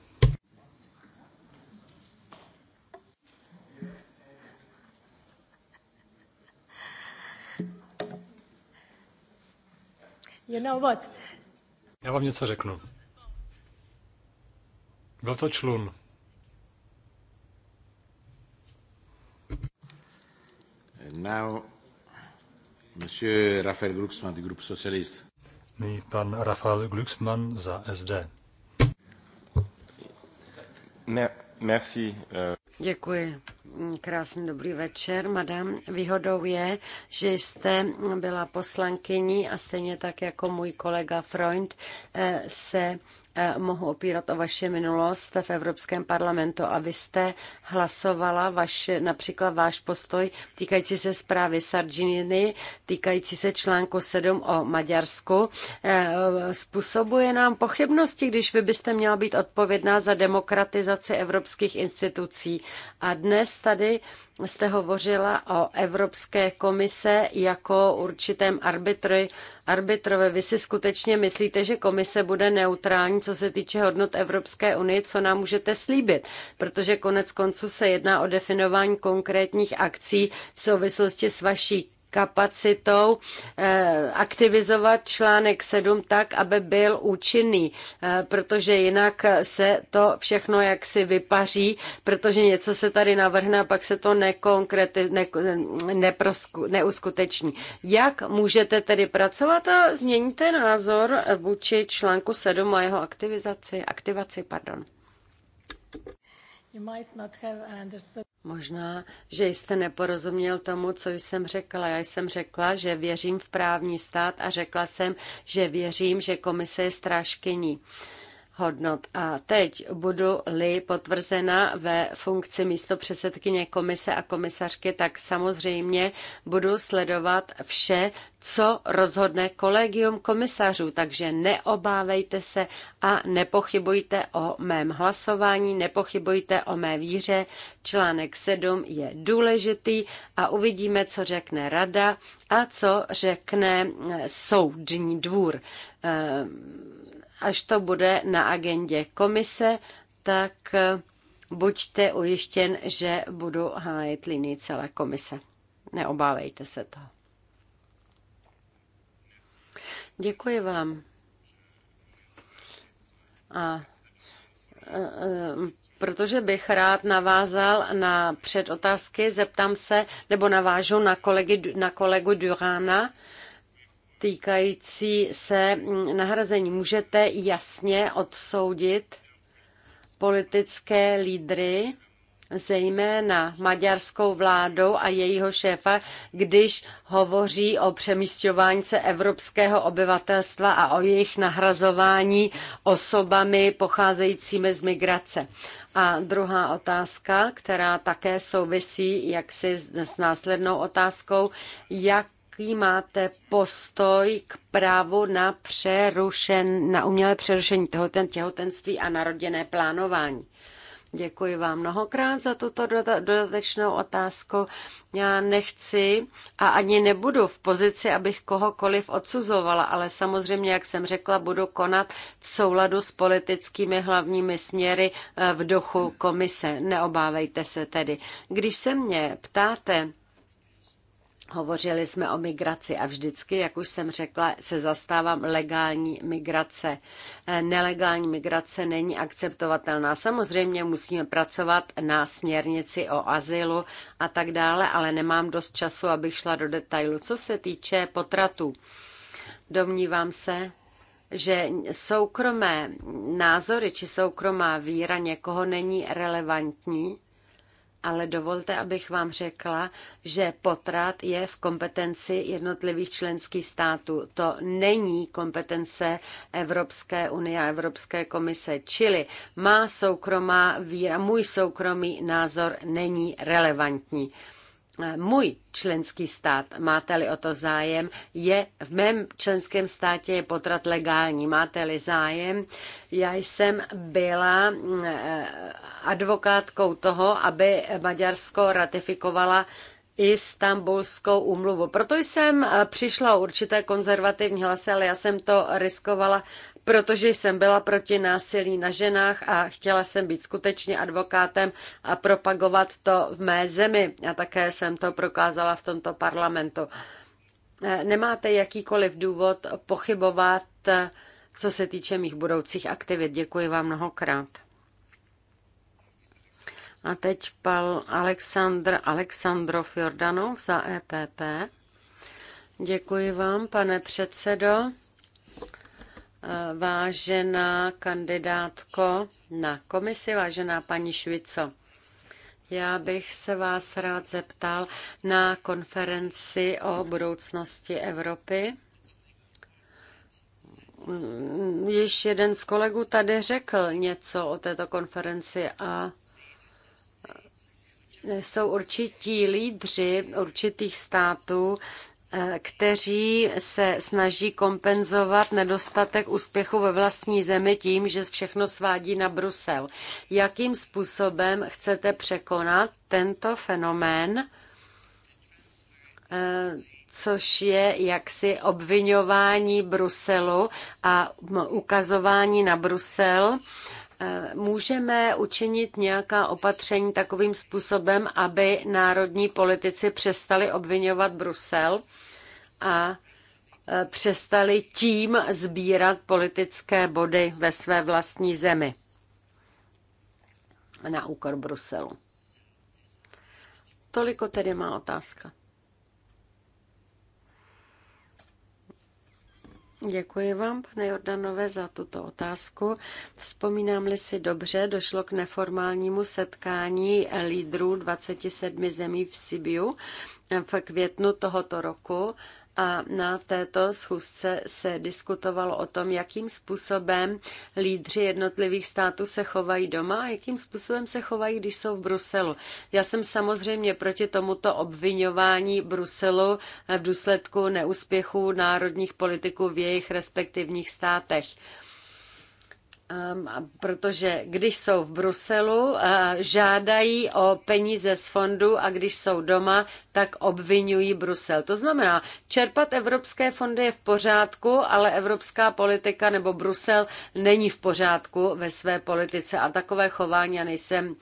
You know what? Já vám něco řeknu. Byl to člun. Now, monsieur Rafael Glucksmann, du groupe socialiste. Nyní pan Rafael Glucksmann za SD. Merci. Uh... Děkuji. Krásný dobrý večer, madam. Výhodou je, že jste byla poslankyní a stejně tak jako můj kolega Freund eh, se eh, mohu opírat o vaše minulost v Evropském parlamentu a vy jste hlasovala vaše, například váš postoj týkající se zprávy Sargininy, týkající se článku 7 o Maďarsku. Eh, způsobuje nám pochybnosti, když vy byste měla být odpovědná za demokratizaci evropských institucí. A dnes tady jste hovořila o Evropské komise jako určitém arbitry, arbitrovi. Vy si skutečně myslíte, že komise bude neutrální, co se týče hodnot Evropské unie, co nám můžete slíbit? Protože konec konců se jedná o definování konkrétních akcí v souvislosti s vaší kapacitou eh, aktivizovat článek 7 tak, aby byl účinný, eh, protože jinak se to všechno jaksi vypaří, protože něco se tady navrhne a pak se to nekonkreti, ne, neprosku, neuskuteční. Jak můžete tedy pracovat a změníte názor vůči článku 7 a jeho aktivizaci, aktivaci? Pardon. Možná, že jste neporozuměl tomu, co jsem řekla. Já jsem řekla, že věřím v právní stát a řekla jsem, že věřím, že komise je strážkyní hodnot. A teď budu-li potvrzena ve funkci místo předsedkyně komise a komisařky, tak samozřejmě budu sledovat vše, co rozhodne kolegium komisařů. Takže neobávejte se a nepochybujte o mém hlasování, nepochybujte o mé víře. Článek 7 je důležitý a uvidíme, co řekne rada a co řekne soudní dvůr. Ehm až to bude na agendě komise, tak eh, buďte ujištěn, že budu hájit linii celé komise. Neobávejte se toho. Děkuji vám. A eh, protože bych rád navázal na předotázky, zeptám se, nebo navážu na, kolegy, na kolegu Durána týkající se mm, nahrazení. Můžete jasně odsoudit politické lídry, zejména maďarskou vládou a jejího šéfa, když hovoří o přemístování se evropského obyvatelstva a o jejich nahrazování osobami pocházejícími z migrace. A druhá otázka, která také souvisí jaksi s následnou otázkou, jak jaký máte postoj k právu na, přerušen, na umělé přerušení ten těhotenství a naroděné plánování. Děkuji vám mnohokrát za tuto dodatečnou otázku. Já nechci a ani nebudu v pozici, abych kohokoliv odsuzovala, ale samozřejmě, jak jsem řekla, budu konat v souladu s politickými hlavními směry eh, v duchu komise. Neobávejte se tedy. Když se mě ptáte, Hovořili jsme o migraci a vždycky, jak už jsem řekla, se zastávám legální migrace. Eh, nelegální migrace není akceptovatelná. Samozřejmě musíme pracovat na směrnici o azylu a tak dále, ale nemám dost času, abych šla do detailu. Co se týče potratů, domnívám se, že soukromé názory či soukromá víra někoho není relevantní ale dovolte, abych vám řekla, že potrat je v kompetenci jednotlivých členských států. To není kompetence Evropské unie a Evropské komise. Čili má soukromá víra, můj soukromý názor není relevantní můj členský stát, máte-li o to zájem, je v mém členském státě je potrat legální. Máte-li zájem, já jsem byla eh, advokátkou toho, aby Maďarsko ratifikovala Istanbulskou úmluvu. Proto jsem eh, přišla o určité konzervativní hlasy, ale já jsem to riskovala, protože jsem byla proti násilí na ženách a chtěla jsem být skutečně advokátem a propagovat to v mé zemi. A také jsem to prokázala v tomto parlamentu. Eh, nemáte jakýkoliv důvod pochybovat, eh, co se týče mých budoucích aktivit. Děkuji vám mnohokrát. A teď pal Aleksandr Aleksandrov Jordanov za EPP. Děkuji vám, pane předsedo. Vážená kandidátko na komisi, vážená paní Švico, já bych se vás rád zeptal na konferenci o budoucnosti Evropy. Již jeden z kolegů tady řekl něco o této konferenci a jsou určití lídři určitých států, eh, kteří se snaží kompenzovat nedostatek úspěchu ve vlastní zemi tím, že všechno svádí na Brusel. Jakým způsobem chcete překonat tento fenomén, eh, což je jaksi obvinování Bruselu a ukazování na Brusel, Eh, můžeme učinit nějaká opatření takovým způsobem, aby národní politici přestali obvinovat Brusel a eh, přestali tím sbírat politické body ve své vlastní zemi na úkor Bruselu. Toliko tedy má otázka. Děkuji vám, pane Jordanové, za tuto otázku. Vzpomínám-li si dobře, došlo k neformálnímu setkání lídrů 27 zemí v Sibiu v květnu tohoto roku a na této schůzce se diskutovalo o tom, jakým způsobem lídři jednotlivých států se chovají doma a jakým způsobem se chovají, když jsou v Bruselu. Já jsem samozřejmě proti tomuto obvinování Bruselu v důsledku neúspěchů národních politiků v jejich respektivních státech. Um, protože když jsou v Bruselu, uh, žádají o peníze z fondu a když jsou doma, tak obvinují Brusel. To znamená, čerpat evropské fondy je v pořádku, ale evropská politika nebo Brusel není v pořádku ve své politice a takové chování já nejsem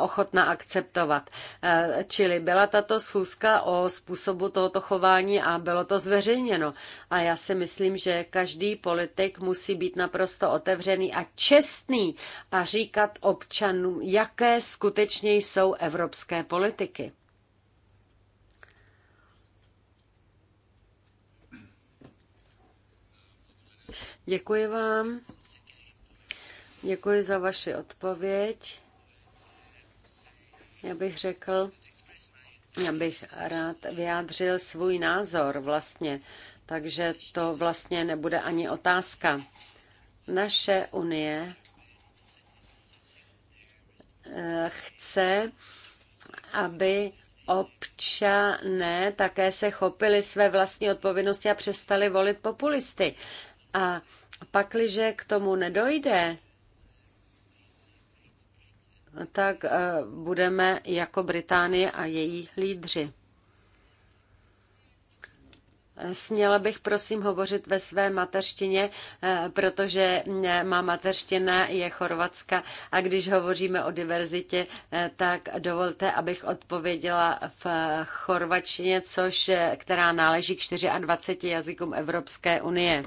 ochotna akceptovat. E, čili byla tato schůzka o způsobu tohoto chování a bylo to zveřejněno. A já si myslím, že každý politik musí být naprosto otevřený a čestný a říkat občanům, jaké skutečně jsou evropské politiky. Děkuji vám. Děkuji za vaši odpověď. Já bych řekl, já bych rád vyjádřil svůj názor vlastně, takže to vlastně nebude ani otázka. Naše unie eh, chce, aby občané také se chopili své vlastní odpovědnosti a přestali volit populisty. A pakliže k tomu nedojde, tak eh, budeme jako Británie a její lídři. Směla bych prosím hovořit ve své mateřštině, eh, protože eh, má mateřština je chorvatska a když hovoříme o diverzitě, tak dovolte, abych odpověděla v chorvačtině, což, která náleží k 24 jazykům Evropské unie.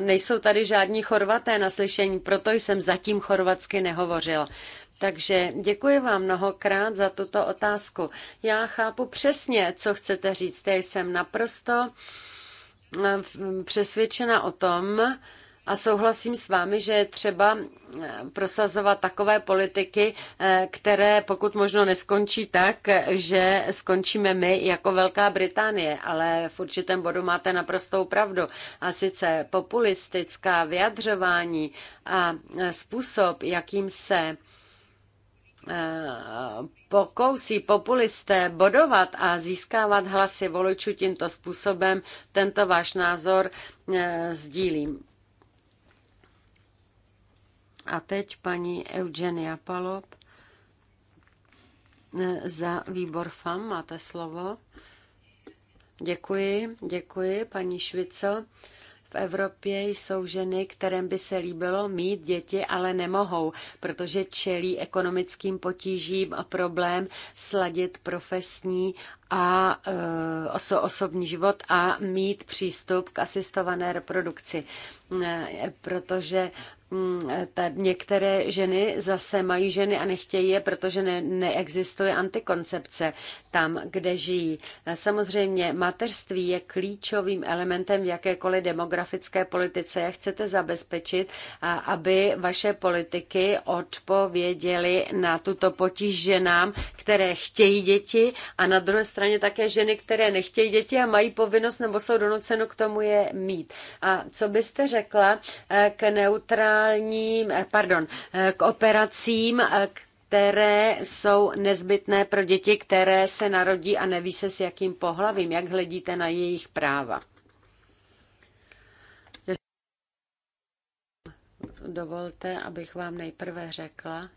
Nejsou tady žádní Chorvaté na slyšení, proto jsem zatím chorvatsky nehovořil. Takže děkuji vám mnohokrát za tuto otázku. Já chápu přesně, co chcete říct. Já jsem naprosto eh, přesvědčena o tom, a souhlasím s vámi, že je třeba eh, prosazovat takové politiky, eh, které pokud možno neskončí tak, že skončíme my jako Velká Británie, ale v určitém bodu máte naprostou pravdu. A sice populistická vyjadřování a eh, způsob, jakým se pokousí populisté bodovat a získávat hlasy voličů tímto způsobem, tento váš názor sdílím. A teď paní Eugenia Palop eh, za výbor FAM. Máte slovo. Děkuji, děkuji, paní Švico. V Evropě jsou ženy, kterým by se líbilo mít děti, ale nemohou, protože čelí ekonomickým potížím a problém sladit profesní a eh, oso, osobní život a mít přístup k asistované reprodukci. Eh, protože hm, ta, některé ženy zase mají ženy a nechtějí je, protože ne, neexistuje antikoncepce tam, kde žijí. Eh, samozřejmě mateřství je klíčovým elementem v jakékoliv demografické politice. Jak chcete zabezpečit, aby vaše politiky odpověděly na tuto potíž ženám, které chtějí děti a na druhé straně straně také ženy, které nechtějí děti a mají povinnost nebo jsou donuceno k tomu je mít. A co byste řekla eh, k neutrálním, eh, pardon, eh, k operacím, které jsou nezbytné pro děti, které se narodí a neví se s jakým pohlavím. Jak hledíte na jejich práva? Dovolte, abych vám nejprve řekla,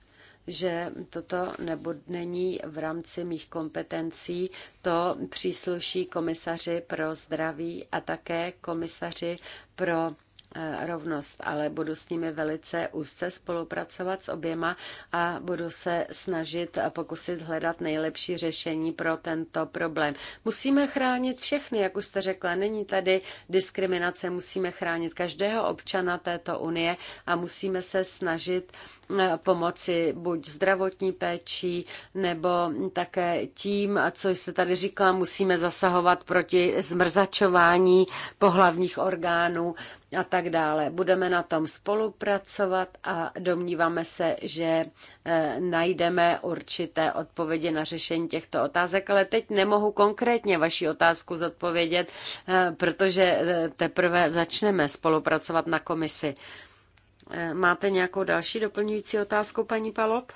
že toto nebo není v rámci mých kompetencí. To přísluší komisaři pro zdraví a také komisaři pro eh, rovnost, ale budu s nimi velice úzce spolupracovat s oběma a budu se snažit a pokusit hledat nejlepší řešení pro tento problém. Musíme chránit všechny, jak už jste řekla, není tady diskriminace, musíme chránit každého občana této unie a musíme se snažit pomoci buď zdravotní péčí, nebo také tím, a co jste tady říkala, musíme zasahovat proti zmrzačování pohlavních orgánů a tak dále. Budeme na tom spolupracovat a domníváme se, že eh, najdeme určité odpovědi na řešení těchto otázek, ale teď nemohu konkrétně vaši otázku zodpovědět, eh, protože eh, teprve začneme spolupracovat na komisi. Eh, máte nějakou další doplňující otázku, paní Palop?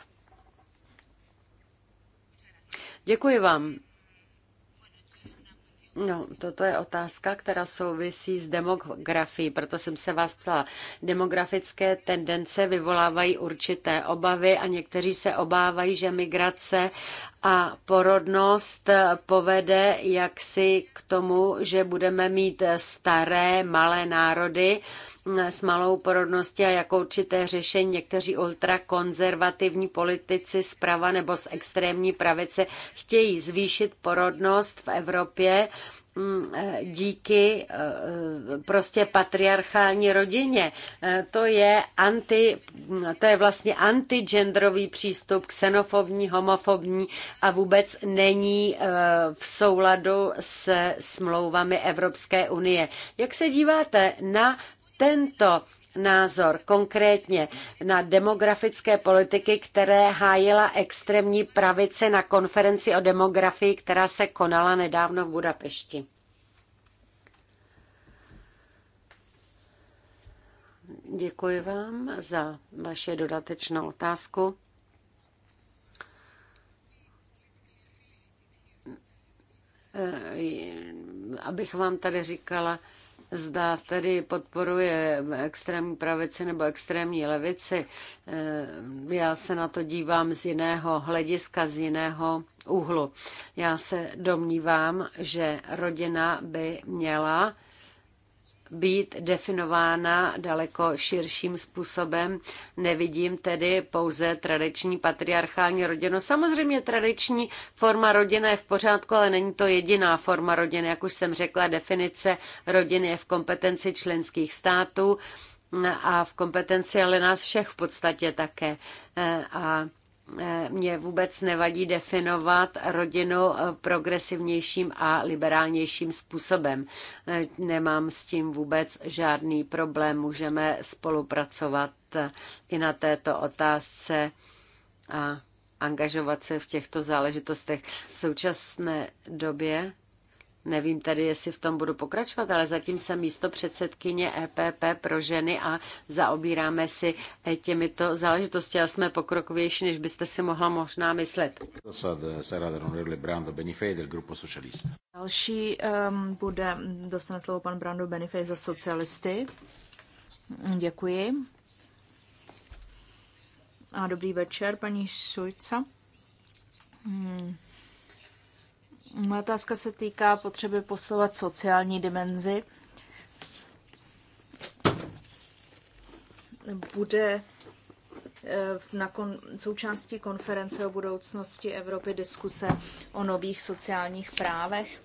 Děkuji vám. No, toto je otázka, která souvisí s demografií, proto jsem se vás ptala. Demografické tendence vyvolávají určité obavy a někteří se obávají, že migrace a porodnost povede jaksi k tomu, že budeme mít staré, malé národy s malou porodností a jako určité řešení někteří ultrakonzervativní politici zprava nebo z extrémní pravice chtějí zvýšit porodnost v Evropě Mm, eh, díky eh, eh, prostě patriarchální rodině. To je, anti, to je vlastně antigendrový přístup, xenofobní, homofobní a vůbec není v souladu s smlouvami Evropské unie. Jak se díváte na tento názor konkrétně na demografické politiky, které hájila extrémní pravice na konferenci o demografii, která se konala nedávno v Budapešti. Děkuji vám za vaše dodatečnou otázku. Eh, abych vám tady říkala, zda tedy podporuje extrémní pravici nebo extrémní levici. Eh, já se na to dívám z jiného hlediska, z jiného úhlu. Já se domnívám, že rodina by měla být definována daleko širším způsobem. Nevidím tedy pouze tradiční patriarchální rodinu. Samozřejmě tradiční forma rodiny je v pořádku, ale není to jediná forma rodiny. Jak už jsem řekla, definice rodiny je v kompetenci členských států a v kompetenci ale nás všech v podstatě také. A mě vůbec nevadí definovat rodinu eh, progresivnějším a liberálnějším způsobem. Eh, nemám s tím vůbec žádný problém. Můžeme spolupracovat eh, i na této otázce a angažovat se v těchto záležitostech. V současné době Nevím tedy, jestli v tom budu pokračovat, ale zatím jsem místo předsedkyně EPP pro ženy a zaobíráme si eh, těmito záležitosti a jsme pokrokovější, než byste si mohla možná myslet. Další um, bude, dostane slovo pan Brando Benifej za socialisty. Děkuji. A dobrý večer, paní Sujca. Hmm. Moje otázka se týká potřeby posilovat sociální dimenzi. Bude eh, na nakon, součástí konference o budoucnosti Evropy diskuse o nových sociálních právech,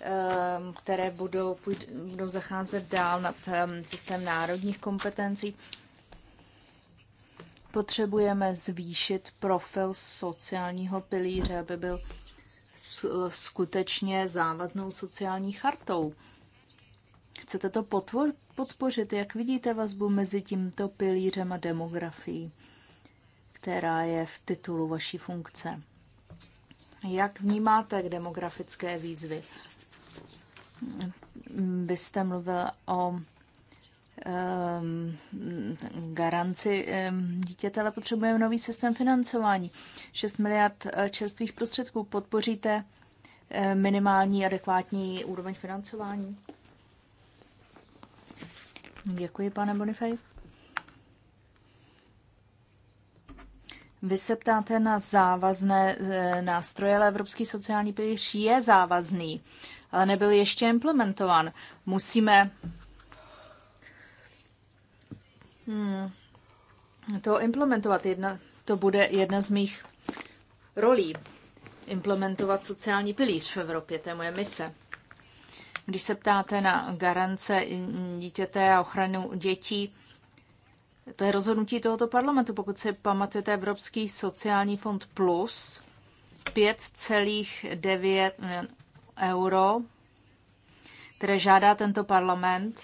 ehm, které budou, budou zacházet dál nad ehm, systém národních kompetencí. Potřebujeme zvýšit profil sociálního pilíře, aby byl skutečně závaznou sociální chartou. Chcete to podpořit? Jak vidíte vazbu mezi tímto pilířem a demografií, která je v titulu vaší funkce? Jak vnímáte demografické výzvy? Byste mluvil o Ehm, garanci ehm, dítěte, ale potřebujeme nový systém financování. 6 miliard eh, čerstvých prostředků podpoříte eh, minimální adekvátní úroveň financování. Děkuji, pane Bonifej. Vy se ptáte na závazné eh, nástroje, ale Evropský sociální pilíř je závazný, ale nebyl ještě implementován. Musíme hmm, to implementovat. Jedna, to bude jedna z mých rolí. Implementovat sociální pilíř v Evropě, to je moje mise. Když se ptáte na garance dítěte a ochranu dětí, to je rozhodnutí tohoto parlamentu. Pokud si pamatujete Evropský sociální fond plus 5,9 euro, které žádá tento parlament,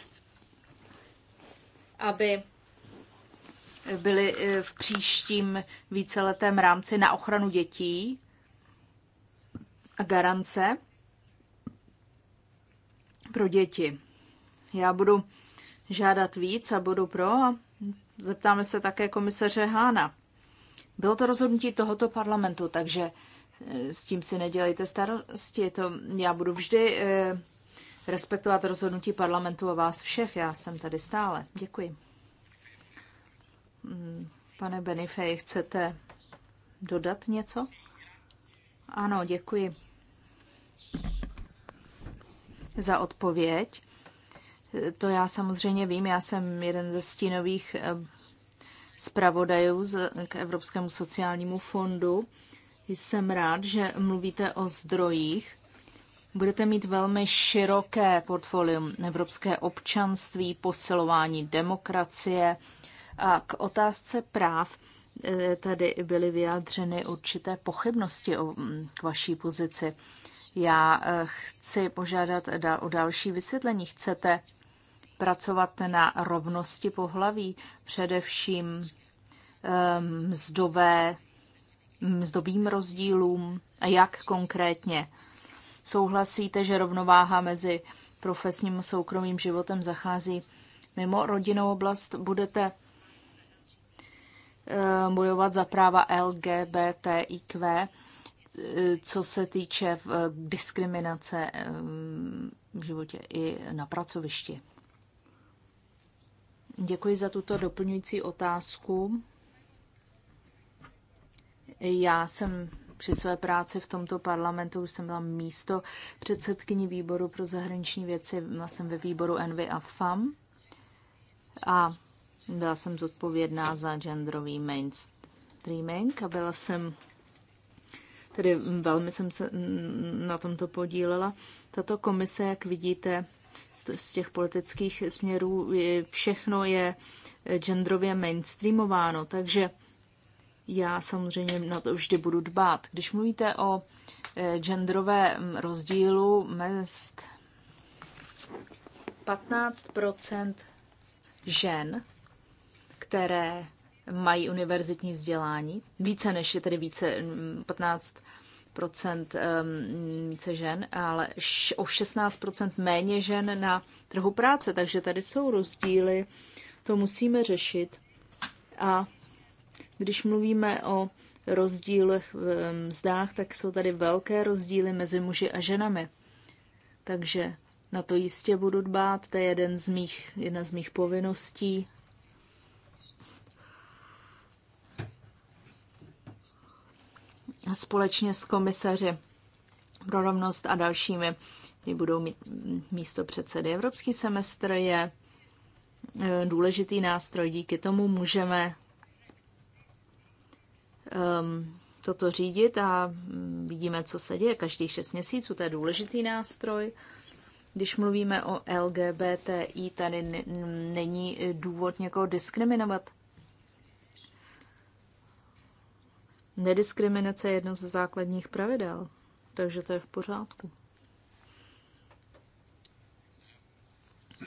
aby byly eh, v příštím víceletém rámci na ochranu dětí a garance pro děti. Já budu žádat víc a budu pro a zeptáme se také komisaře Hána. Bylo to rozhodnutí tohoto parlamentu, takže eh, s tím si nedělejte starosti. To já budu vždy eh, respektovat rozhodnutí parlamentu a vás všech. Já jsem tady stále. Děkuji. Mm, pane Benifej, chcete dodat něco? Ano, děkuji za odpověď. To já samozřejmě vím, já jsem jeden ze stínových eh, zpravodajů k Evropskému sociálnímu fondu. Jsem rád, že mluvíte o zdrojích. Budete mít velmi široké portfolium evropské občanství, posilování demokracie, a k otázce práv eh, tady byly vyjádřeny určité pochybnosti o, mm, k vaší pozici. Já eh, chci požádat o další vysvětlení. Chcete pracovat na rovnosti pohlaví, především ehm, mzdové, mzdovým rozdílům a jak konkrétně? Souhlasíte, že rovnováha mezi profesním a soukromým životem zachází mimo rodinnou oblast? Budete Eh, bojovat za práva LGBTIQ, eh, co se týče eh, diskriminace v životě i na pracovišti. Děkuji za tuto doplňující otázku. Já jsem při své práci v tomto parlamentu už jsem byla místo předsedkyní výboru pro zahraniční věci, byla jsem ve výboru Envy a FAM. A byla jsem zodpovědná za genderový mainstreaming a byla jsem, tedy velmi jsem se na tomto podílela. Tato komise, jak vidíte, z těch politických směrů všechno je genderově mainstreamováno, takže já samozřejmě na to vždy budu dbát. Když mluvíte o e, genderové rozdílu mest 15 žen které mají univerzitní vzdělání. Více než je tedy více 15 mm, ehm, více žen, ale o 16 méně žen na trhu práce. Takže tady jsou rozdíly, to musíme řešit. A když mluvíme o rozdílech v ehm, mzdách, tak jsou tady velké rozdíly mezi muži a ženami. Takže na to jistě budu dbát, to je jeden z mých, jedna z mých povinností společně s komisaři pro rovnost a dalšími, kdy budou mít místo předsedy. Evropský semestr je e, důležitý nástroj, díky tomu můžeme um, toto řídit a vidíme, co se děje každých šest měsíců. To je důležitý nástroj. Když mluvíme o LGBTI, tady není důvod někoho diskriminovat. Nediskriminace je jedno ze základních pravidel, takže to je v pořádku.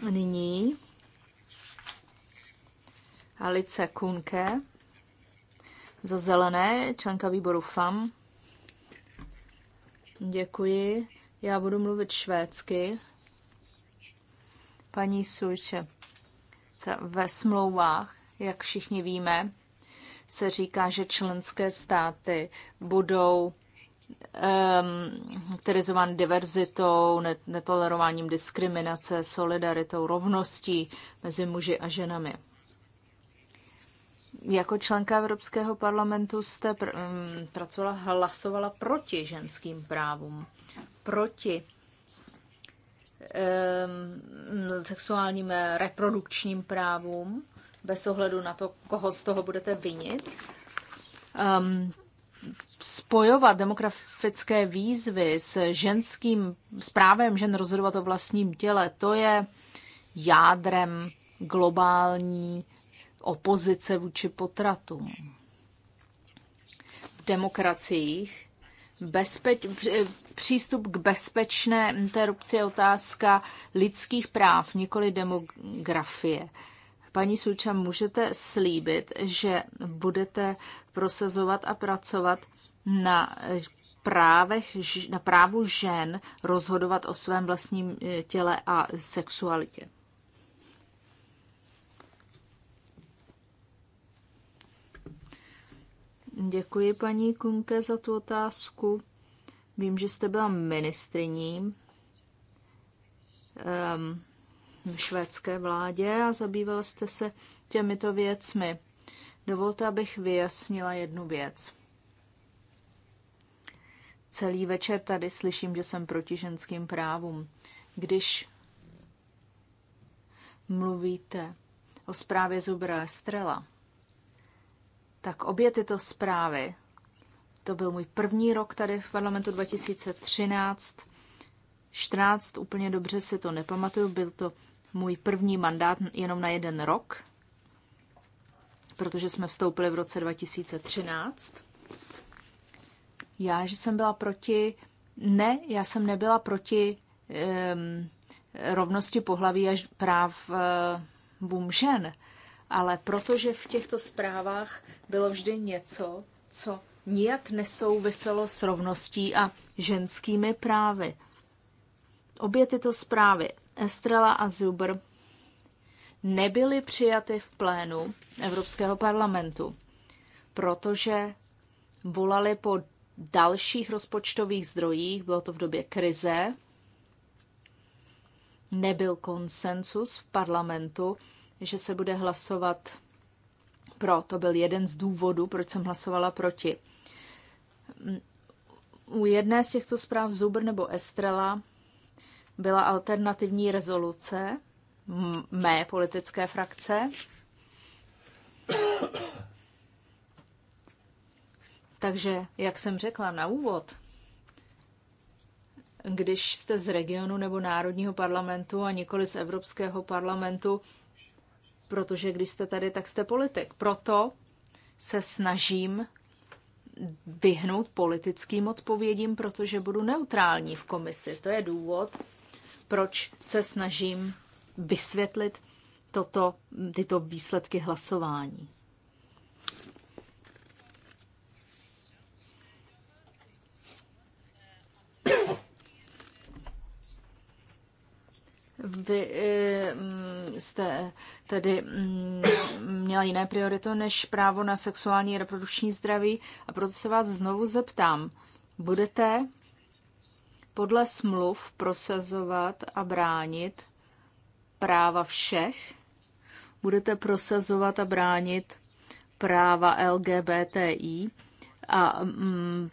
A nyní Alice Kunke za zelené, členka výboru FAM. Děkuji. Já budu mluvit švédsky. Paní Sujče, ve smlouvách, jak všichni víme, se říká, že členské státy budou charakterizován um, diverzitou, netolerováním diskriminace, solidaritou, rovností mezi muži a ženami. Jako členka Evropského parlamentu jste pr- um, pracovala, hlasovala proti ženským právům, proti um, sexuálním reprodukčním právům bez ohledu na to, koho z toho budete vinit. Um, spojovat demografické výzvy s ženským, s právem žen rozhodovat o vlastním těle, to je jádrem globální opozice vůči potratům. V demokraciích bezpeč, přístup k bezpečné interrupci je otázka lidských práv, nikoli demografie. Paní Suča, můžete slíbit, že budete prosazovat a pracovat na eh, právech, na právu žen rozhodovat o svém vlastním eh, těle a sexualitě. Děkuji paní Kunke za tu otázku. Vím, že jste byla ministriním. Ehm, um, švédské vládě a zabývala jste se těmito věcmi. Dovolte, abych vyjasnila jednu věc. Celý večer tady slyším, že jsem proti ženským právům. Když mluvíte o zprávě Zubra Estrela, tak obě tyto zprávy, to byl můj první rok tady v parlamentu 2013, 14 úplně dobře si to nepamatuju, byl to můj první mandát jenom na jeden rok, protože jsme vstoupili v roce 2013. Já, že jsem byla proti, ne, já jsem nebyla proti um, rovnosti pohlaví a práv um, žen, ale protože v těchto zprávách bylo vždy něco, co nijak nesouviselo s rovností a ženskými právy. Obě tyto zprávy Estrela a Zubr nebyly přijaty v plénu Evropského parlamentu, protože volali po dalších rozpočtových zdrojích, bylo to v době krize, nebyl konsensus v parlamentu, že se bude hlasovat pro. To byl jeden z důvodů, proč jsem hlasovala proti. U jedné z těchto zpráv Zubr nebo Estrela byla alternativní rezoluce mé politické frakce. Takže, jak jsem řekla na úvod, když jste z regionu nebo Národního parlamentu a nikoli z Evropského parlamentu, protože když jste tady, tak jste politik. Proto se snažím vyhnout politickým odpovědím, protože budu neutrální v komisi. To je důvod, proč se snažím vysvětlit toto, tyto výsledky hlasování. Vy eh, mm, jste tedy mm, měla jiné priority než právo na sexuální a reprodukční zdraví a proto se vás znovu zeptám. Budete podle smluv prosazovat a bránit práva všech. Budete prosazovat a bránit práva LGBTI a mm,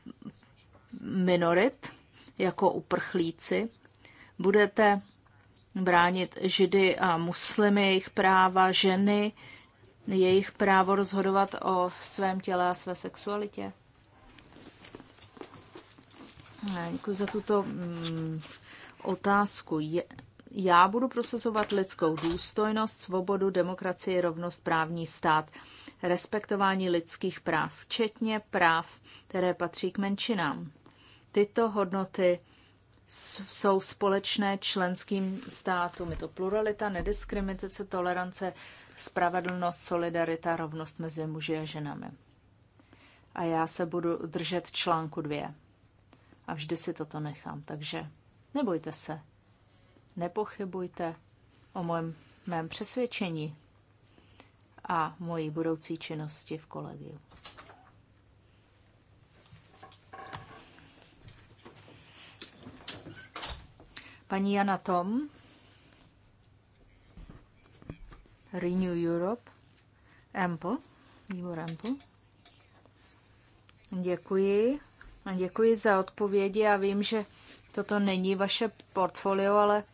minorit jako uprchlíci. Budete bránit židy a muslimy, jejich práva, ženy, jejich právo rozhodovat o svém těle a své sexualitě. Děkuji za tuto mm, otázku. já budu prosazovat lidskou důstojnost, svobodu, demokracii, rovnost, právní stát, respektování lidských práv, včetně práv, které patří k menšinám. Tyto hodnoty jsou společné členským státům. Je to pluralita, nediskriminace, tolerance, spravedlnost, solidarita, rovnost mezi muži a ženami. A já se budu držet článku dvě a vždy si toto nechám. Takže nebojte se, nepochybujte o mém, mém přesvědčení a mojí budoucí činnosti v kolegiu. Paní Jana Tom, Renew Europe, Ample, Ivor Ample. Děkuji děkuji za odpovědi. Já vím, že toto není vaše portfolio, ale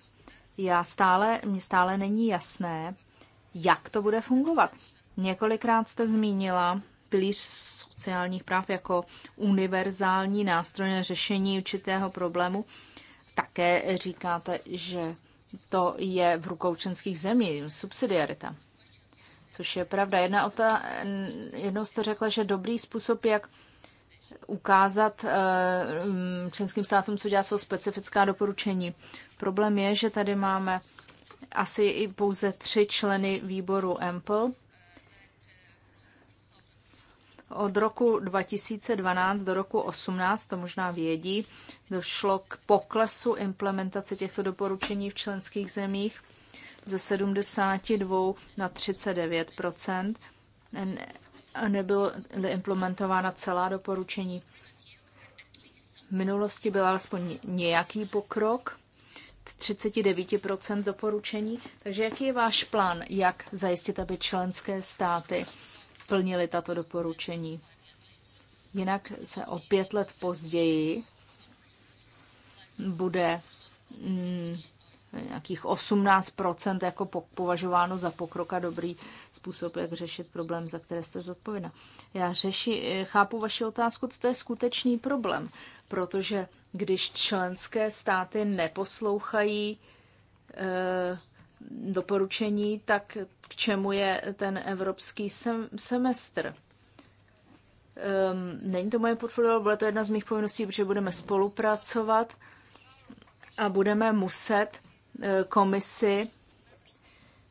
já stále, mně stále není jasné, jak to bude fungovat. Několikrát jste zmínila pilíř sociálních práv jako univerzální nástroj na řešení určitého problému. Také říkáte, že to je v rukou členských zemí, subsidiarita. Což je pravda. Jedna ta, jednou jste řekla, že dobrý způsob, jak ukázat eh, mm, členským státům, co dělat, jsou specifická doporučení. Problém je, že tady máme asi i pouze tři členy výboru EMPL. Od roku 2012 do roku 2018, to možná vědí, došlo k poklesu implementace těchto doporučení v členských zemích ze 72 na 39 a nebylo implementována celá doporučení. V minulosti byl alespoň nějaký pokrok, 39% doporučení. Takže jaký je váš plán, jak zajistit, aby členské státy plnily tato doporučení? Jinak se o pět let později bude mm, nějakých 18 jako považováno za pokrok a dobrý způsob, jak řešit problém, za které jste zodpovědná. Já řeši, chápu vaši otázku, to je skutečný problém, protože když členské státy neposlouchají e, doporučení, tak k čemu je ten evropský sem, semestr? Um, není to moje portfolio, bude to jedna z mých povinností, protože budeme spolupracovat a budeme muset Eh, komisi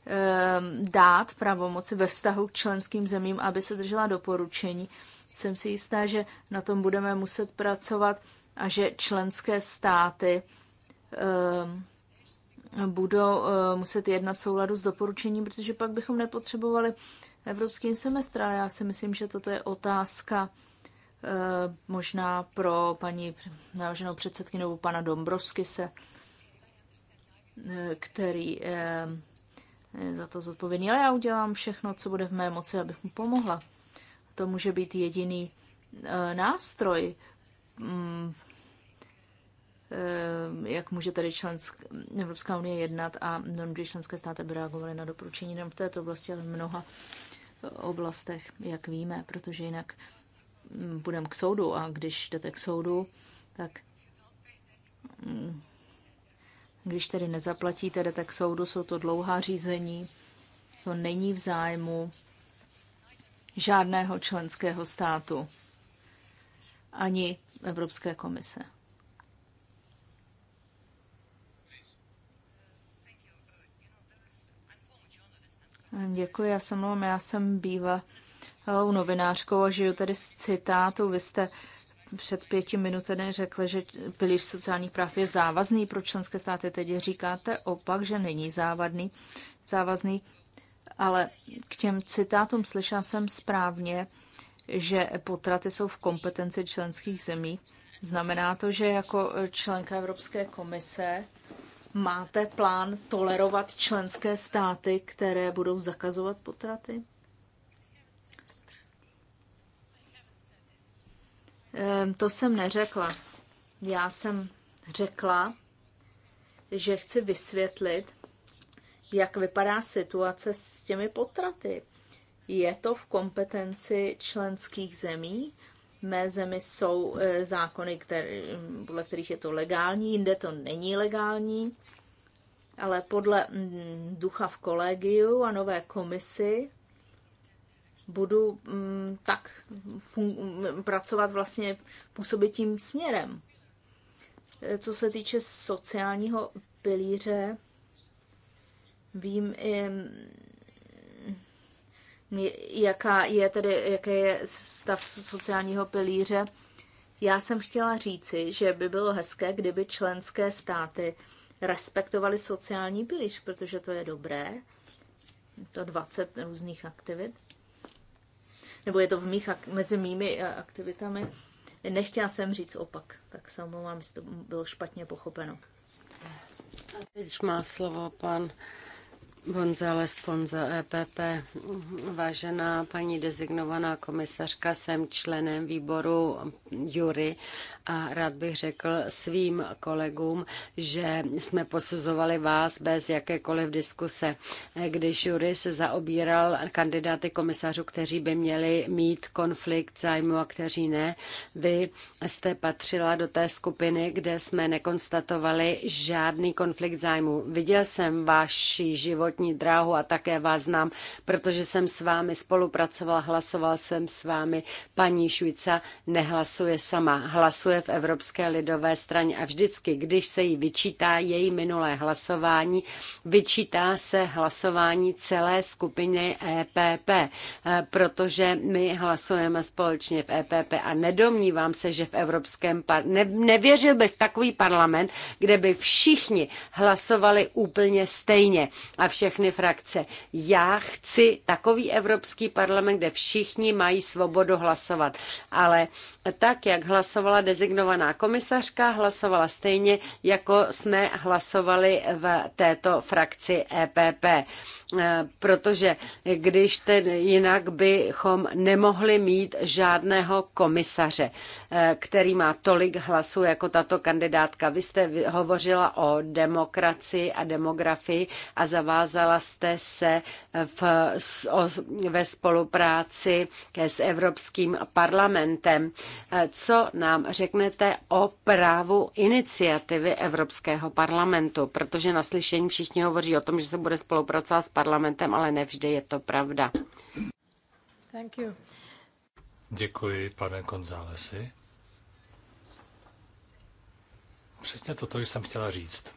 eh, dát pravomoci ve vztahu k členským zemím, aby se držela doporučení. Jsem si jistá, že na tom budeme muset pracovat a že členské státy eh, budou muset jednat v souladu s doporučením, protože pak bychom nepotřebovali evropský semestr. Ale já si myslím, že toto je otázka možná pro paní náženou předsedkyni nebo pana Dombrovsky se který eh, za to zodpovědný, ale já udělám všechno, co bude v mé moci, abych mu pomohla. To může být jediný eh, nástroj, mm, eh, jak může tady člensk, Evropská unie jednat a mnohdy členské státy by reagovaly na doporučení nejen v této oblasti, ale v mnoha oblastech, jak víme, protože jinak budeme mm, k soudu a když jdete k soudu, tak mm, když tedy nezaplatíte, jde tak soudu, jsou to dlouhá řízení, to není v zájmu žádného členského státu ani Evropské komise. Děkuji, já jsem, já jsem bývalou novinářkou a žiju tady s citátou. Vy jste před pěti minutami řekl, že pilíř sociálních práv je závazný pro členské státy. Teď říkáte opak, že není závadný, závazný, ale k těm citátům slyšela jsem správně, že potraty jsou v kompetenci členských zemí. Znamená to, že jako členka Evropské komise máte plán tolerovat členské státy, které budou zakazovat potraty? Ehm, to jsem neřekla. Já jsem řekla, že chci vysvětlit, jak vypadá situace s těmi potraty. Je to v kompetenci členských zemí. Mé zemi jsou e, zákony, které, podle kterých je to legální, jinde to není legální, ale podle mm, ducha v kolegiu a nové komisi budu mm, tak pracovat vlastně, působit tím směrem. E, co se týče sociálního pilíře, vím, mm, jaká je tedy, jaký je stav sociálního pilíře. Já jsem chtěla říci, že by bylo hezké, kdyby členské státy respektovali sociální pilíř, protože to je dobré. To 20 různých aktivit nebo je to v mých, mezi mými eh, aktivitami. Nechtěla jsem říct opak, tak se omlouvám, jestli to bylo špatně pochopeno. A teď má slovo pan González Ponzo EPP. Vážená paní dezignovaná komisařka, jsem členem výboru Jury a rád bych řekl svým kolegům, že jsme posuzovali vás bez jakékoliv diskuse, když Jury se zaobíral kandidáty komisařů, kteří by měli mít konflikt zájmu a kteří ne. Vy jste patřila do té skupiny, kde jsme nekonstatovali žádný konflikt zájmu. Viděl jsem váš život životní dráhu a také vás znám, protože jsem s vámi spolupracovala, hlasoval jsem s vámi. Paní Švica nehlasuje sama, hlasuje v Evropské lidové straně a vždycky, když se jí vyčítá její minulé hlasování, vyčítá se hlasování celé skupiny EPP, eh, protože my hlasujeme společně v EPP a nedomnívám se, že v Evropském par... ne, nevěřil bych v takový parlament, kde by všichni hlasovali úplně stejně a všichni všechny frakce. Já chci takový Evropský parlament, kde všichni mají svobodu hlasovat. Ale tak, jak hlasovala designovaná komisařka, hlasovala stejně, jako jsme hlasovali v této frakci EPP. Eh, protože když ten, jinak bychom nemohli mít žádného komisaře, eh, který má tolik hlasů jako tato kandidátka. Vy jste hovořila o demokracii a demografii a za vás zavázala jste se v, o, ve spolupráci ke, s Evropským parlamentem. E, co nám řeknete o právu iniciativy Evropského parlamentu? Protože na slyšení všichni hovoří o tom, že se bude spolupracovat s parlamentem, ale nevždy je to pravda. Thank you. Děkuji, pane Gonzálesi. Přesně toto jsem chtěla říct.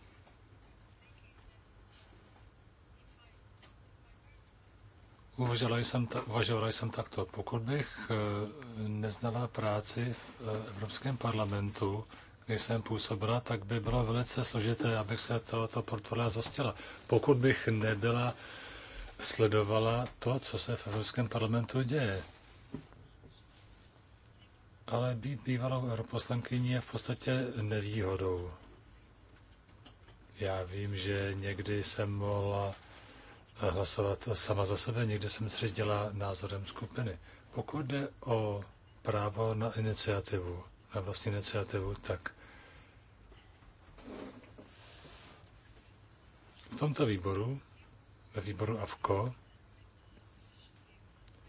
Uvažoval jsem, ta, uvažoval jsem takto. Pokud bych eh, neznala práci v eh, Evropském parlamentu, když jsem působila, tak by bylo velice složité, abych se tohoto portfolia zastěla. Pokud bych nebyla, sledovala to, co se v Evropském parlamentu děje. Ale být bývalou europoslankyní je v podstatě nevýhodou. Já vím, že někdy jsem mohla hlasovat sama za sebe, někdy se dělá názorem skupiny. Pokud jde o právo na iniciativu, na vlastní iniciativu, tak v tomto výboru, ve výboru AVKO,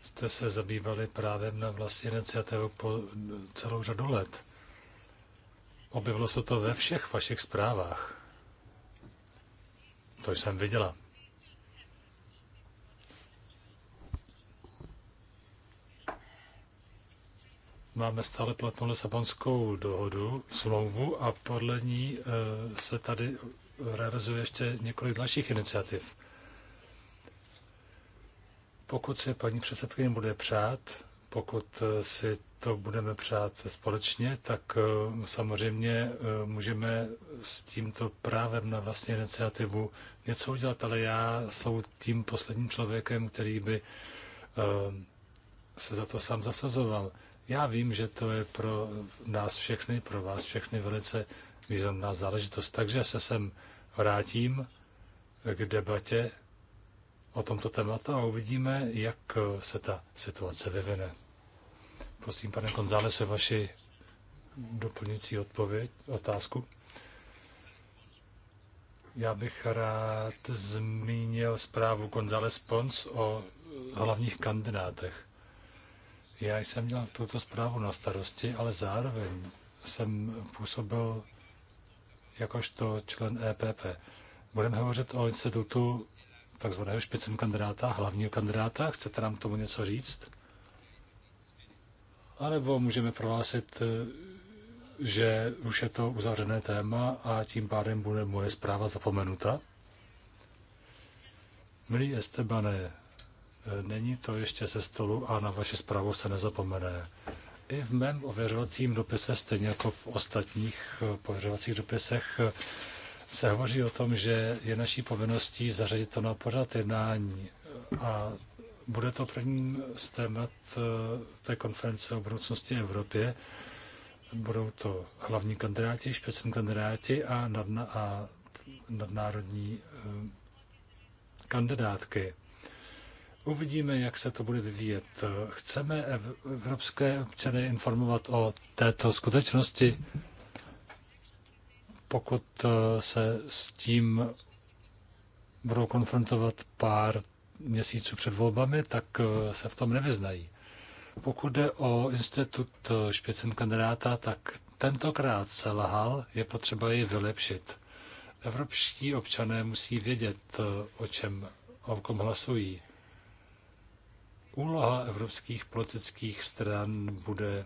jste se zabývali právem na vlastní iniciativu po celou řadu let. Objevilo se to ve všech vašich zprávách. To jsem viděla. máme stále platnou Lisabonskou dohodu, smlouvu a podle ní eh, se tady realizuje ještě několik dalších iniciativ. Pokud si paní předsedkyně bude přát, pokud eh, si to budeme přát společně, tak eh, samozřejmě můžeme s tímto právem na vlastní iniciativu něco udělat, ale já jsem tím posledním člověkem, který by se za to sám zasazoval. Já vím, že to je pro nás všechny, pro vás všechny velice významná záležitost. Takže se sem vrátím k debatě o tomto tématu a uvidíme, jak se ta situace vyvine. Prosím, pane se vaši doplňující odpověď, otázku. Já bych rád zmínil zprávu González Pons o hlavních kandidátech. Já jsem měl tuto zprávu na starosti, ale zároveň jsem působil jakožto člen EPP. Budeme hovořit o institutu takzvaného špicem kandidáta, hlavního kandidáta. Chcete nám k tomu něco říct? A nebo můžeme prohlásit, že už je to uzavřené téma a tím pádem bude moje zpráva zapomenuta? Milý Estebane, Není to ještě ze stolu a na vaši zprávu se nezapomene. I v mém ověřovacím dopise, stejně jako v ostatních eh, pověřovacích dopisech, eh, se hovoří o tom, že je naší povinností zařadit to na pořad jednání. A bude to první z témat eh, té konference o budoucnosti Evropy. Budou to hlavní kandidáti, špecní kandidáti a, nadna- a nadnárodní kandidátky. Uvidíme, jak se to bude vyvíjet. Chceme evropské občany informovat o této skutečnosti, pokud eh, se s tím budou konfrontovat pár měsíců před volbami, tak eh, se v tom nevyznají. Pokud jde o institut eh, špicen kandidáta, tak tentokrát se lahal, je potřeba ji vylepšit. Evropští občané musí vědět, o čem o kom hlasují. Úloha evropských politických stran bude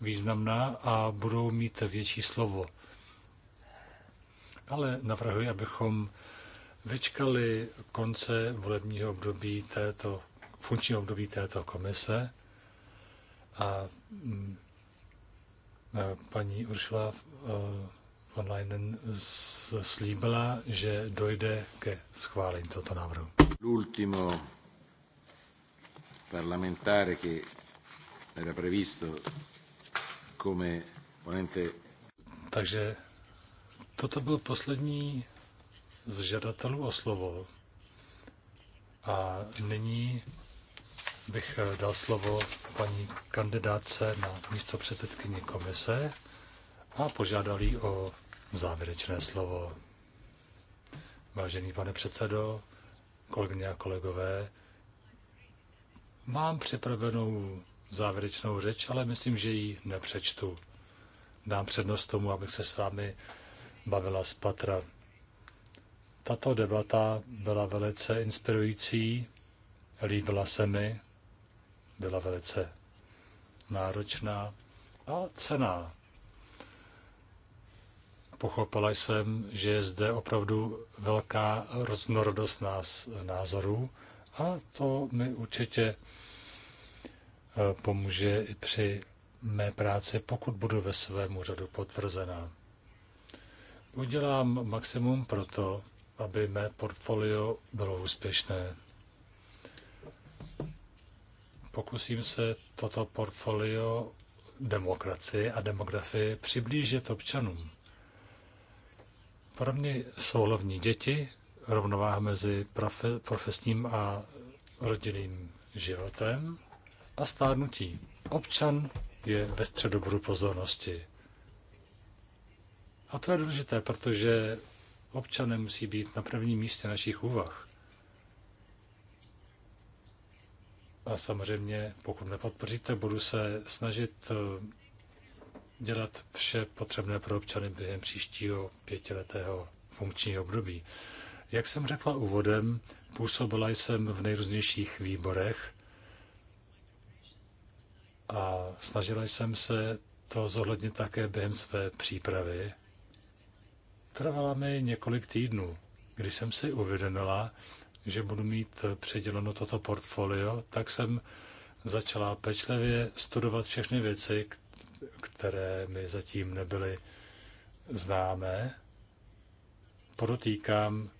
významná a budou mít větší slovo. Ale navrhuji, abychom vyčkali konce volebního období této, funkčního období této komise a mm, paní Uršla eh, von Leyen slíbila, že dojde ke schválení tohoto návrhu. L'ultimo parlamentare che era previsto come ponente. Takže toto byl poslední z žadatelů o slovo. A nyní bych dal slovo paní kandidáce na místo předsedkyni komise a požádali o závěrečné slovo. Vážený pane předsedo, kolegyně a kolegové, mám připravenou závěrečnou řeč, ale myslím, že ji nepřečtu. Dám přednost tomu, abych se s vámi bavila z patra. Tato debata byla velice inspirující, líbila se mi, byla velice náročná a cená. Pochopila jsem, že je zde opravdu velká roznorodost nás, názorů a to mi určitě eh, pomůže i při mé práci, pokud budu ve svém úřadu potvrzená. Udělám maximum pro to, aby mé portfolio bylo úspěšné. Pokusím se toto portfolio demokracie a demografie přiblížit občanům mě jsou hlavní děti, rovnováha mezi profesním a rodinným životem a stárnutí. Občan je ve středobru pozornosti. A to je důležité, protože občané musí být na prvním místě našich úvah. A samozřejmě, pokud nepodpoříte, budu se snažit eh, dělat vše potřebné pro občany během příštího pětiletého funkčního období. Jak jsem řekla úvodem, působila jsem v nejrůznějších výborech a snažila jsem se to zohlednit také během své přípravy. Trvala mi několik týdnů, když jsem si uvědomila, že budu mít předěleno toto portfolio, tak jsem začala pečlivě studovat všechny věci, které mi zatím nebyly známé. Podotýkám,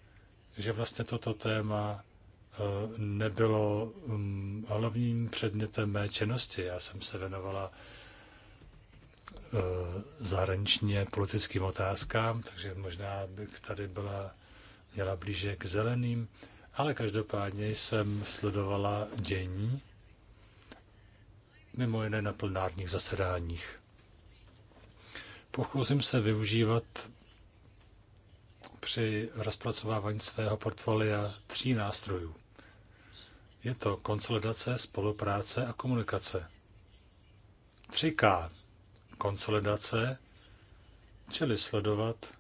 že vlastně toto téma eh, nebylo mm, hlavním předmětem mé činnosti. Já jsem se věnovala eh, zahraničně politickým otázkám, takže možná bych tady byla, měla blíže k zeleným, ale každopádně jsem sledovala dění mimo jiné na plnárních zasedáních. Pokusím se využívat při rozpracovávání svého portfolia tří nástrojů. Je to konsolidace, spolupráce a komunikace. 3K. Konsolidace, čili sledovat,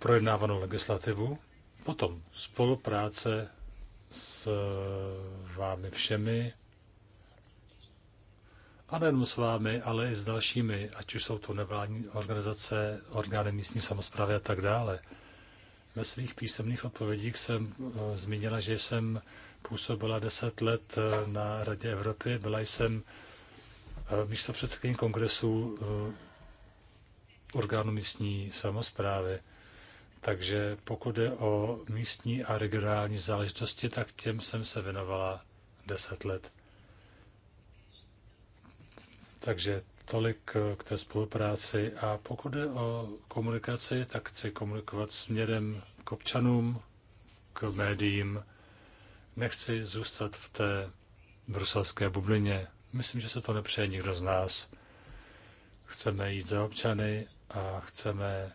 projednávanou legislativu, potom spolupráce s eh, vámi všemi, a nejenom s vámi, ale i s dalšími, ať už jsou to nevládní organizace, orgány místní samozprávy a tak dále. Ve svých písemných odpovědích jsem eh, zmínila, že jsem působila deset let eh, na Radě Evropy, byla jsem místo předsedkyní kongresu orgánu místní samozprávy. Takže pokud je o místní a regionální záležitosti, tak těm jsem se věnovala 10 let. Takže tolik k té spolupráci. A pokud je o komunikaci, tak chci komunikovat směrem k občanům, k médiím. Nechci zůstat v té bruselské bublině. Myslím, že se to nepřeje nikdo z nás. Chceme jít za občany a chceme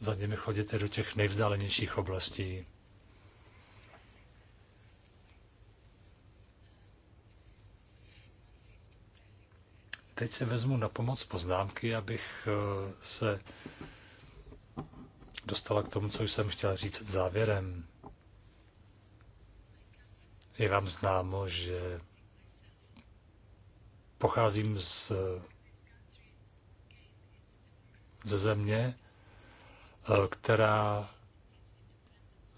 za nimi chodíte do těch nejvzdálenějších oblastí. Teď se vezmu na pomoc poznámky, abych eh, se dostala k tomu, co jsem chtěl říct závěrem. Je vám známo, že pocházím z, ze země, Eh, která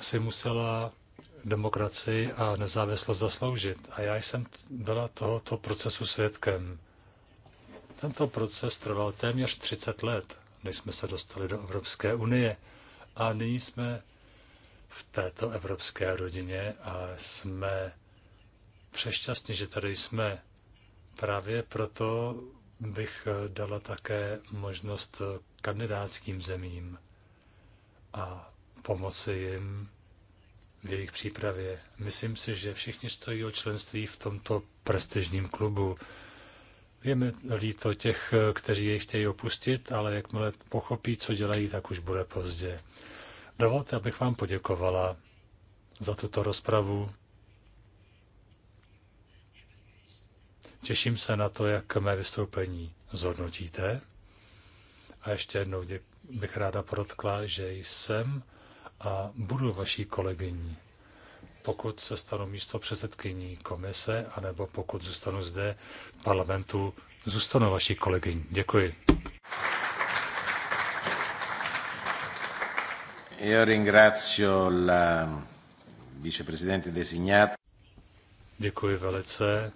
si musela demokracii a nezávislost zasloužit. A já jsem byla tohoto procesu svědkem. Tento proces trval téměř 30 let, než jsme se dostali do Evropské unie. A nyní jsme v této evropské rodině a jsme přešťastní, že tady jsme. Právě proto bych eh, dala také možnost eh, kandidátským zemím a pomoci jim v jejich přípravě. Myslím si, že všichni stojí o členství v tomto prestižním klubu. Je mi líto těch, kteří jej chtějí opustit, ale jakmile pochopí, co dělají, tak už bude pozdě. Dovolte, abych vám poděkovala za tuto rozpravu. Těším se na to, jak mé vystoupení zhodnotíte. A ještě jednou děkuji bych ráda protkla, že jsem a budu vaší kolegyní. Pokud se stanu místo předsedkyní komise, anebo pokud zůstanu zde v parlamentu, zůstanu vaší kolegyní. Děkuji. Io ringrazio la designata. Děkuji velice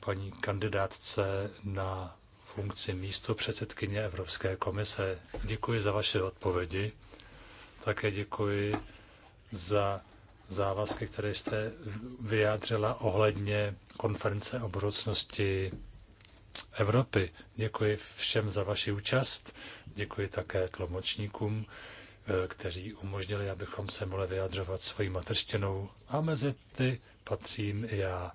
paní kandidátce na funkci místo předsedkyně Evropské komise. Děkuji za vaše odpovědi. Také děkuji za závazky, které jste vyjádřila ohledně konference o budoucnosti Evropy. Děkuji všem za vaši účast. Děkuji také tlumočníkům, eh, kteří umožnili, abychom se mohli vyjadřovat svojí mateřštinou. A mezi ty patřím i já.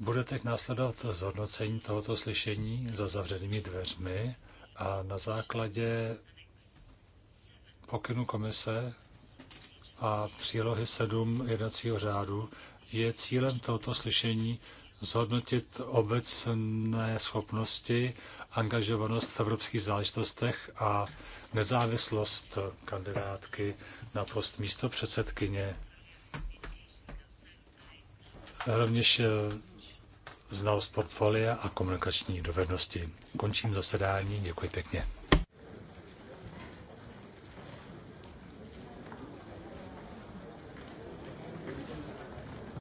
Bude teď následovat zhodnocení tohoto slyšení za zavřenými dveřmi a na základě pokynu komise a přílohy 7 jednacího řádu je cílem tohoto slyšení zhodnotit obecné schopnosti, angažovanost v evropských záležitostech a nezávislost kandidátky na post místo předsedkyně. Rovněž eh, znalost portfolia a komunikační dovednosti. Končím zasedání, děkuji pěkně.